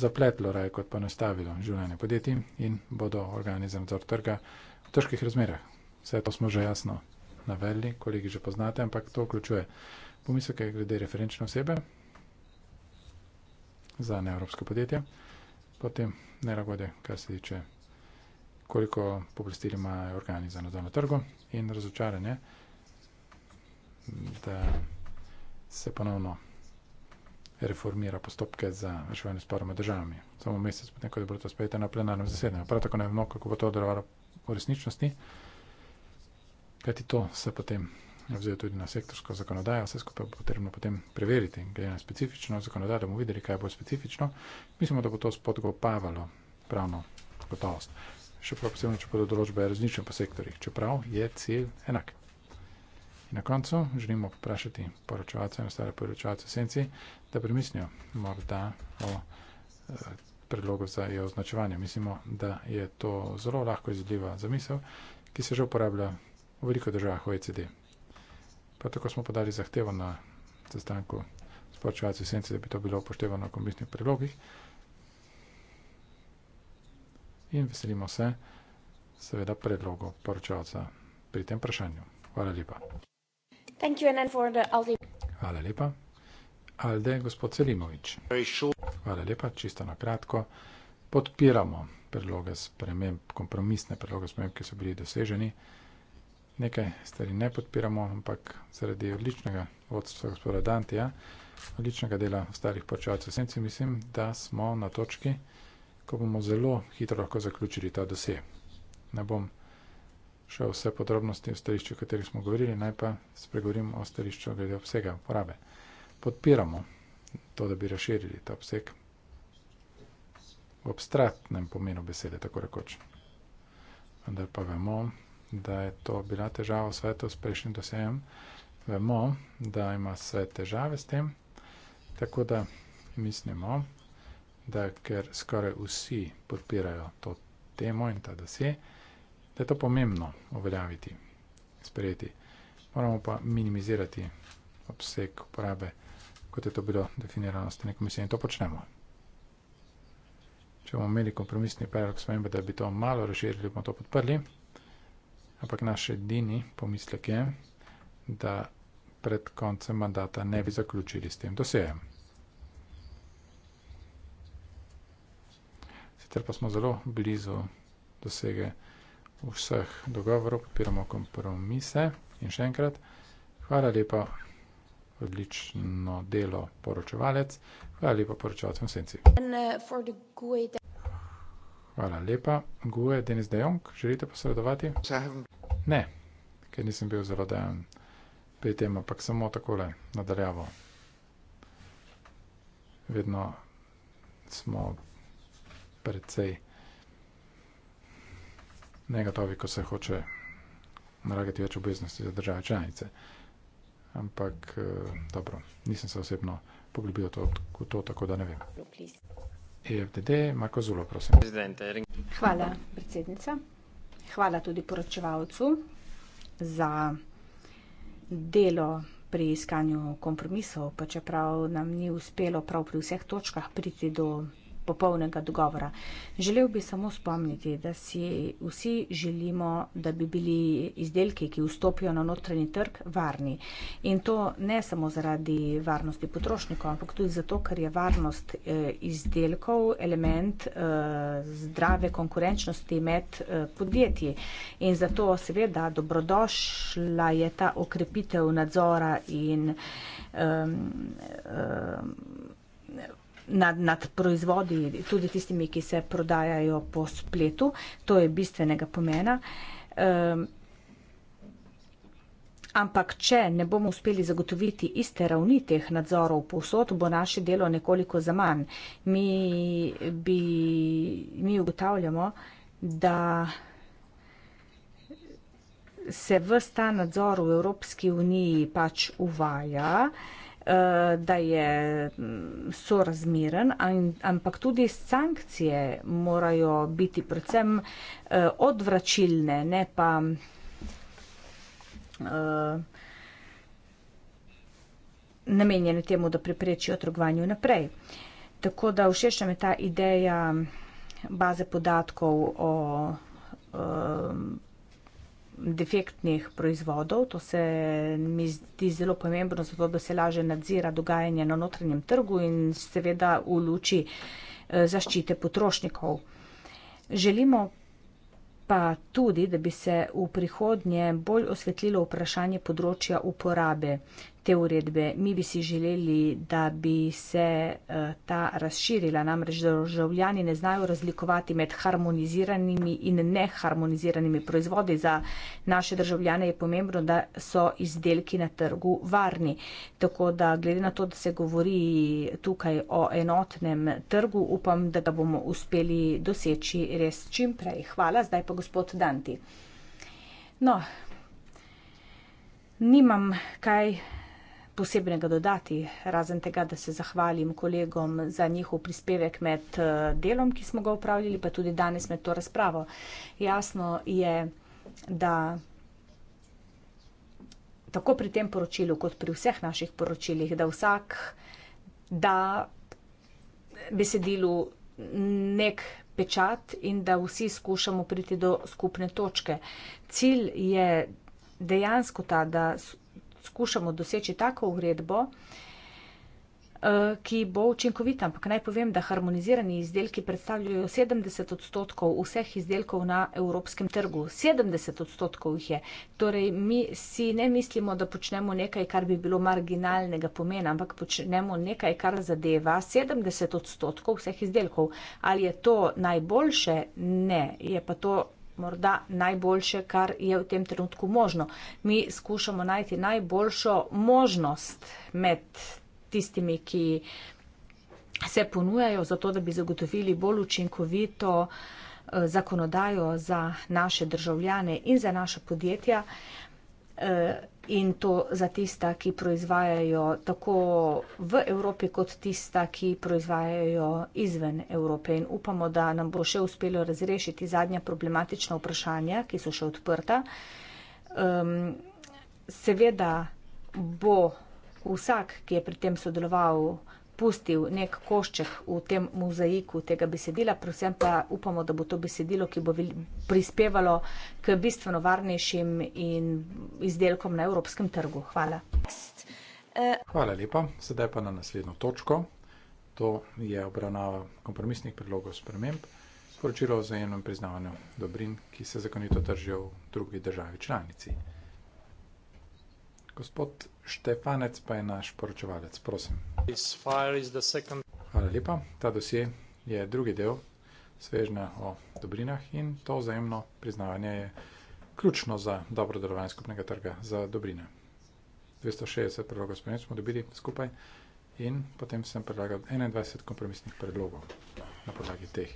zapletlo raje kot ponastavilo življenje podjetij in bodo organi za nadzor trga v težkih razmerah. Vse to smo že jasno navedli, kolegi že poznate, ampak to vključuje pomisleke glede referenčne osebe za neevropske podjetja potem neragode, kar se tiče, koliko popustili imajo organi za nadzor na trgu in razočaranje, da se ponovno reformira postopke za reševanje sporov med državami. Samo mesec potem, ko je bilo to sprejeto na plenarnem zasedanju. Prav tako ne vemo, kako bo to delovalo v resničnosti, kajti to se potem oziroma tudi na sektorsko zakonodajo, vse skupaj bo potrebno potem preveriti in glede na specifično zakonodajo, da bomo videli, kaj bo specifično, mislimo, da bo to spodkopavalo pravno gotovost. Še prav posebno, če bodo določbe različne po sektorjih, čeprav je cilj enak. In na koncu želimo poprašati poročevalce in ostale poročevalce v senci, da premislijo morda o e, predlogu za je označevanje. Mislimo, da je to zelo lahko izvedljiva zamisel, ki se že uporablja v veliko državah OECD. Prav tako smo podali zahtevo na sestanku s počevalci Sence, da bi to bilo upoštevano v komisnih predlogih. In veselimo se seveda predlogu poročevalca pri tem vprašanju. Hvala lepa. Thank you, and then for the Aldi. Hvala lepa. Alde, gospod Selimovič. Hvala lepa, čisto na kratko. Podpiramo predloge sprememb, kompromisne predloge sprememb, ki so bili doseženi nekaj stvari ne podpiramo, ampak zaradi odličnega vodstva gospoda Dantija, odličnega dela starih počevalcev senci, mislim, da smo na točki, ko bomo zelo hitro lahko zaključili ta dosje. Ne bom še vse podrobnosti v stališču, o katerih smo govorili, naj pa spregovorim o stališču glede obsega uporabe. Podpiramo to, da bi razširili ta obseg v abstraktnem pomenu besede, tako rekoč. Vendar pa vemo, da je to bila težava sveta s prejšnjim dosejem, vemo, da ima svet težave s tem. Tako da mislimo, da ker skoraj vsi podpirajo to temo in ta dosej, da je to pomembno uveljaviti, sprejeti. Moramo pa minimizirati obseg uporabe, kot je to bilo definirano s tem komisijo in to počnemo. Če bomo imeli kompromisni predlog spremembe, da bi to malo razširili, bomo to podprli. Ampak naš edini pomislek je, da pred koncem mandata ne bi zaključili s tem dosejem. Sicer pa smo zelo blizu dosege vseh dogovorov, podpiramo kompromise in še enkrat hvala lepa, odlično delo poročevalec, hvala lepa poročevalcem v senci. Uh, Hvala lepa. Guje, Denis Dejong, želite posredovati? Ne, ker nisem bil zelo dejan pri tem, ampak samo takole nadaljavo. Vedno smo predvsej negotovi, ko se hoče naragati več obveznosti za države članice. Ampak eh, dobro, nisem se osebno poglobil v to, to, tako da ne vem. No, EFDD, Marko Zulo, prosim. Hvala, predsednica. Hvala tudi poročevalcu za delo pri iskanju kompromisov, pa čeprav nam ni uspelo prav pri vseh točkah priti do popolnega dogovora. Želel bi samo spomniti, da si vsi želimo, da bi bili izdelki, ki vstopijo na notranji trg, varni. In to ne samo zaradi varnosti potrošnikov, ampak tudi zato, ker je varnost eh, izdelkov element eh, zdrave konkurenčnosti med eh, podjetji. In zato seveda dobrodošla je ta okrepitev nadzora in um, um, nad, nad proizvodi, tudi tistimi, ki se prodajajo po spletu. To je bistvenega pomena. Um, ampak, če ne bomo uspeli zagotoviti iste ravni teh nadzorov povsod, bo naše delo nekoliko za manj. Mi, bi, mi ugotavljamo, da se vsta nadzor v Evropski uniji pač uvaja. Uh, Eh, da je mm, sorazmeren, ampak tudi sankcije morajo biti predvsem eh, odvračilne, ne pa eh, namenjene temu, da preprečijo trgovanju naprej. Tako da všeča me ta ideja baze podatkov o defektnih proizvodov. To se mi zdi zelo pomembno, zato da se laže nadzira dogajanje na notranjem trgu in seveda v luči eh, zaščite potrošnikov. Želimo pa tudi, da bi se v prihodnje bolj osvetlilo vprašanje področja uporabe te uredbe. Mi bi si želeli, da bi se eh, ta razširila, namreč državljani ne znajo razlikovati med harmoniziranimi in neharmoniziranimi proizvodi. Za naše državljane je pomembno, da so izdelki na trgu varni. Tako da glede na to, da se govori tukaj o enotnem trgu, upam, da ga bomo uspeli doseči res čim prej. Hvala, zdaj pa gospod Danti. No, nimam kaj posebnega dodati, razen tega, da se zahvalim kolegom za njihov prispevek med eh, delom, ki smo ga upravljali, pa tudi danes med to razpravo. Jasno je, da tako pri tem poročilu, kot pri vseh naših poročilih, da vsak da besedilu nek pečat in da vsi skušamo priti do skupne točke. Cilj je dejansko ta, da skušamo doseči tako uredbo, eh, ki bo učinkovita. Ampak naj povem, da harmonizirani izdelki predstavljajo 70 odstotkov vseh izdelkov na evropskem trgu. 70 odstotkov jih je. Torej, mi si ne mislimo, da počnemo nekaj, kar bi bilo marginalnega pomena, ampak počnemo nekaj, kar zadeva 70 odstotkov vseh izdelkov. Ali je to najboljše? Ne. Je pa to morda najboljše, kar je v tem trenutku možno. Mi skušamo najti najboljšo možnost med tistimi, ki se ponujajo za to, da bi zagotovili bolj učinkovito eh, zakonodajo za naše državljane in za naše podjetja. Eh, in to za tista, ki proizvajajo tako v Evropi, kot tista, ki proizvajajo izven Evrope. In upamo, da nam bo še uspelo razrešiti zadnja problematična vprašanja, ki so še odprta. Um, seveda bo vsak, ki je pri tem sodeloval, pustil nek košček v tem mozaiku tega besedila, predvsem pa upamo, da bo to besedilo, ki bo prispevalo k bistveno varnejšim in izdelkom na evropskem trgu. Hvala. Hvala lepa. Sedaj pa na naslednjo točko. To je obravnava kompromisnih predlogov sprememb, sporočilo o vzajemnem priznavanju dobrin, ki se zakonito držijo v drugi državi članici. Gospod Štefanec pa je naš poročevalec, prosim. Hvala lepa. Ta dosje je drugi del svežnja o dobrinah in to vzajemno priznavanje je ključno za dobro delovanje skupnega trga za dobrine. 260 predlogov spremenj smo dobili skupaj in potem sem predlagal 21 kompromisnih predlogov na podlagi teh.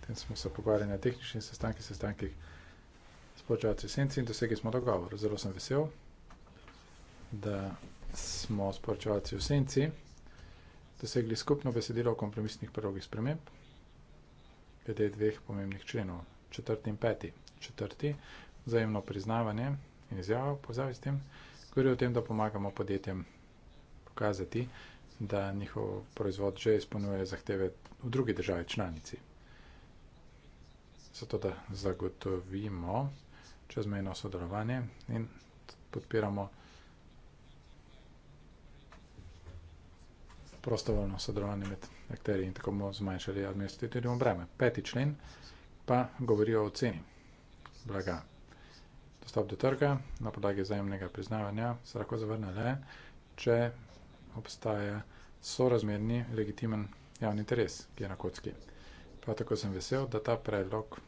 Potem smo se pogovarjali na tehničnih sestankih, sestankih s počevalci senci in dosegli smo dogovor. Zelo sem vesel, da smo sporočevalci v senci dosegli skupno besedilo o kompromisnih prerogih sprememb glede dveh pomembnih členov, četrti in peti. Četrti, vzajemno priznavanje in izjava v povezavi s tem, govori o tem, da pomagamo podjetjem pokazati, da njihov proizvod že izpolnjuje zahteve v drugi državi članici. Zato, da zagotovimo čezmejno sodelovanje in podpiramo. prostovoljno sodelovanje med akteri in tako bomo zmanjšali administrativno breme. Peti člen pa govori o ceni blaga. Dostop do trga na podlagi zajemnega priznavanja se lahko zavrne le, če obstaja sorazmerni legitimen javni interes, ki je na kocki. Prav tako sem vesel, da ta predlog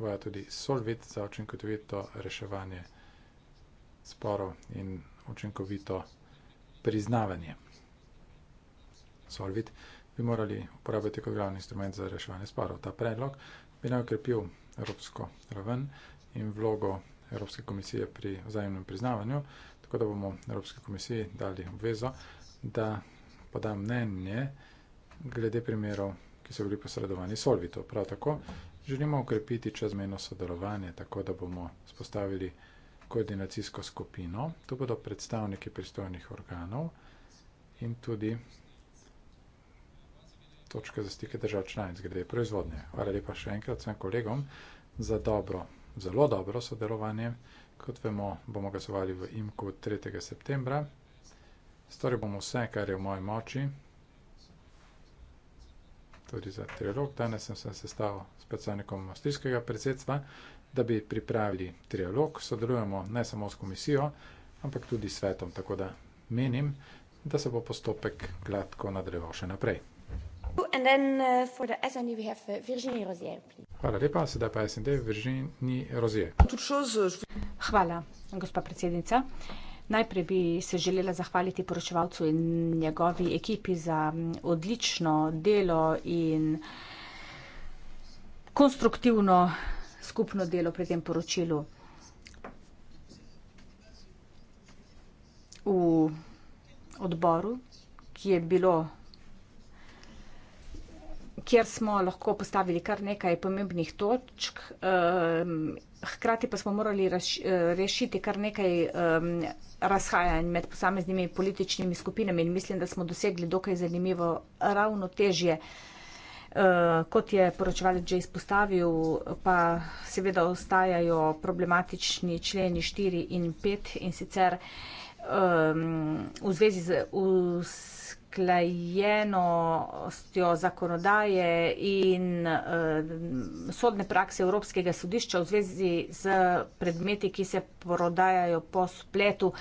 uvaja tudi solvit za učinkovito reševanje sporov in učinkovito reševanje priznavanje. Solvit bi morali uporabiti kot glavni instrument za reševanje sporov. Ta predlog bi naj ukrepil evropsko raven in vlogo Evropske komisije pri vzajemnem priznavanju, tako da bomo Evropske komisiji dali obvezo, da poda mnenje glede primerov, ki so bili posredovani Solvitu. Prav tako želimo ukrepiti čezmeno sodelovanje, tako da bomo spostavili koordinacijsko skupino. To bodo predstavniki pristojnih organov in tudi točke za stike držav članic, glede proizvodnje. Hvala lepa še enkrat vsem kolegom za dobro, zelo dobro sodelovanje. Kot vemo, bomo gasovali v IMKU 3. septembra. Storil bomo vse, kar je v moji moči, tudi za trilog. Danes sem se sestal s predstavnikom avstrijskega predsedstva da bi pripravili trialog, sodelujemo ne samo s komisijo, ampak tudi s svetom, tako da menim, da se bo postopek gladko nadaljeval še naprej. Uh, uh, Hvala lepa, sedaj pa SND Virginie Rozier. Hvala, gospa predsednica. Najprej bi se želela zahvaliti poročevalcu in njegovi ekipi za odlično delo in konstruktivno skupno delo pri tem poročilu. V odboru, ki je bilo, kjer smo lahko postavili kar nekaj pomembnih točk, ehm, hkrati pa smo morali eh, rešiti kar nekaj ehm, razhajanj med posameznimi političnimi skupinami in mislim, da smo dosegli dokaj zanimivo ravno težje. Eh, kot je poročevalec že izpostavil, pa seveda ostajajo problematični členi 4 in 5 in sicer ehm, v zvezi z vsem usklajenostjo zakonodaje in uh, sodne prakse Evropskega sodišča v zvezi z predmeti, ki se prodajajo po spletu.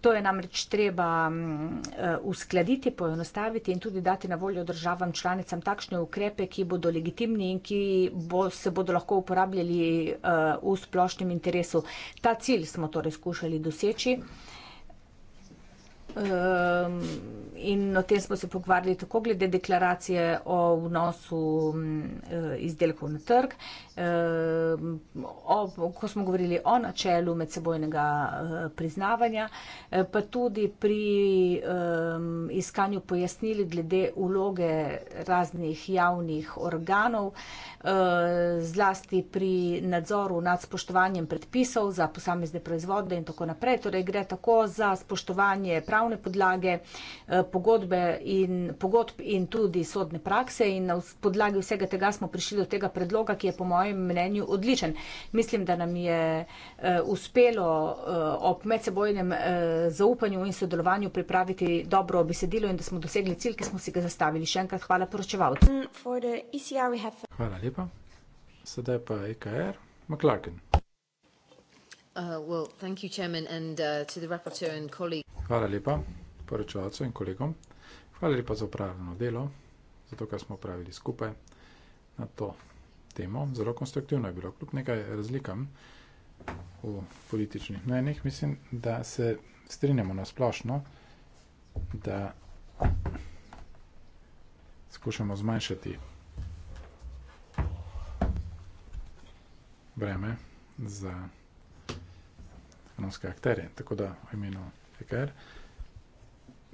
To je namreč treba um, uskladiti, poenostaviti in tudi dati na voljo državam članicam takšne ukrepe, ki bodo legitimni in ki bo, se bodo lahko uporabljali uh, v splošnem interesu. Ta cilj smo torej skušali doseči. Ehm, in o tem smo se pogovarjali tako glede deklaracije o vnosu mm, eh, izdelkov na trg eh, o, ko smo govorili o načelu medsebojnega eh, priznavanja, eh, pa tudi pri eh, iskanju pojasnili glede uloge raznih javnih organov, eh, zlasti pri nadzoru nad spoštovanjem predpisov za posamezne proizvode in tako naprej. Torej, gre tako za spoštovanje pravne podlage, eh, pogodbe in pogodb in tudi sodne prakse in na podlagi vsega tega smo prišli do tega predloga, ki je po mojem mojem mnenju odličen. Mislim, da nam je uh, uspelo uh, ob medsebojnem uh, zaupanju in sodelovanju pripraviti dobro besedilo in da smo dosegli cilj, ki smo si ga zastavili. Še enkrat hvala poročevalcu. Mm, e hvala lepa. Sedaj pa EKR McLaren. Uh, uh, hvala lepa poročevalcu in kolegom. Hvala lepa za upravljeno delo, za to, kar smo upravili skupaj na to temo. Zelo konstruktivno je bilo, kljub nekaj razlikam v političnih mnenjih. Mislim, da se strinjamo na splošno, da skušamo zmanjšati breme za ekonomske akterje. Tako da v imenu PKR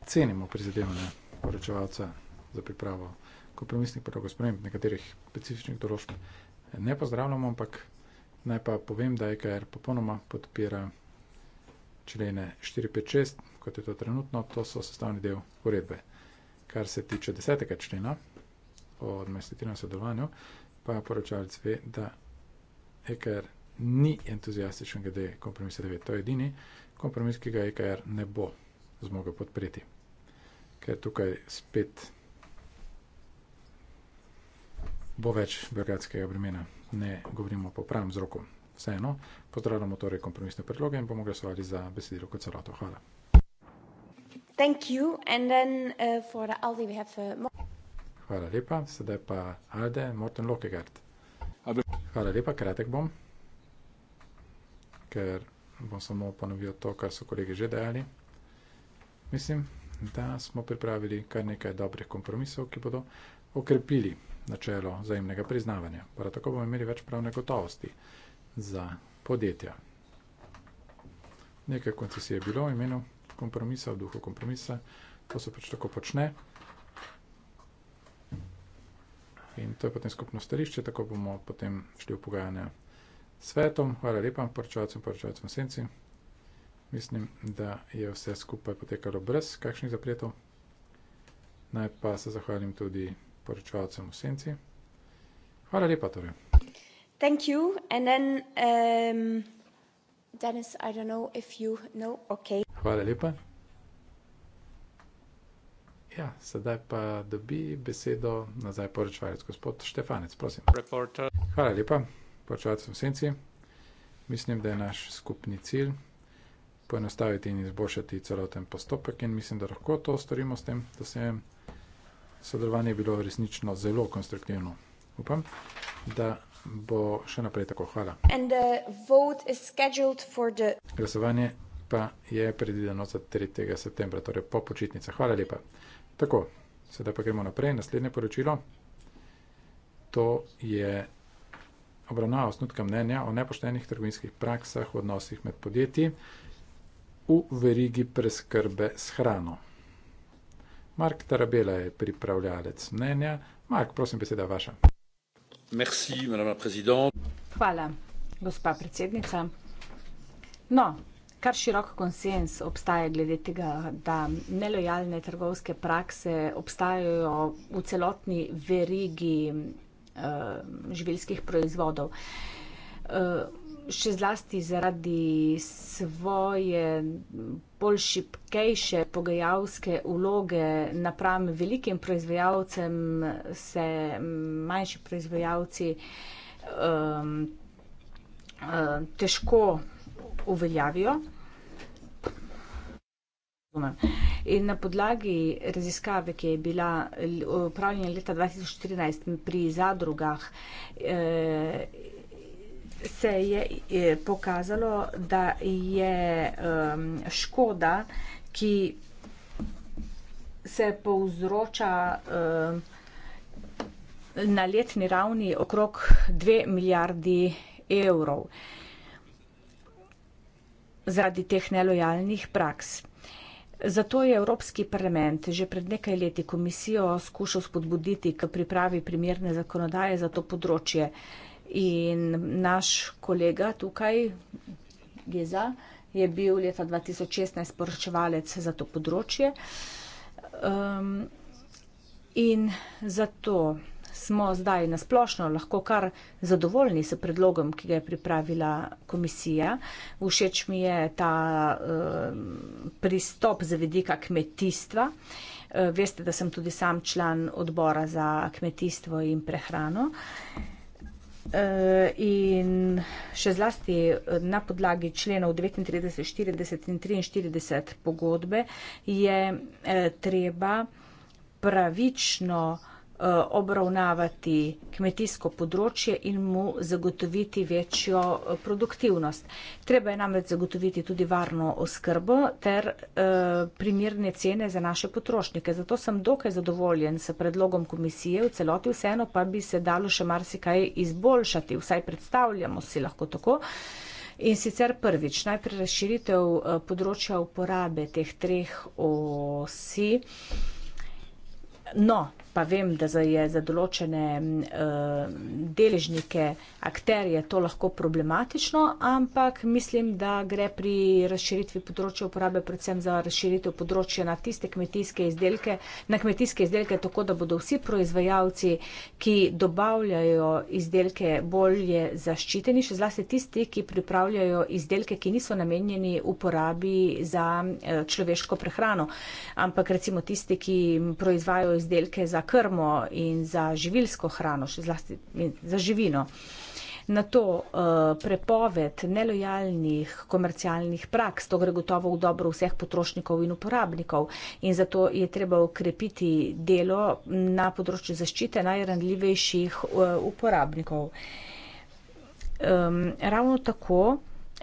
cenimo prizadevanja poročevalca za pripravo kompromisnih predlogov sprememb, nekaterih specifičnih določb eh, ne pozdravljamo, ampak naj pa povem, da EKR popolnoma podpira člene 456, kot je to trenutno, to so sestavni del uredbe. Kar se tiče desetega člena o administrativnem sodelovanju, pa poročalec ve, da EKR ni entuzijastičen glede kompromisa 9. To je edini kompromis, ki ga EKR ne bo zmogel podpreti. Ker tukaj spet bo več birokratskega bremena. Ne govorimo po pravem vzroku. Vseeno, pozdravljamo torej kompromisne predloge in bomo glasovali za besedilo kot celoto. Hvala. Thank you. And then, uh, for Aldi we have, uh, Hvala lepa. Sedaj pa Alde Morten Lokegaard. Hvala lepa, kratek bom, ker bom samo ponovil to, kar so kolegi že dejali. Mislim, da smo pripravili kar nekaj dobrih kompromisov, ki bodo okrepili načelo vzajemnega priznavanja. Prav tako bomo imeli več pravne gotovosti za podjetja. Nekaj koncesije je bilo v imenu kompromisa, v duhu kompromisa. To se pač tako počne. In to je potem skupno starišče, tako bomo potem šli v pogajanja s svetom. Hvala lepa, poročevalcem, poročevalcem senci. Mislim, da je vse skupaj potekalo brez kakšnih zapletov. Naj pa se zahvalim tudi poročevalcem v senci. Hvala lepa torej. Thank you and then um, Dennis, I don't know if you know, okay. Hvala lepa. Ja, sedaj pa dobi besedo nazaj poročevalec, gospod Štefanec, prosim. Reporter. Hvala lepa, poročevalcem v senci. Mislim, da je naš skupni cilj poenostaviti in izboljšati celoten postopek in mislim, da lahko to storimo s tem, da se sodelovanje je bilo resnično zelo konstruktivno. Upam, da bo še naprej tako. Hvala. The... Glasovanje pa je predvideno za 3. septembra, torej po počitnica. Hvala lepa. Tako, sedaj pa gremo naprej. Naslednje poročilo. To je obravnava osnutka mnenja o nepoštenih trgovinskih praksah v odnosih med podjetji v verigi preskrbe s hrano. Mark Tarabela je pripravljalec mnenja. Mark, prosim, beseda vaša. Merci, Hvala, gospa predsednica. No, kar širok konsens obstaja glede tega, da nelojalne trgovske prakse obstajajo v celotni verigi uh, živilskih proizvodov. Uh, še zlasti zaradi svoje bolj šipkejše pogajalske uloge napram velikim proizvajalcem, se manjši proizvajalci um, um težko uveljavijo. In na podlagi raziskave, ki je bila upravljena leta 2014 pri zadrugah, eh, se je pokazalo, da je um, škoda, ki se povzroča um, na letni ravni okrog 2 milijardi evrov zaradi teh nelojalnih praks. Zato je Evropski parlament že pred nekaj leti komisijo skušal spodbuditi k pripravi primerne zakonodaje za to področje. Uh, In naš kolega tukaj, Geza, je bil leta 2016 poročevalec za to področje. Um, in zato smo zdaj nasplošno lahko kar zadovoljni s predlogom, ki ga je pripravila komisija. Všeč mi je ta um, pristop za vedika kmetijstva. Ehm, veste, da sem tudi sam član odbora za kmetijstvo in prehrano. Uh, Eh, in še zlasti na podlagi členov 39, 40 in 43 pogodbe je eh, treba pravično Eh, obravnavati kmetijsko področje in mu zagotoviti večjo eh, produktivnost. Treba je namreč zagotoviti tudi varno oskrbo ter eh, primirne cene za naše potrošnike. Zato sem dokaj zadovoljen s predlogom komisije v celoti, vseeno pa bi se dalo še marsikaj izboljšati, vsaj predstavljamo si lahko tako. In sicer prvič, najprej razširitev področja uporabe teh treh osi. No, pa vem, da je za določene e, deležnike, akterje to lahko problematično, ampak mislim, da gre pri razširitvi področja uporabe predvsem za razširitev področja na tiste kmetijske izdelke, na kmetijske izdelke, tako da bodo vsi proizvajalci, ki dobavljajo izdelke, bolje zaščiteni, še zlasti tisti, ki pripravljajo izdelke, ki niso namenjeni uporabi za e, človeško prehrano, ampak recimo tisti, ki proizvajajo izdelke za krmo in za živilsko hrano, še zlasti za živino. Na to uh, prepoved nelojalnih komercialnih praks, to gre gotovo v dobro vseh potrošnikov in uporabnikov in zato je treba ukrepiti delo na področju zaščite najranljivejših uh, uporabnikov. Um, ravno tako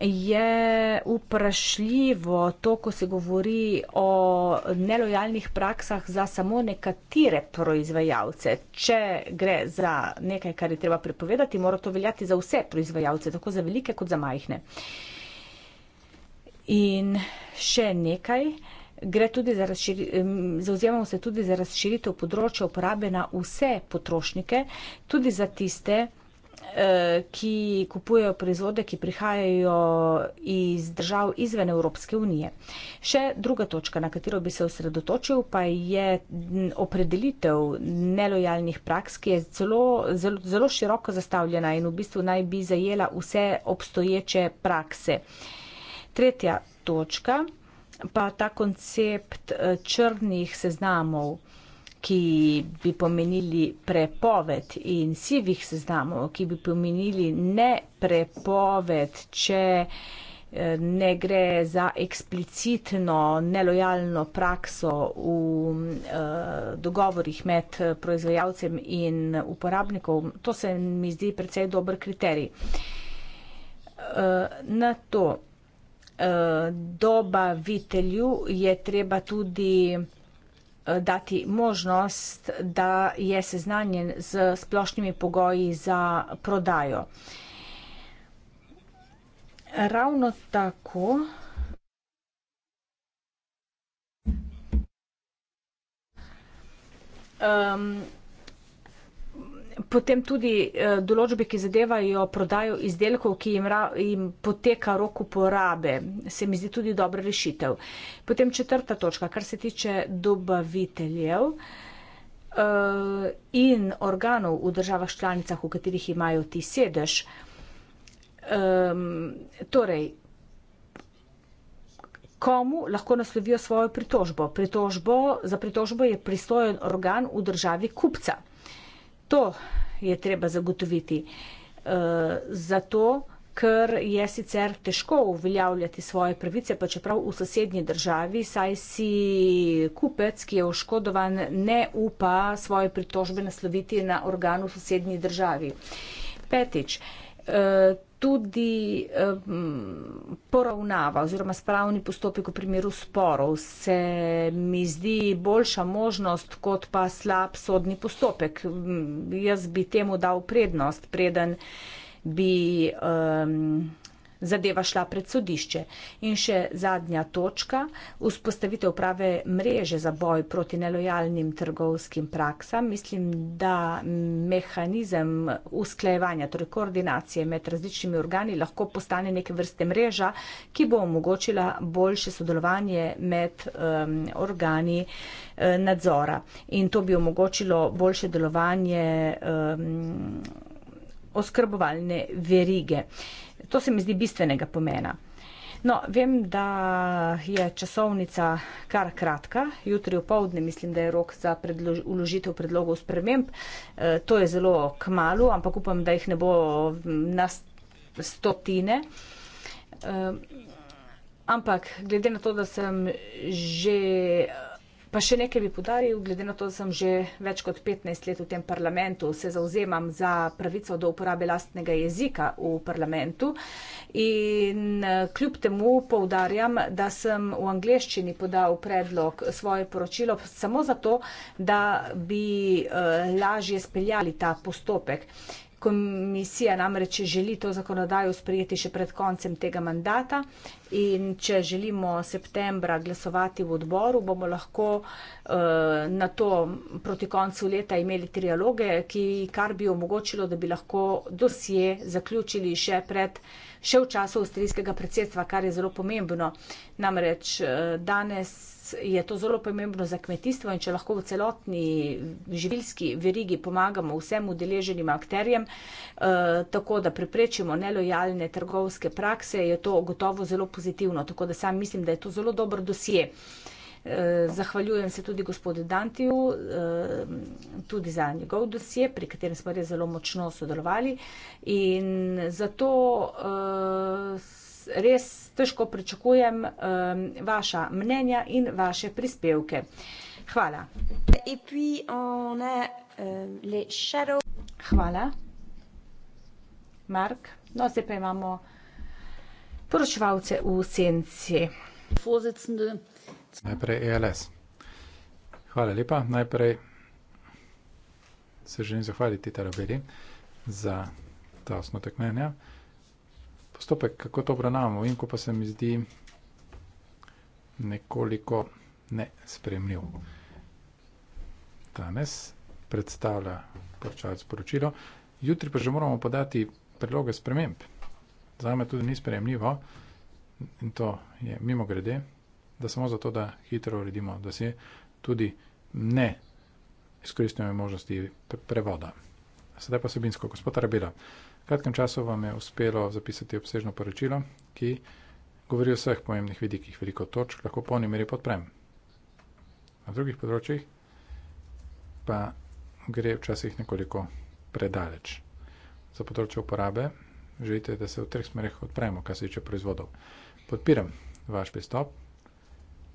je vprašljivo to, ko se govori o nelojalnih praksah za samo nekatere proizvajalce. Če gre za nekaj, kar je treba prepovedati, mora to veljati za vse proizvajalce, tako za velike kot za majhne. In še nekaj. Gre tudi za razširitev, zauzemamo se tudi za razširitev področja uporabe na vse potrošnike, tudi za tiste, Eh, ki kupujejo proizvode, ki prihajajo iz držav izven Evropske unije. Še druga točka, na katero bi se osredotočil, pa je opredelitev nelojalnih praks, ki je celo, zelo, zelo široko zastavljena in v bistvu naj bi zajela vse obstoječe prakse. Tretja točka pa ta koncept eh, črnih seznamov ki bi pomenili prepoved in sivih seznamov, ki bi pomenili ne prepoved, če eh, ne gre za eksplicitno nelojalno prakso v eh, dogovorih med proizvajalcem in uporabnikom. To se mi zdi precej dober kriterij. Eh, na to dobavitelju je treba tudi Eh, dati možnost, da je seznanjen z splošnimi pogoji za prodajo. Ravno tako um, potem tudi eh, določbe, ki zadevajo prodajo izdelkov, ki jim, ra, jim poteka roku porabe, se mi zdi tudi dobra rešitev. Potem četrta točka, kar se tiče dobaviteljev eh, in organov v državah članicah, v katerih imajo ti sedež. Ehm, torej, komu lahko naslovijo svojo pritožbo? pritožbo za pritožbo je pristojen organ v državi kupca to je treba zagotoviti. Uh, zato, ker je sicer težko uveljavljati svoje pravice, pa čeprav v sosednji državi, saj si kupec, ki je oškodovan, ne upa svoje pritožbe nasloviti na organu v sosednji državi. Petič. Uh, tudi um, poravnava oziroma spravni postopek v primeru sporov se mi zdi boljša možnost kot pa slab sodni postopek. Jaz bi temu dal prednost, preden bi. Um, zadeva šla pred sodišče. In še zadnja točka, vzpostavitev prave mreže za boj proti nelojalnim trgovskim praksam. Mislim, da mehanizem usklajevanja, torej koordinacije med različnimi organi lahko postane neke vrste mreža, ki bo omogočila boljše sodelovanje med um, organi eh, nadzora in to bi omogočilo boljše delovanje um, oskrbovalne verige. Um, To se mi zdi bistvenega pomena. No, vem, da je časovnica kar kratka. Jutri v povdne mislim, da je rok za predlož, uložitev predlogov sprememb. E, to je zelo kmalo, ampak upam, da jih ne bo na stotine. E, ampak glede na to, da sem že. E, Pa še nekaj bi podaril, glede na to, da sem že več kot 15 let v tem parlamentu, se zauzemam za pravico do uporabe lastnega jezika v parlamentu in eh, kljub temu poudarjam, da sem v angleščini podal predlog svoje poročilo samo zato, da bi eh, lažje speljali ta postopek. Komisija namreč želi to zakonodajo sprejeti še pred koncem tega mandata in če želimo septembra glasovati v odboru, bomo lahko eh, na to proti koncu leta imeli trialoge, kar bi omogočilo, da bi lahko dosje zaključili še pred še v času avstrijskega predsedstva, kar je zelo pomembno. Namreč eh, danes je to zelo pomembno za kmetijstvo in če lahko v celotni živilski verigi pomagamo vsem udeleženim akterjem, eh, tako da preprečimo nelojalne trgovske prakse, je to gotovo zelo pozitivno. Tako da sam mislim, da je to zelo dober dosje. Eh, zahvaljujem se tudi gospodu Dantiju, eh, tudi za njegov dosje, pri katerem smo res zelo močno sodelovali. In zato res težko pričakujem um, vaša mnenja in vaše prispevke. Hvala. Euh, Hvala. Mark, no zdaj pa imamo poročevalce v senci. Najprej ELS. Hvala lepa. Najprej se želim zahvaliti Tarabeli za ta osnotek mnenja. Uh, postopek, kako to obravnavamo, in ko pa se mi zdi nekoliko nespremljiv. Danes predstavlja poročal sporočilo, jutri pa že moramo podati predloge sprememb. Za me tudi ni sprejemljivo, in to je mimo grede, da samo zato, da hitro uredimo, da se tudi ne izkoristimo možnosti pre prevoda. Sedaj pa sebinsko, gospod Rabela kratkem času vam je uspelo zapisati obsežno poročilo, ki govori o vseh pomembnih vidikih, veliko točk, lahko polni meri podprem. Na drugih področjih pa gre včasih nekoliko predaleč. Za področje uporabe želite, da se v treh smerih odpremo, kar se tiče proizvodov. Podpiram vaš pristop.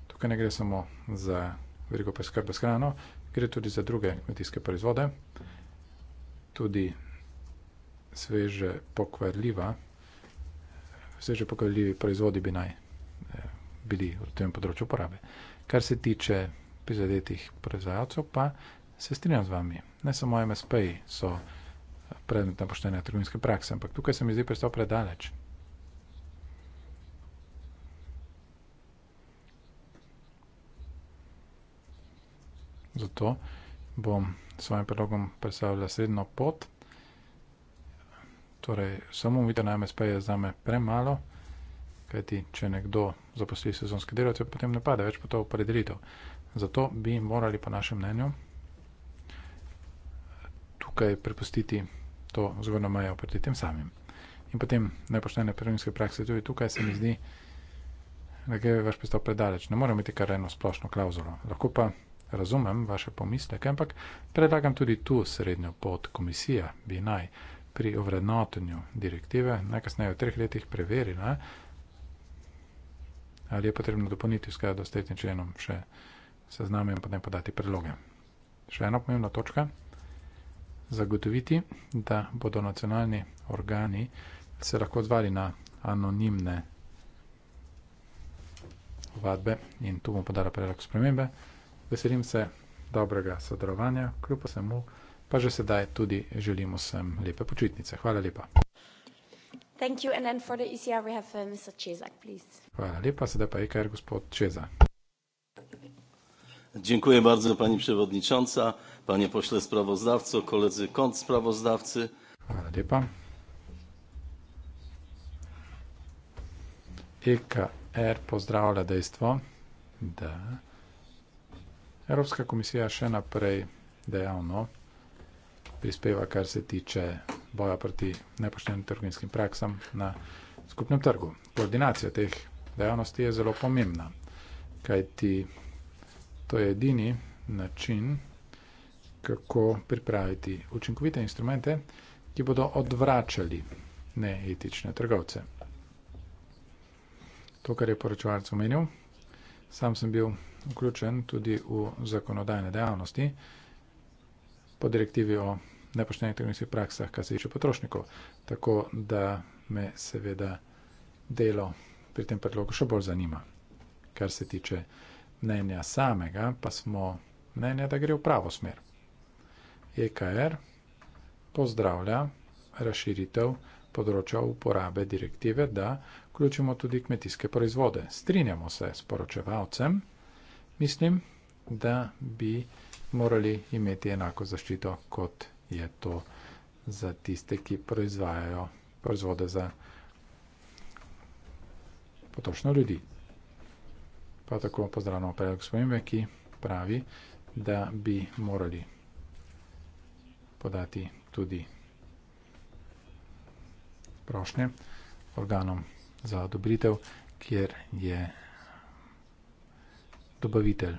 Tukaj ne gre samo za veliko preskrbe s hrano, gre tudi za druge kmetijske proizvode. Tudi sveže pokvarljiva, sveže pokvarljivi proizvodi bi naj eh, bili v tem področju uporabe. Kar se tiče prizadetih proizvajalcev, pa se strinjam z vami. Ne samo MSP-ji so predmet napoštene trgovinske prakse, ampak tukaj se mi zdi predstav predaleč. Zato bom s svojim predlogom predstavljala srednjo pot. Torej, samo umite na MSP je za me premalo, kajti če nekdo zaposli sezonske delavce, potem ne pade več po to opredelitev. Zato bi morali, po našem mnenju, tukaj prepustiti to zgornjo mejo pred tem samim. In potem nepoštene prvinske prakse tudi tukaj se mi zdi, da gre vaš pristop predaleč. Ne morem imeti kar eno splošno klauzulo. Lahko pa razumem vaše pomisleke, ampak predlagam tudi tu srednjo pot. Komisija bi naj pri ovrednotenju direktive najkasneje v treh letih preverila, ali je potrebno dopolniti v skladu s tretjim členom še seznam in potem podati predloge. Še ena pomembna točka. Zagotoviti, da bodo nacionalni organi se lahko odzvali na anonimne vadbe in tu bom podala predlog spremembe. Veselim se dobrega sodelovanja, kljub vsemu pa že sedaj tudi želimo vsem lepe počitnice. Hvala lepa. ECR, e Cezak, uh, Hvala lepa, sedaj pa je kar gospod Čeza. Dziękuję bardzo pani przewodnicząca, panie pośle sprawozdawco, koledzy kont sprawozdawcy. EKR e pozdrawia dejstwo, że Europejska Komisja jeszcze naprej działa, prispeva, kar se tiče boja proti nepoštenim trgovinskim praksam na skupnem trgu. Koordinacija teh dejavnosti je zelo pomembna, kajti to je edini način, kako pripraviti učinkovite instrumente, ki bodo odvračali neetične trgovce. To, kar je poročevalc omenil, sam sem bil vključen tudi v zakonodajne dejavnosti, po direktivi o nepoštenih trgovinskih praksah, kar se tiče potrošnikov. Tako da me seveda delo pri tem predlogu še bolj zanima. Kar se tiče mnenja samega, pa smo mnenja, da gre v pravo smer. EKR pozdravlja razširitev področja uporabe direktive, da vključimo tudi kmetijske proizvode. Strinjamo se s poročevalcem, mislim, da bi morali imeti enako zaščito, kot je to za tiste, ki proizvajajo proizvode za potrošnjo ljudi. Pa tako pozdravljamo predlog spremembe, ki pravi, da bi morali podati tudi prošnje organom za odobritev, kjer je dobavitelj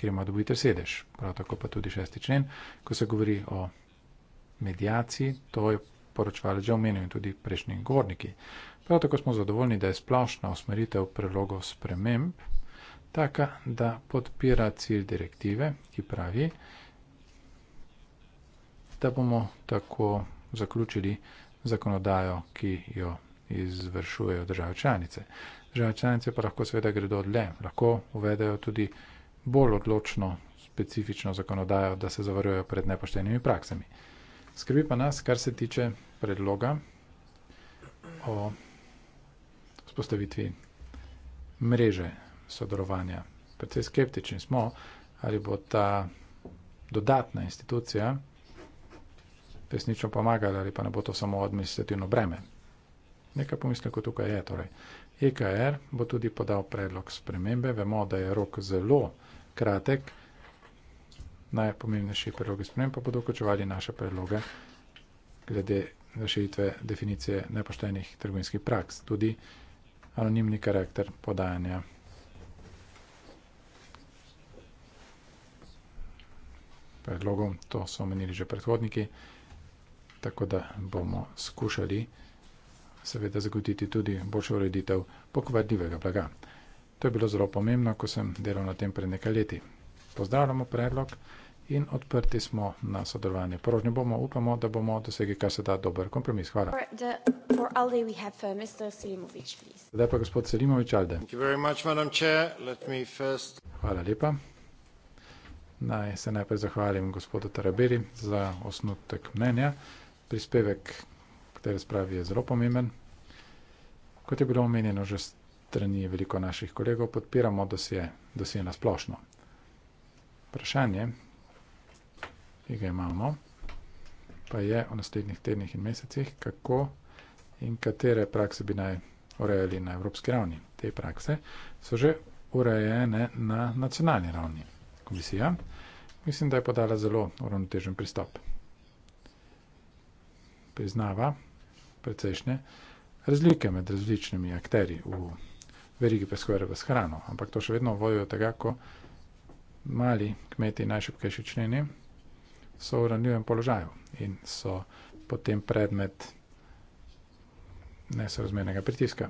kjer ima dobiti sedež. Prav tako pa tudi šesti člen, ko se govori o medijaciji, to je poročvalec že omenil in tudi prejšnji gorniki. Prav tako smo zadovoljni, da je splošna usmeritev prelogov sprememb taka, da podpira cilj direktive, ki pravi, da bomo tako zaključili zakonodajo, ki jo izvršujejo države članice. Države članice pa lahko seveda gredo dlje, lahko uvedajo tudi bolj odločno, specifično zakonodajo, da se zavarujejo pred nepoštenimi praksami. Skrbi pa nas, kar se tiče predloga o spostavitvi mreže sodelovanja. Predvsej skeptični smo, ali bo ta dodatna institucija resnično pomagala ali pa ne bo to samo administrativno breme. Nekaj pomislekov tukaj je torej. EKR bo tudi podal predlog spremembe. Vemo, da je rok zelo kratek. Najpomembnejši predlogi sprememb pa bodo vključevali naše predloge glede rešitve definicije nepoštenih trgovinskih praks, tudi anonimni karakter podajanja. Predlogom, to so omenili že predhodniki, tako da bomo skušali seveda zagotiti tudi boljšo ureditev pokvarljivega blaga. To je bilo zelo pomembno, ko sem delal na tem pred nekaj leti. Pozdravljamo predlog in odprti smo na sodelovanje. Porožni bomo, upamo, da bomo dosegli kar se da dober kompromis. Hvala. Uh, Zdaj pa gospod Selimovič Alde. Hvala lepa. Naj se najprej zahvalim gospodu Tarabiri za osnutek mnenja. Prispevek tej razpravi je zelo pomemben. Kot je bilo omenjeno že strani veliko naših kolegov, podpiramo dosje, dosje na splošno. Vprašanje, ki ga imamo, pa je v naslednjih tednih in mesecih, kako in katere prakse bi naj urejali na evropski ravni. Te prakse so že urejene na nacionalni ravni. Komisija mislim, da je podala zelo uravnotežen pristop. Priznava, precejšnje razlike med različnimi akteri v verigi preskorbe s hrano, ampak to še vedno vodijo tega, ko mali kmeti najšipkejši členi so v ranljivem položaju in so potem predmet nesorazmernega pritiska.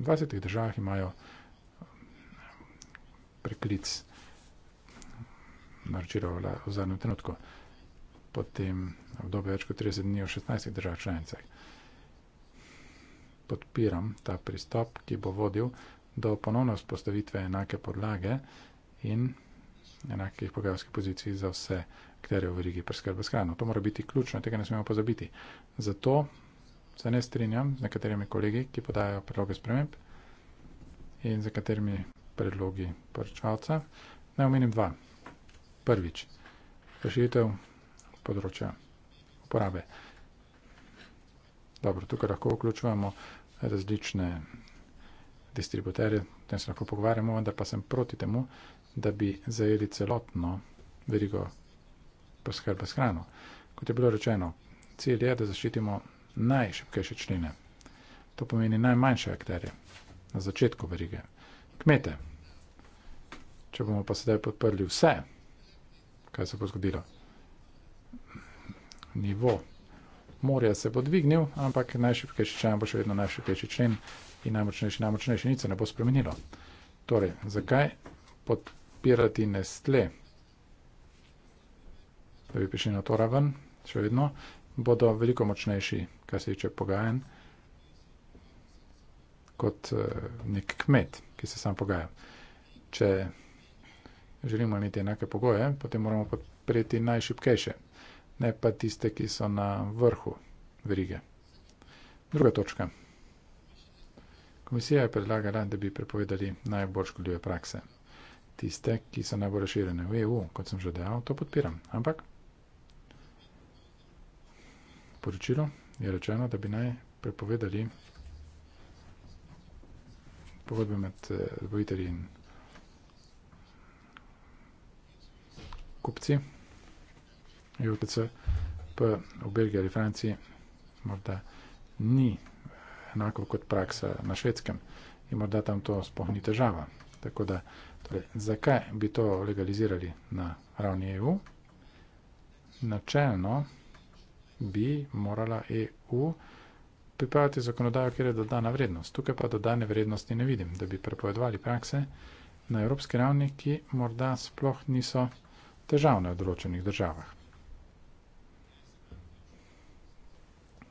V 20 državah imajo preklic naročila v zadnjem trenutku, potem v dobi več kot 30 dni v 16 držav članicah. Podpiram ta pristop, ki bo vodil do ponovno vzpostavitve enake podlage in enakih pogajalskih pozicij za vse akterje v verigi preskrbe s hrano. To mora biti ključno, tega ne smemo pozabiti. Zato se ne strinjam z nekaterimi kolegi, ki podajo predloge sprememb in z nekaterimi predlogi poročevalca. Naj omenim dva. Prvič, rešitev področja uporabe. Dobro, tukaj lahko vključujemo različne distributerje, o tem se lahko pogovarjamo, vendar pa sem proti temu, da bi zajeli celotno verigo poskrbe s hrano. Kot je bilo rečeno, cilj je, da zaščitimo najšipkejše čline. To pomeni najmanjše akterje na začetku verige. Kmete, če bomo pa sedaj podprli vse, kaj se bo zgodilo. Nivo morja se bo dvignil, ampak najšipkejši člen bo še vedno najšipkejši člen in najmočnejši, najmočnejši, nič se ne bo spremenilo. Torej, zakaj podpirati nestle, da bi prišli na to raven, še vedno, bodo veliko močnejši, kar se tiče pogajen, kot eh, nek kmet, ki se sam pogaja. Če želimo imeti enake pogoje, potem moramo podpreti najšipkejše, ne pa tiste, ki so na vrhu verige. Druga točka. Komisija je predlagala, da bi prepovedali najbolj škodljive prakse. Tiste, ki so najbolj razširjene v EU, kot sem že dejal, to podpiram. Ampak poročilo je rečeno, da bi naj prepovedali pogodbe med eh, dobavitelji in kupci, UTC, P v Belgiji ali Franciji, morda ni enako kot praksa na švedskem in morda tam to sploh ni težava. Tako da, torej, zakaj bi to legalizirali na ravni EU? Načelno bi morala EU pripraviti zakonodajo, kjer je dodana vrednost. Tukaj pa dodane vrednosti ne vidim, da bi prepovedovali prakse na evropski ravni, ki morda sploh niso težavne v določenih državah,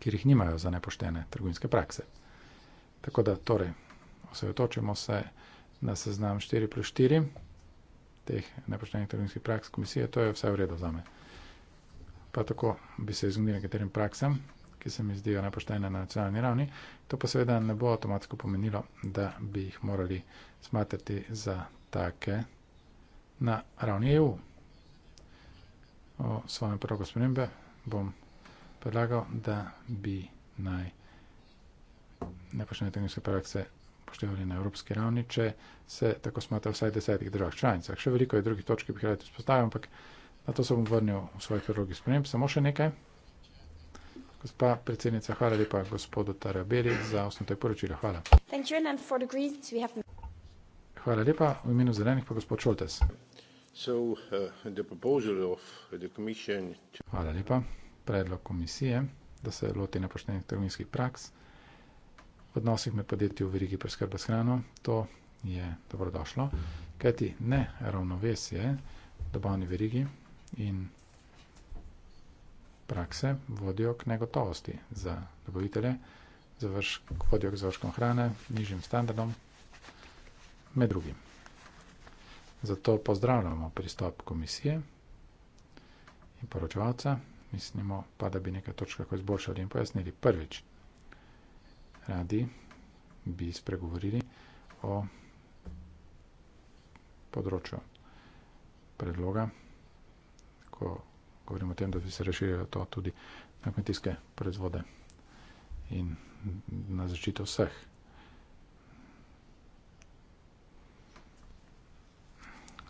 kjer jih nimajo za nepoštene trgovinske prakse. Tako da, torej, osredotočimo se na seznam 4 plus 4 teh nepoštenih trgovinskih praks komisije, to je vse v redu za me. Pa tako bi se izognil nekaterim praksam, ki se mi zdijo nepoštene na nacionalni ravni, to pa seveda ne bo avtomatsko pomenilo, da bi jih morali smatrati za take na ravni EU o svojem prorogu spremembe, bom predlagal, da bi naj nepoštene trgovinske prakse poštevali na evropski ravni, če se tako smatra vsaj desetih držav članicah. Še veliko je drugih točk, ki bi rad izpostavil, ampak na to se bom vrnil v svojih prorogih sprememb. Samo še nekaj. Gospa predsednica, hvala lepa gospodu Tarabeli za osnotaj poročila. Hvala. Hvala lepa. V imenu zelenih pa gospod Šoltes. Uh, Hvala lepa. Predlog komisije, da se loti nepoštenih trgovinskih praks v odnosih med podjetji v verigi preskrbe s hrano, to je dobrodošlo, kajti ne ravnovesje dobavni verigi in prakse vodijo k negotovosti za dobavitelje, vodijo k završkom hrane, nižjim standardom, med drugim. Zato pozdravljamo pristop komisije in poročevalca. Mislimo pa, da bi nekaj točk lahko izboljšali in pojasnili. Prvič, radi bi spregovorili o področju predloga, ko govorimo o tem, da bi se rešilo to tudi na kmetijske proizvode in na začito vseh.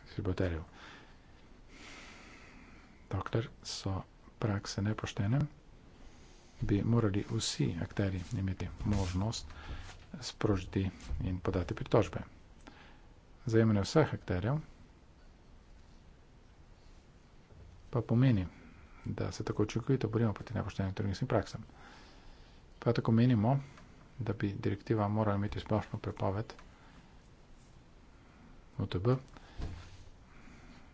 distributerjev. Dokler so prakse nepoštene, bi morali vsi akteri imeti možnost sprožiti in podati pritožbe. Zajemanje vseh akterjev pa pomeni, da se tako učinkovito borimo proti nepoštenim trgovinskim praksam. Prav tako menimo, da bi direktiva morala imeti splošno prepoved, UTB,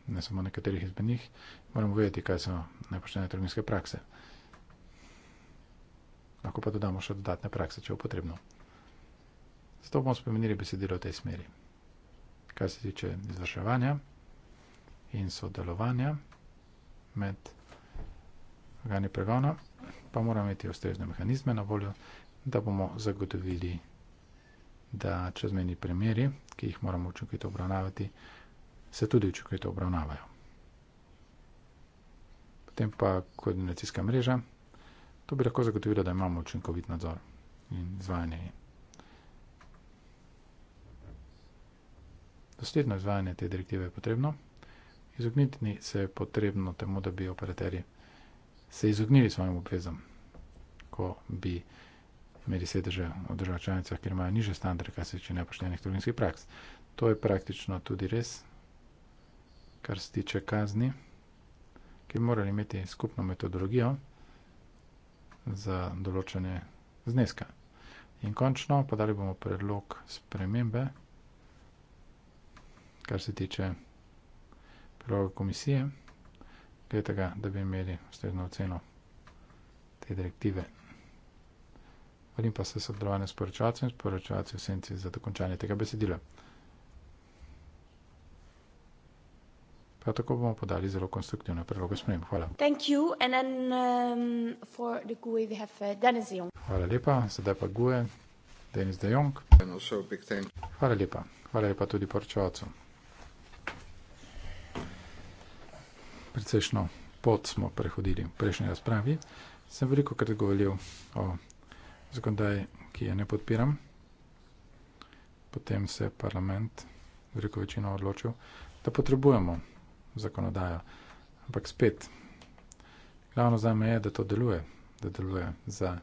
ne samo nekaterih izmed njih, moramo vedeti, kaj so nepoštene trgovinske prakse. Lahko pa dodamo še dodatne prakse, če je potrebno. Zato bomo spremenili besedilo v tej smeri. Kaj se tiče izvrševanja in sodelovanja med organi pregona, pa moramo imeti ustrezne mehanizme na voljo, da bomo zagotovili, da čezmeni primeri, ki jih moramo učinkovito obravnavati, se tudi učinkovito obravnavajo. Potem pa koordinacijska mreža. To bi lahko zagotovilo, da imamo učinkovit nadzor in izvajanje. Dosledno izvajanje te direktive je potrebno. Izogniti se je potrebno temu, da bi operaterji se izognili svojim obvezam, ko bi imeli sedeže v državah članicah, kjer imajo niže standarde, kar se tiče nepoštenih trgovinskih praks. To je praktično tudi res kar se tiče kazni, ki bi morali imeti skupno metodologijo za določene zneska. In končno podali bomo predlog spremembe, kar se tiče predloga komisije, tega, da bi imeli ustrezno oceno te direktive. Vodim pa se sodelovanje s poročevalcem in s poročevalcem v senci za dokončanje tega besedila. Prav tako bomo podali zelo konstruktivne predloge sprejem. Hvala. Um, e, uh, hvala lepa, sedaj pa Gue, Denis de Jong. Hvala lepa, hvala lepa tudi poročevalcu. Precejšno pot smo prehodili v prejšnji razpravi. Sem veliko krat govoril o zakonodaji, ki je ne podpiram. Potem se je parlament veliko večino odločil, da potrebujemo zakonodajo. Ampak spet, glavno za me je, da to deluje, da deluje za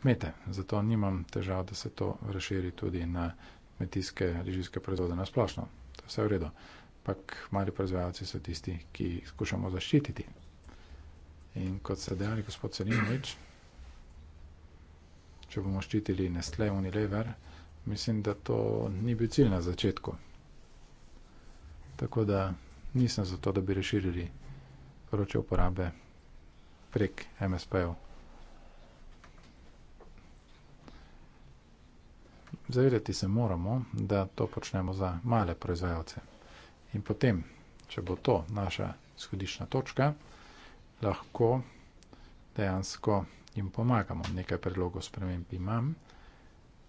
kmete. Zato nimam težav, da se to razširi tudi na kmetijske režijske proizvode na splošno. To je vse v redu. Ampak mali proizvajalci so tisti, ki jih skušamo zaščititi. In kot ste dejali, gospod Selimovič, če bomo ščitili Nestle, Unilever, mislim, da to ni bil cilj na začetku. Tako da nisem za to, da bi reširili poročil uporabe prek MSP-ev. Zavedati se moramo, da to počnemo za male proizvajalce. In potem, če bo to naša skodišna točka, lahko dejansko jim pomagamo. Nekaj predlogov sprememb imam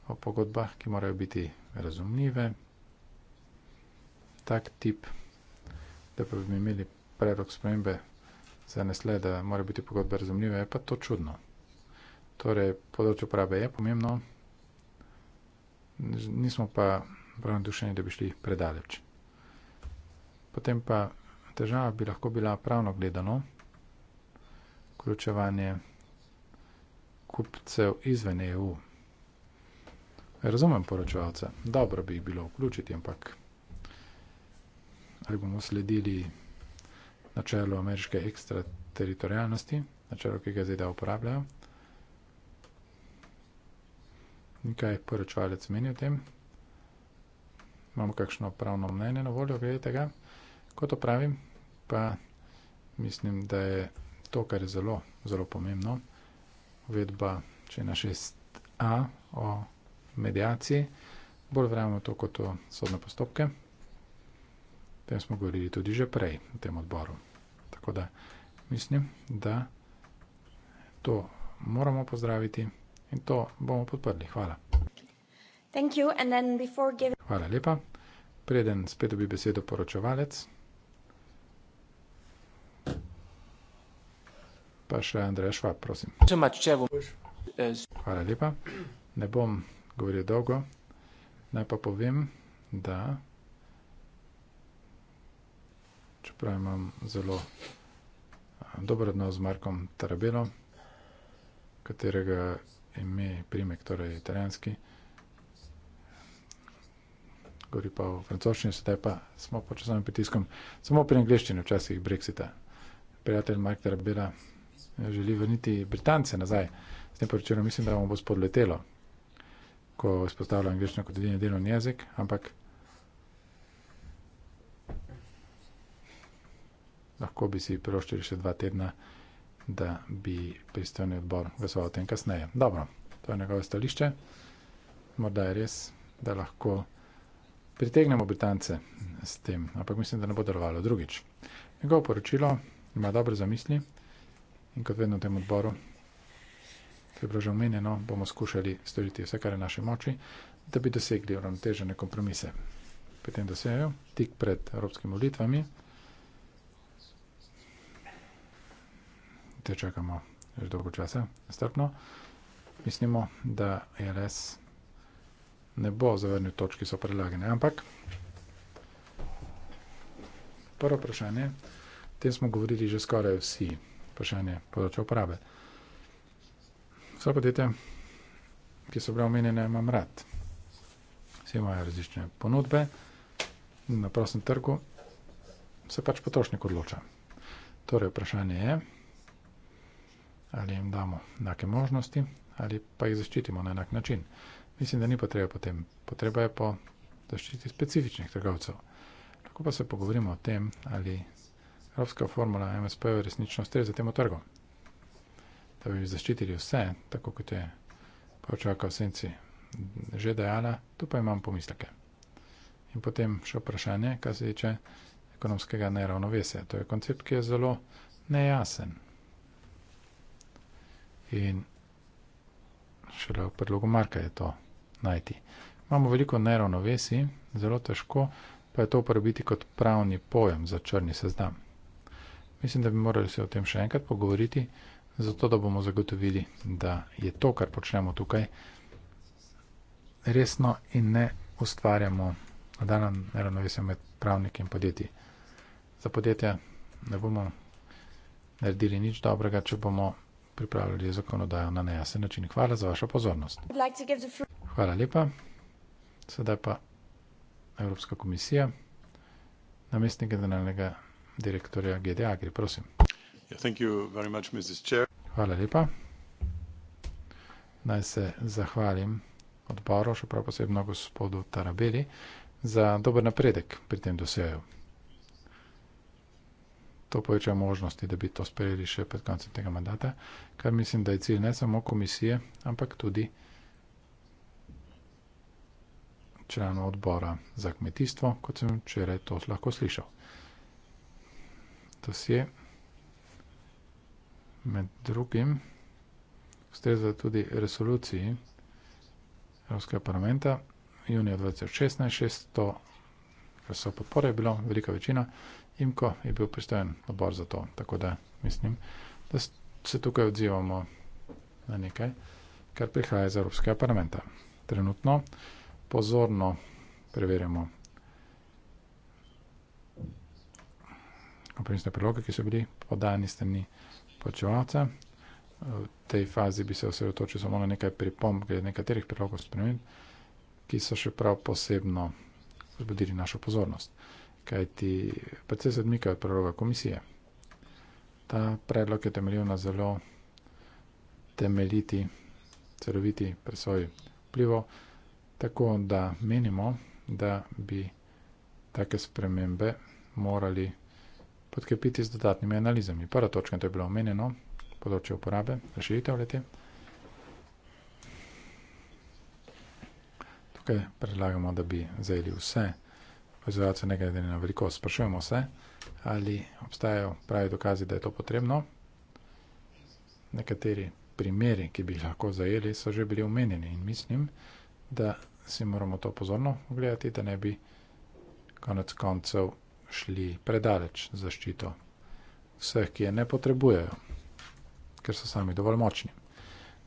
o pogodbah, ki morajo biti razumljive. Tak tip predlogov da pa bi imeli prerok spremembe za nasle, da mora biti pogodbe razumljive, je pa to čudno. Torej, področje uporabe je pomembno, nismo pa prav nadušeni, da bi šli predaleč. Potem pa težava bi lahko bila pravno gledano, vključevanje kupcev izven EU. Razumem poročevalca, dobro bi jih bilo vključiti, ampak vključiti ali bomo sledili načelu ameriške ekstrateritorijalnosti, načelu, ki ga zdaj da uporabljajo. In kaj poročevalec meni o tem? Imamo kakšno pravno mnenje na voljo glede tega? Kot opravim, pa mislim, da je to, kar je zelo, zelo pomembno, uvedba če na 6a o mediaciji, bolj verjamemo to kot o sodne postopke. O tem smo govorili tudi že prej v tem odboru. Tako da mislim, da to moramo pozdraviti in to bomo podprli. Hvala. Hvala lepa. Preden spet dobi besedo poročevalec, pa še Andrej Švab, prosim. Hvala lepa. Ne bom govoril dolgo. Naj pa povem, da čeprav imam zelo eh, dober odnos z Markom Tarabelo, katerega ime torej je primek, torej italijanski. Govori pa v francoščini, sedaj pa smo pod časovnim pritiskom, samo pri angliščini, včasih Brexita. Prijatelj Mark Tarabela eh, želi vrniti Britance nazaj. S tem poročilom mislim, da vam bo spodletelo, ko izpostavlja angliščino kot edini delovni jezik, ampak lahko bi si priroščili še dva tedna, da bi pristojni odbor glasoval o tem kasneje. Dobro, to je njegovo stališče. Morda je res, da lahko pritegnemo Britance s tem, ampak mislim, da ne bo delovalo drugič. Njegovo poročilo ima dobre zamisli in kot vedno v tem odboru, ki je bilo že omenjeno, bomo skušali storiti vse, kar je v naši moči, da bi dosegli uravnotežene kompromise. Potem dosejo, tik pred evropskimi volitvami. te čakamo že dolgo časa, strpno. Mislimo, da ALS ne bo zavrnil točki, ki so predlagane. Ampak prvo vprašanje, o tem smo govorili že skoraj vsi, vprašanje področja uporabe. Vsa podjetja, ki so bile omenjene, imam rad. Vsi imajo različne ponudbe na prostem trgu, se pač potrošnik odloča. Torej, vprašanje je, ali jim damo enake možnosti, ali pa jih zaščitimo na enak način. Mislim, da ni potrebe po tem. Potreba je po zaščiti specifičnih trgovcev. Lahko pa se pogovorimo o tem, ali evropska formula MSP resnično streza temu trgu. Da bi zaščitili vse, tako kot je počaka v senci že dejala, tu pa imam pomisleke. In potem še vprašanje, kar se tiče ekonomskega neravnovesja. To je koncept, ki je zelo nejasen in šele v predlogu marka je to najti. Imamo veliko neravnovesi, zelo težko pa je to uporabiti kot pravni pojem za črni seznam. Mislim, da bi morali se o tem še enkrat pogovoriti, zato da bomo zagotovili, da je to, kar počnemo tukaj, resno in ne ustvarjamo nadaljno neravnovesje med pravniki in podjetji. Za podjetja ne bomo naredili nič dobrega, če bomo pripravljali zakonodajo na nejasen način. Hvala za vašo pozornost. Hvala lepa. Sedaj pa Evropska komisija, namestnik generalnega direktorja GDA, gre prosim. Hvala lepa. Naj se zahvalim odboru, še prav posebno gospodu Tarabeli, za dober napredek pri tem dosegu to poveča možnosti, da bi to sprejeli še pred koncem tega mandata, kar mislim, da je cilj ne samo komisije, ampak tudi člano odbora za kmetijstvo, kot sem včeraj to lahko slišal. Dosje med drugim ustreza tudi resoluciji Evropskega parlamenta junija 2016, 600 glasov podpore je bilo, velika večina, Imko je bil pristojen odbor za to. Tako da mislim, da se tukaj odzivamo na nekaj, kar prihaja iz Evropskega parlamenta. Trenutno pozorno preverjamo opremljene priloge, ki so bili podani strani počevalca. V tej fazi bi se osredotočil samo na nekaj pripomb, glede nekaterih prilogov spremenj, ki so še prav posebno vzbudili našo pozornost kaj ti predvsej se odmika od predloga komisije. Ta predlog je temeljil na zelo temeljiti, celoviti presoji vplivo, tako da menimo, da bi take spremembe morali podkrepiti z dodatnimi analizami. Prva točka, to je bilo omenjeno, področje uporabe, razširitev leti. Tukaj predlagamo, da bi zajeli vse proizvajalce ne glede na velikost. Sprašujemo se, ali obstajajo pravi dokazi, da je to potrebno. Nekateri primeri, ki bi jih lahko zajeli, so že bili omenjeni in mislim, da si moramo to pozorno ogledati, da ne bi konec koncev šli predaleč zaščito vseh, ki je ne potrebujejo, ker so sami dovolj močni.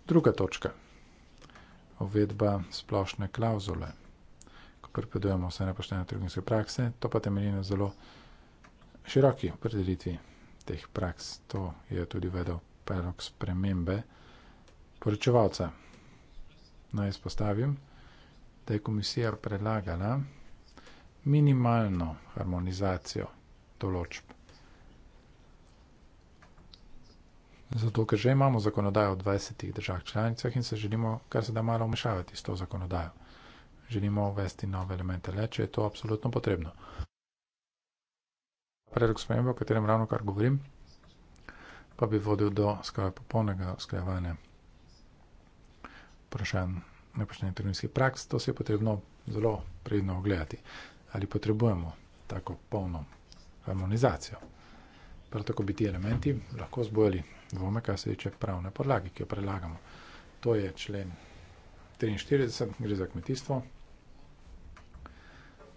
Druga točka. Uvedba splošne klauzule torpedujemo vse nepoštene trgovinske prakse, to pa temelji na zelo široki predelitvi teh praks. To je tudi vedel predlog spremembe poročevalca. Naj izpostavim, da je komisija predlagala minimalno harmonizacijo določb. Zato, ker že imamo zakonodajo v 20 državah članicah in se želimo kar se da malo vmešavati s to zakonodajo želimo uvesti nove elemente, le če je to apsolutno potrebno. Predlog spremembe, o katerem ravno kar govorim, pa bi vodil do skoraj popolnega usklajevanja vprašanj nepoštenih trgovinskih praks. To se je potrebno zelo predno ogledati, ali potrebujemo tako polno harmonizacijo. Prav tako bi ti elementi lahko zbojali dvome, kar se tiče pravne podlage, ki jo predlagamo. To je člen 43, gre za kmetijstvo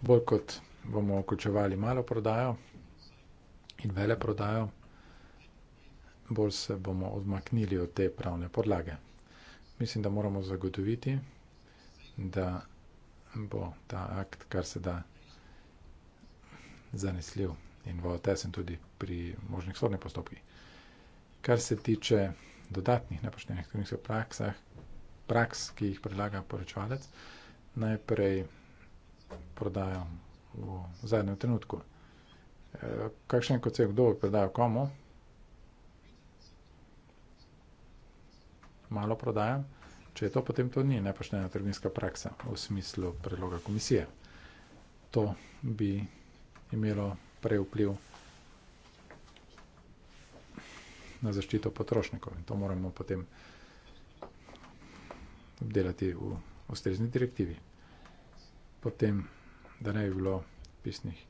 bolj kot bomo vključevali malo prodajo in vele prodajo, bolj se bomo odmaknili od te pravne podlage. Mislim, da moramo zagotoviti, da bo ta akt kar se da zanesljiv in bo tesen tudi pri možnih sodnih postopkih. Kar se tiče dodatnih nepoštenih trgovinskih praks, ki jih predlaga poročevalec, najprej prodajo v zadnjem trenutku. E, kakšen kot se kdo prodajo komu? Malo prodajam. Če je to, potem to ni nepoštena trgovinska praksa v smislu predloga komisije. To bi imelo prej vpliv na zaščito potrošnikov in to moramo potem obdelati v ustrezni direktivi potem, da ne bi bilo pisnih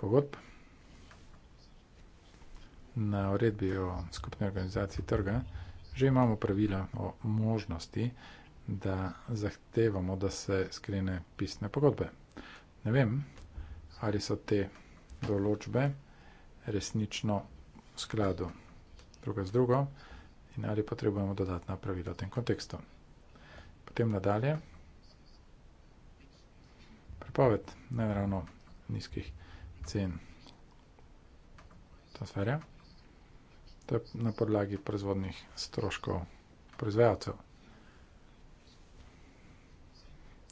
pogodb. Na uredbi o skupni organizaciji trga že imamo pravila o možnosti, da zahtevamo, da se skrene pisne pogodbe. Ne vem, ali so te določbe resnično v skladu druga z drugo in ali potrebujemo dodatna pravila v tem kontekstu. Potem nadalje prepoved neravno nizkih cen transferja. To je na podlagi proizvodnih stroškov proizvajalcev.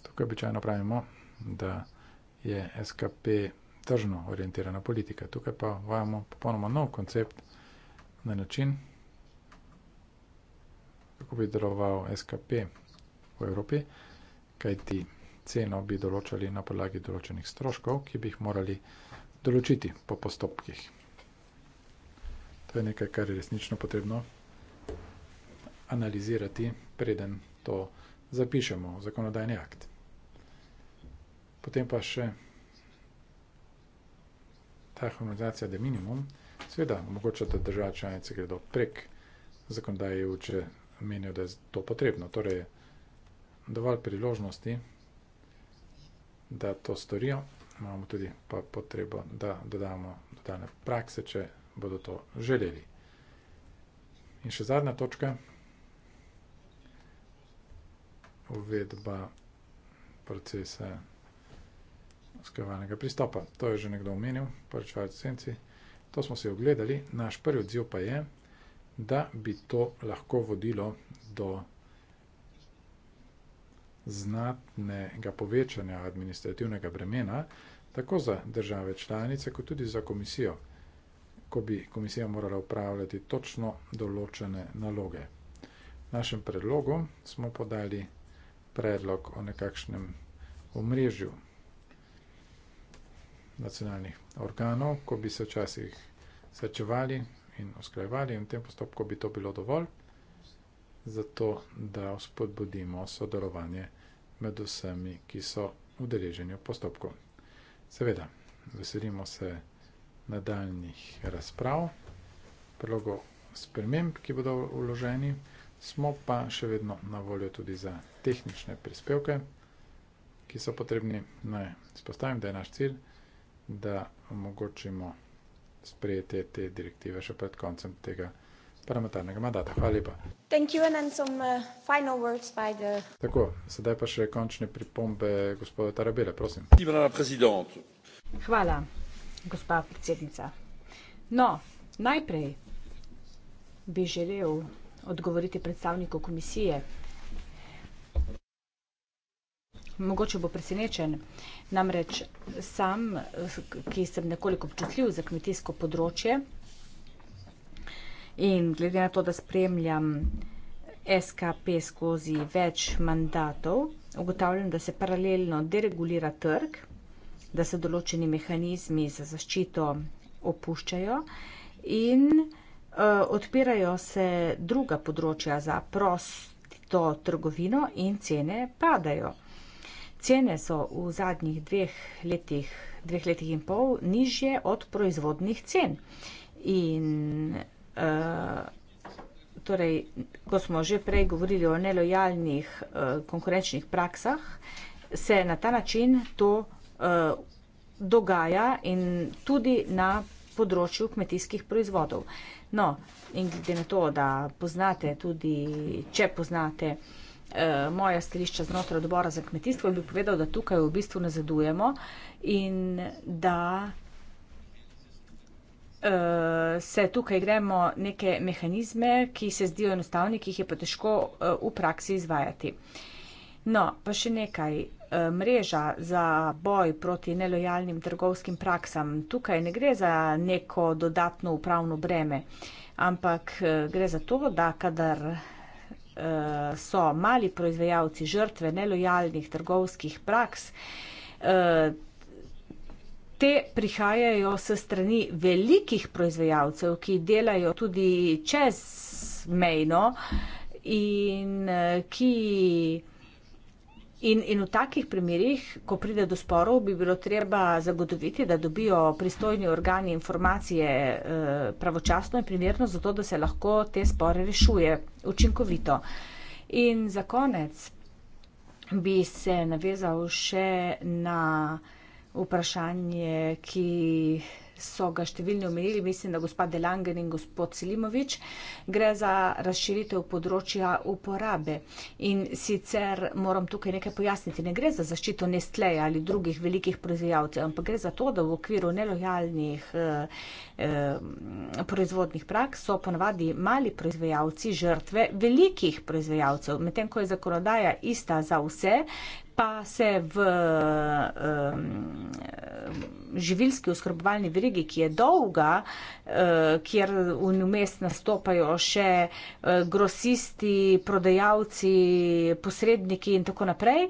Tukaj običajno pravimo, da je SKP tržno orientirana politika. Tukaj pa vajamo popolnoma nov koncept na način, kako bi deloval SKP v Evropi, kaj ti je ceno bi določali na podlagi določenih stroškov, ki bi jih morali določiti po postopkih. To je nekaj, kar je resnično potrebno analizirati, preden to zapišemo v zakonodajni akt. Potem pa še ta harmonizacija de minimum, seveda omogoča, da države članice gredo prek zakonodaje, če menijo, da je to potrebno. Torej, dovolj priložnosti, da to storijo. Imamo tudi pa potrebo, da dodamo dodane prakse, če bodo to želeli. In še zadnja točka, uvedba procesa skrivalnega pristopa. To je že nekdo omenil, poročevalci senci. To smo se ogledali, naš prvi odziv pa je, da bi to lahko vodilo do vsega znatnega povečanja administrativnega bremena, tako za države članice, kot tudi za komisijo, ko bi komisija morala upravljati točno določene naloge. V našem predlogu smo podali predlog o nekakšnem omrežju nacionalnih organov, ko bi se včasih srečevali in usklajevali in v tem postopku bi to bilo dovolj, zato da spodbudimo sodelovanje med vsemi, ki so udeleženi v postopku. Seveda, veselimo se nadaljnih razprav, prilogo sprememb, ki bodo uloženi, smo pa še vedno na voljo tudi za tehnične prispevke, ki so potrebni. Naj spostavim, da je naš cilj, da omogočimo sprejetje te direktive še pred koncem tega leta parlamentarnega mandata. Hvala lepa. You, some, uh, the... Tako, sedaj pa še končne pripombe gospoda Tarabele, prosim. Hvala, gospa predsednica. No, najprej bi želel odgovoriti predstavniku komisije. Mogoče bo presenečen, namreč sam, ki sem nekoliko občutljiv za kmetijsko področje, In glede na to, da spremljam SKP skozi več mandatov, ugotavljam, da se paralelno deregulira trg, da se določeni mehanizmi za zaščito opuščajo in uh, odpirajo se druga področja za prosto trgovino in cene padajo. Cene so v zadnjih dveh letih, dveh letih in pol nižje od proizvodnih cen. In Eh, torej, ko smo že prej govorili o nelojalnih eh, konkurenčnih praksah, se na ta način to eh, dogaja in tudi na področju kmetijskih proizvodov. No, in glede na to, da poznate tudi, če poznate moja stališča znotraj odbora za kmetijstvo, bi povedal, da tukaj v bistvu nazadujemo in da Eh, se tukaj gremo neke mehanizme, ki se zdijo enostavni, ki jih je pa težko eh, v praksi izvajati. No, pa še nekaj. Eh, mreža za boj proti nelojalnim trgovskim praksam. Tukaj ne gre za neko dodatno upravno breme, ampak gre za to, da kadar so mali proizvajalci žrtve nelojalnih trgovskih praks, Te prihajajo se strani velikih proizvajalcev, ki delajo tudi čezmejno in eh, ki. In, in v takih primerjih, ko pride do sporov, bi bilo treba zagotoviti, da dobijo pristojni organi informacije eh, pravočasno in primerno, zato da se lahko te spore rešuje učinkovito. In za konec bi se navezal še na vprašanje, ki so ga številni omenili, mislim, da gospod Delanger in gospod Silimovič, gre za razširitev področja uporabe. In sicer moram tukaj nekaj pojasniti, ne gre za zaščito Nestleja ali drugih velikih proizvajalcev, ampak gre za to, da v okviru nelojalnih eh, eh proizvodnih prak so ponavadi mali proizvajalci žrtve velikih proizvajalcev. Medtem ko je zakonodaja ista za vse, pa se v um, živilski oskrbovalni verigi, ki je dolga, uh, kjer vmes nastopajo še uh, grosisti, prodajalci, posredniki in tako naprej,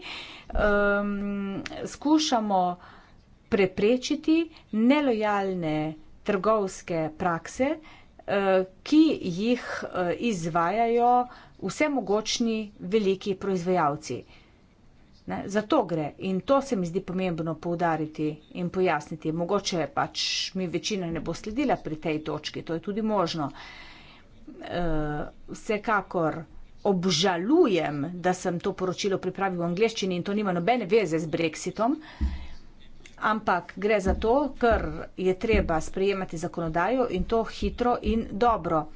um, skušamo preprečiti nelojalne trgovske prakse, eh, ki jih izvajajo vse mogočni veliki proizvajalci. Ne, za to gre in to se mi zdi pomembno poudariti in pojasniti. Mogoče pač mi večina ne bo sledila pri tej točki, to je tudi možno. E, vsekakor obžalujem, da sem to poročilo pripravil v angleščini in to nima nobene veze z brexitom, ampak gre za to, ker je treba sprejemati zakonodajo in to hitro in dobro.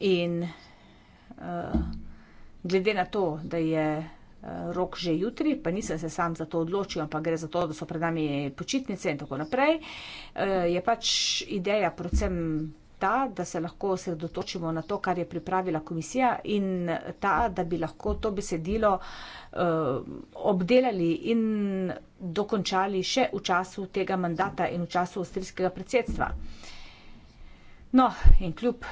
In e, glede na to, da je. Eh, rok že jutri, pa nisem se sam za to odločil, ampak gre za to, da so pred nami počitnice in tako naprej. Eh, je pač ideja predvsem ta, da se lahko sredotočimo na to, kar je pripravila komisija in ta, da bi lahko to besedilo eh, obdelali in dokončali še v času tega mandata in v času avstrijskega predsedstva. No, in kljub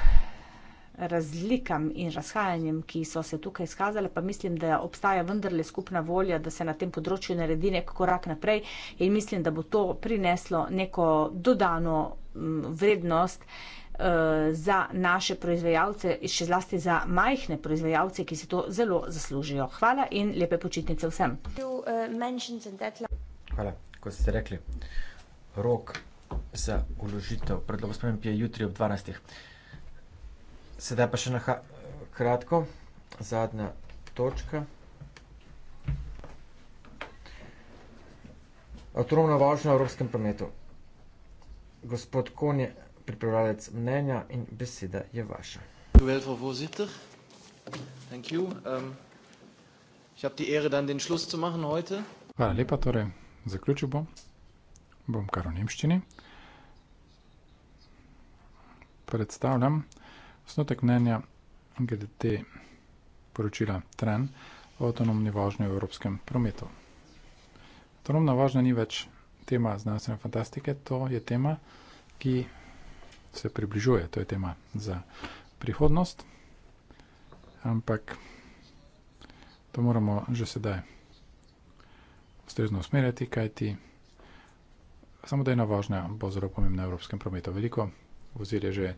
razlikam in razhajanjem, ki so se tukaj izkazale, pa mislim, da obstaja vendarle skupna volja, da se na tem področju naredi nek korak naprej in mislim, da bo to prineslo neko dodano mm, vrednost eh, za naše proizvajalce, še zlasti za majhne proizvajalce, ki si to zelo zaslužijo. Hvala in lepe počitnice vsem. Hvala, kot ste rekli. Rok za uložitev predlogov sprememb je jutri ob 12. Sedaj pa še na kratko, zadnja točka. Avtonomna vožnja v evropskem prometu. Gospod Kon je pripravljalec mnenja in beseda je vaša. Ähm, Hvala lepa, torej zaključil bom. Bom kar v nemščini. Predstavljam. Snotek mnenja glede poročila Tren o avtonomni vožnji v evropskem prometu. Avtonomna vožnja ni več tema znanstvene fantastike, to je tema, ki se približuje, to je tema za prihodnost, ampak to moramo že sedaj ustrezno usmerjati, kajti samo dejna vožnja bo zelo pomembna v evropskem prometu. Veliko vozil je že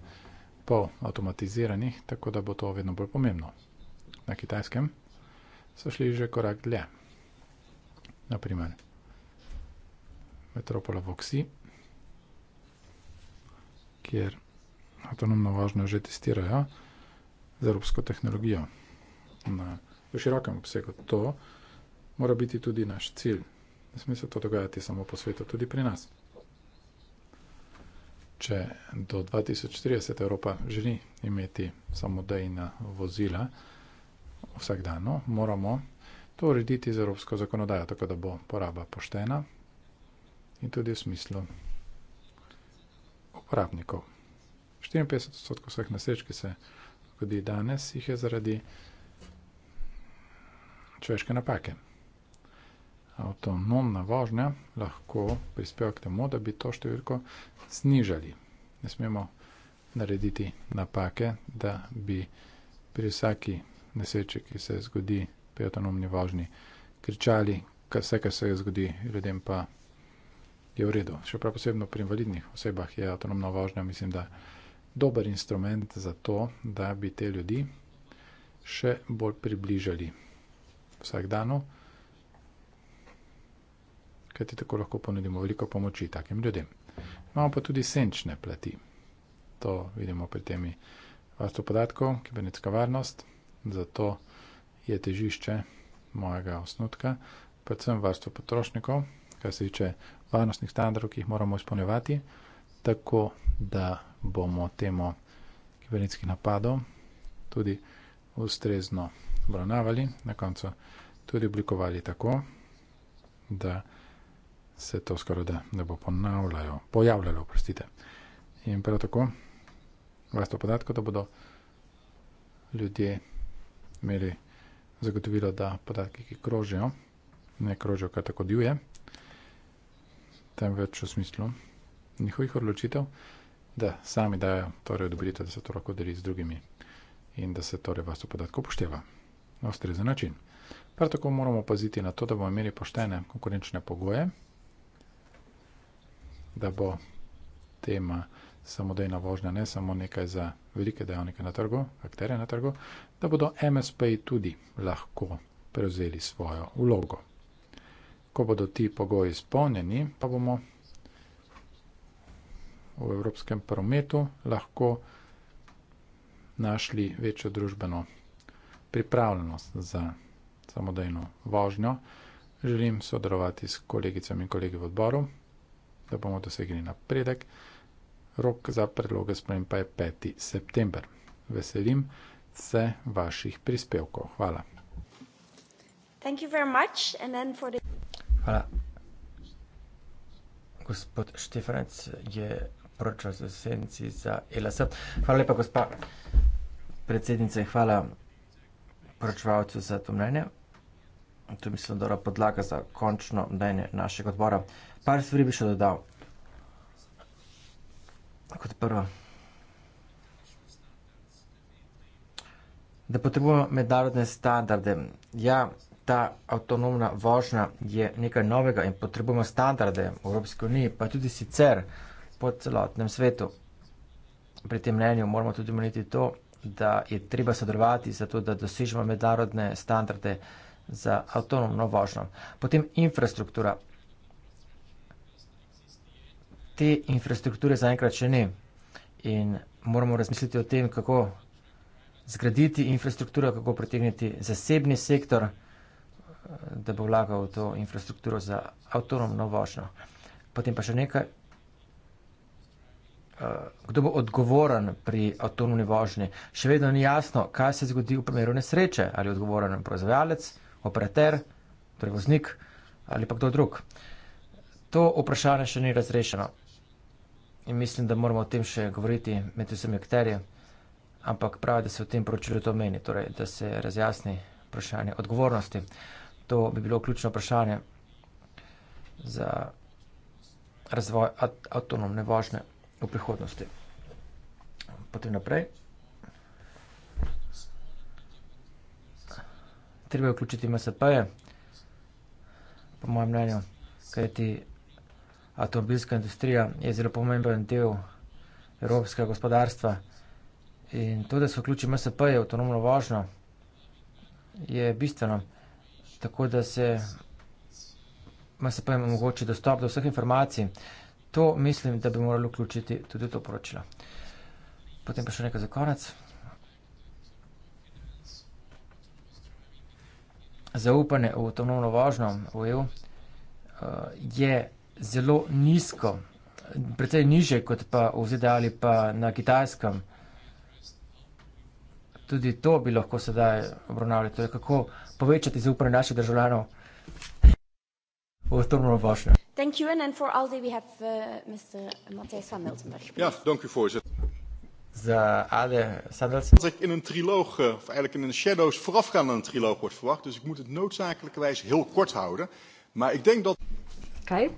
pol avtomatiziranih, tako da bo to vedno bolj pomembno. Na kitajskem so šli že korak dlje. Naprimer, metropola Voxi, kjer avtonomno vožnjo že testirajo z evropsko tehnologijo. Na v širokem obsegu to mora biti tudi naš cilj. Ne sme se to dogajati samo po svetu, tudi pri nas. Če do 2030 Evropa želi imeti samodejna vozila vsak dan, moramo to urediti z evropsko zakonodajo, tako da bo poraba poštena in tudi v smislu uporabnikov. 54 odstotkov vseh nesreč, ki se zgodi danes, jih je zaradi človeške napake avtonomna vožnja lahko prispeva k temu, da bi to številko znižali. Ne smemo narediti napake, da bi pri vsaki nesreči, ki se zgodi pri avtonomni vožnji, kričali, kar vse, kar se zgodi, ljudem pa je v redu. Še prav posebno pri invalidnih osebah je avtonomna vožnja, mislim, da dober instrument za to, da bi te ljudi še bolj približali vsakdanu kajti tako lahko ponudimo veliko pomoči takim ljudem. Imamo pa tudi senčne plati. To vidimo pri temi vrstu podatkov, kibernetska varnost, zato je težišče mojega osnutka, predvsem vrstu potrošnikov, kar se tiče varnostnih standardov, ki jih moramo izpolnjevati, tako da bomo temo kibernetskih napadov tudi ustrezno obravnavali, na koncu tudi oblikovali tako, da se to skoraj da ne bo ponavljalo, pojavljalo, oprostite. In prav tako, vas to podatko, da bodo ljudje imeli zagotovilo, da podatki, ki krožijo, ne krožijo, kar tako divje, temveč v smislu njihovih odločitev, da sami dajo torej odobritev, da se to lahko deli z drugimi in da se torej vas to podatko upošteva na ustrezen način. Prav tako moramo paziti na to, da bomo imeli poštene konkurenčne pogoje, da bo tema samodejna vožnja ne samo nekaj za velike dejavnike na trgu, akterje na trgu, da bodo MSP-ji tudi lahko prevzeli svojo vlogo. Ko bodo ti pogoji izpolnjeni, pa bomo v evropskem prometu lahko našli večjo družbeno pripravljenost za samodejno vožnjo. Želim sodelovati s kolegicami in kolegi v odboru da bomo dosegli napredek. Rok za predloge sprem pa je 5. september. Veselim se vaših prispevkov. Hvala. Hvala. Gospod Štefanec je pročal z esenci za LSE. Hvala lepa, gospa predsednica, in hvala pročvalcu za to mnenje. To je, mislim, dobra podlaga za končno mnenje našega odbora. Par stvari bi še dodal. Kot prvo, da potrebujemo mednarodne standarde. Ja, ta avtonomna vožnja je nekaj novega in potrebujemo standarde v Evropski uniji, pa tudi sicer po celotnem svetu. Pri tem mnenju moramo tudi omeniti to, da je treba sodelovati, zato da dosežemo mednarodne standarde za avtonomno vožnjo. Potem infrastruktura. Te infrastrukture zaenkrat še ne in moramo razmisliti o tem, kako zgraditi infrastrukturo, kako pritegniti zasebni sektor, da bo vlagal v to infrastrukturo za avtonomno vožnjo. Potem pa še nekaj, eh, kdo bo odgovoren pri avtonomni vožnji. Še vedno ni jasno, kaj se zgodi v primeru nesreče, ali je odgovoren proizvajalec operater, torej voznik ali pa kdo drug. To vprašanje še ni razrešeno in mislim, da moramo o tem še govoriti med vsemi akterji, ampak pravi, da se v tem poročilu to meni, torej da se razjasni vprašanje odgovornosti. To bi bilo ključno vprašanje za razvoj avtonomne vožnje v prihodnosti. Potem naprej. treba vključiti MSP-je, po mojem mnenju, kajti avtomobilska industrija je zelo pomemben del evropskega gospodarstva in to, da se vključi MSP-je v avtonomno vožnjo, je bistveno, tako da se MSP-jem omogoči dostop do vseh informacij. To mislim, da bi morali vključiti tudi to poročilo. Potem pa še nekaj za konec. zaupanje v avtonomno vožnjo v EU uh, je zelo nizko, precej niže kot pa v ZDA ali pa na kitajskem. Tudi to bi lahko sedaj obravnavali, to torej je kako povečati zaupanje naših državljanov v avtonomno vožnjo. Thank you, and then for Aldi, we have uh, Mr. Matthias van Miltenberg. Yeah, thank ja, you, Voorzitter za eh, Ade Sandels. Als ik in een triloog, eh, of eigenlijk in een Shadows voorafgaande een triloog wordt verwacht. Dus ik moet het noodzakelijkerwijs heel kort houden. Maar ik denk dat. Kijk.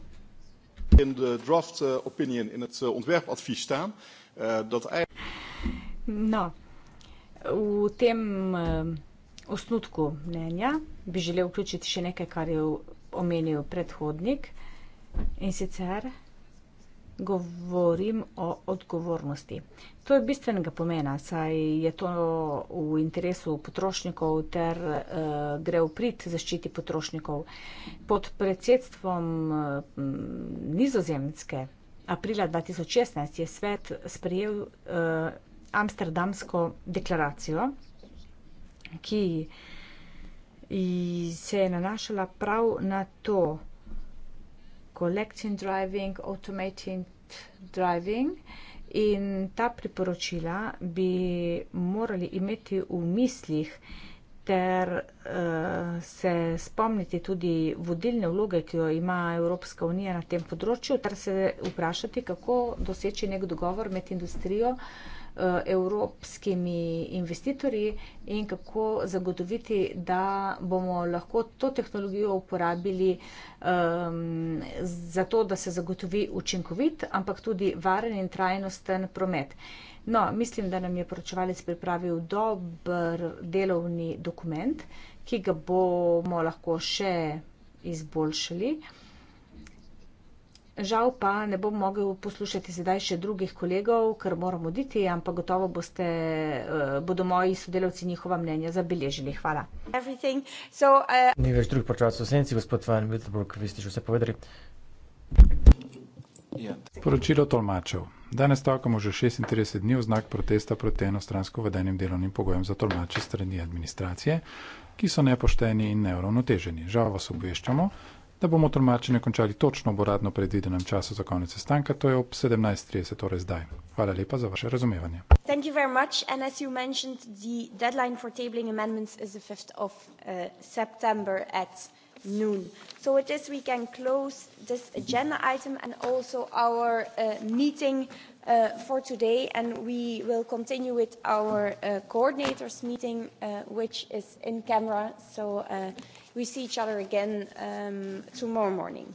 In de draft uh, opinion, in het uh, ontwerpadvies staan. Uh, dat eigenlijk. Nou. V tem uh, osnutku mnenja bi želel vključiti še nekaj, kar je omenil predhodnik in sicer govorim o odgovornosti. To je bistvenega pomena, saj je to v interesu potrošnikov ter uh, gre v prid zaščiti potrošnikov. Pod predsedstvom uh, nizozemske aprila 2016 je svet sprejel uh, Amsterdamsko deklaracijo, ki se je nanašala prav na to, collecting driving, automated driving. In ta priporočila bi morali imeti v mislih ter uh, se spomniti tudi vodilne vloge, ki jo ima Evropska unija na tem področju, ter se vprašati, kako doseči nek dogovor med industrijo. Uh, Eh, evropskimi investitorji in kako zagotoviti, da bomo lahko to tehnologijo uporabili um, za to, da se zagotovi učinkovit, ampak tudi varen in trajnosten promet. No, mislim, da nam je poročevalec pripravil dober delovni dokument, ki ga bomo lahko še izboljšali. Žal pa ne bom mogel poslušati sedaj še drugih kolegov, ker moram oditi, ampak gotovo boste, eh, bodo moji sodelavci njihova mnenja zabeležili. Hvala. So, uh... Ni več drugih počasov senci, gospod Van Wittelburg, vi ste že vse povedali. Ja. Poročilo tolmačev. Danes stavkamo že 36 dni v znak protesta proti enostransko vedenim delovnim pogojem za tolmače strani administracije, ki so nepošteni in neuravnoteženi. Žal vas obveščamo, da bomo tolmačenje končali točno v uradno predvidenem času za konec sestanka, to je ob 17.30, torej zdaj. Hvala lepa za vaše razumevanje. Uh, noon. So with this, we can close this agenda item and also our uh, meeting uh, for today. And we will continue with our uh, coordinators' meeting, uh, which is in camera. So. Uh we see each other again um tomorrow morning.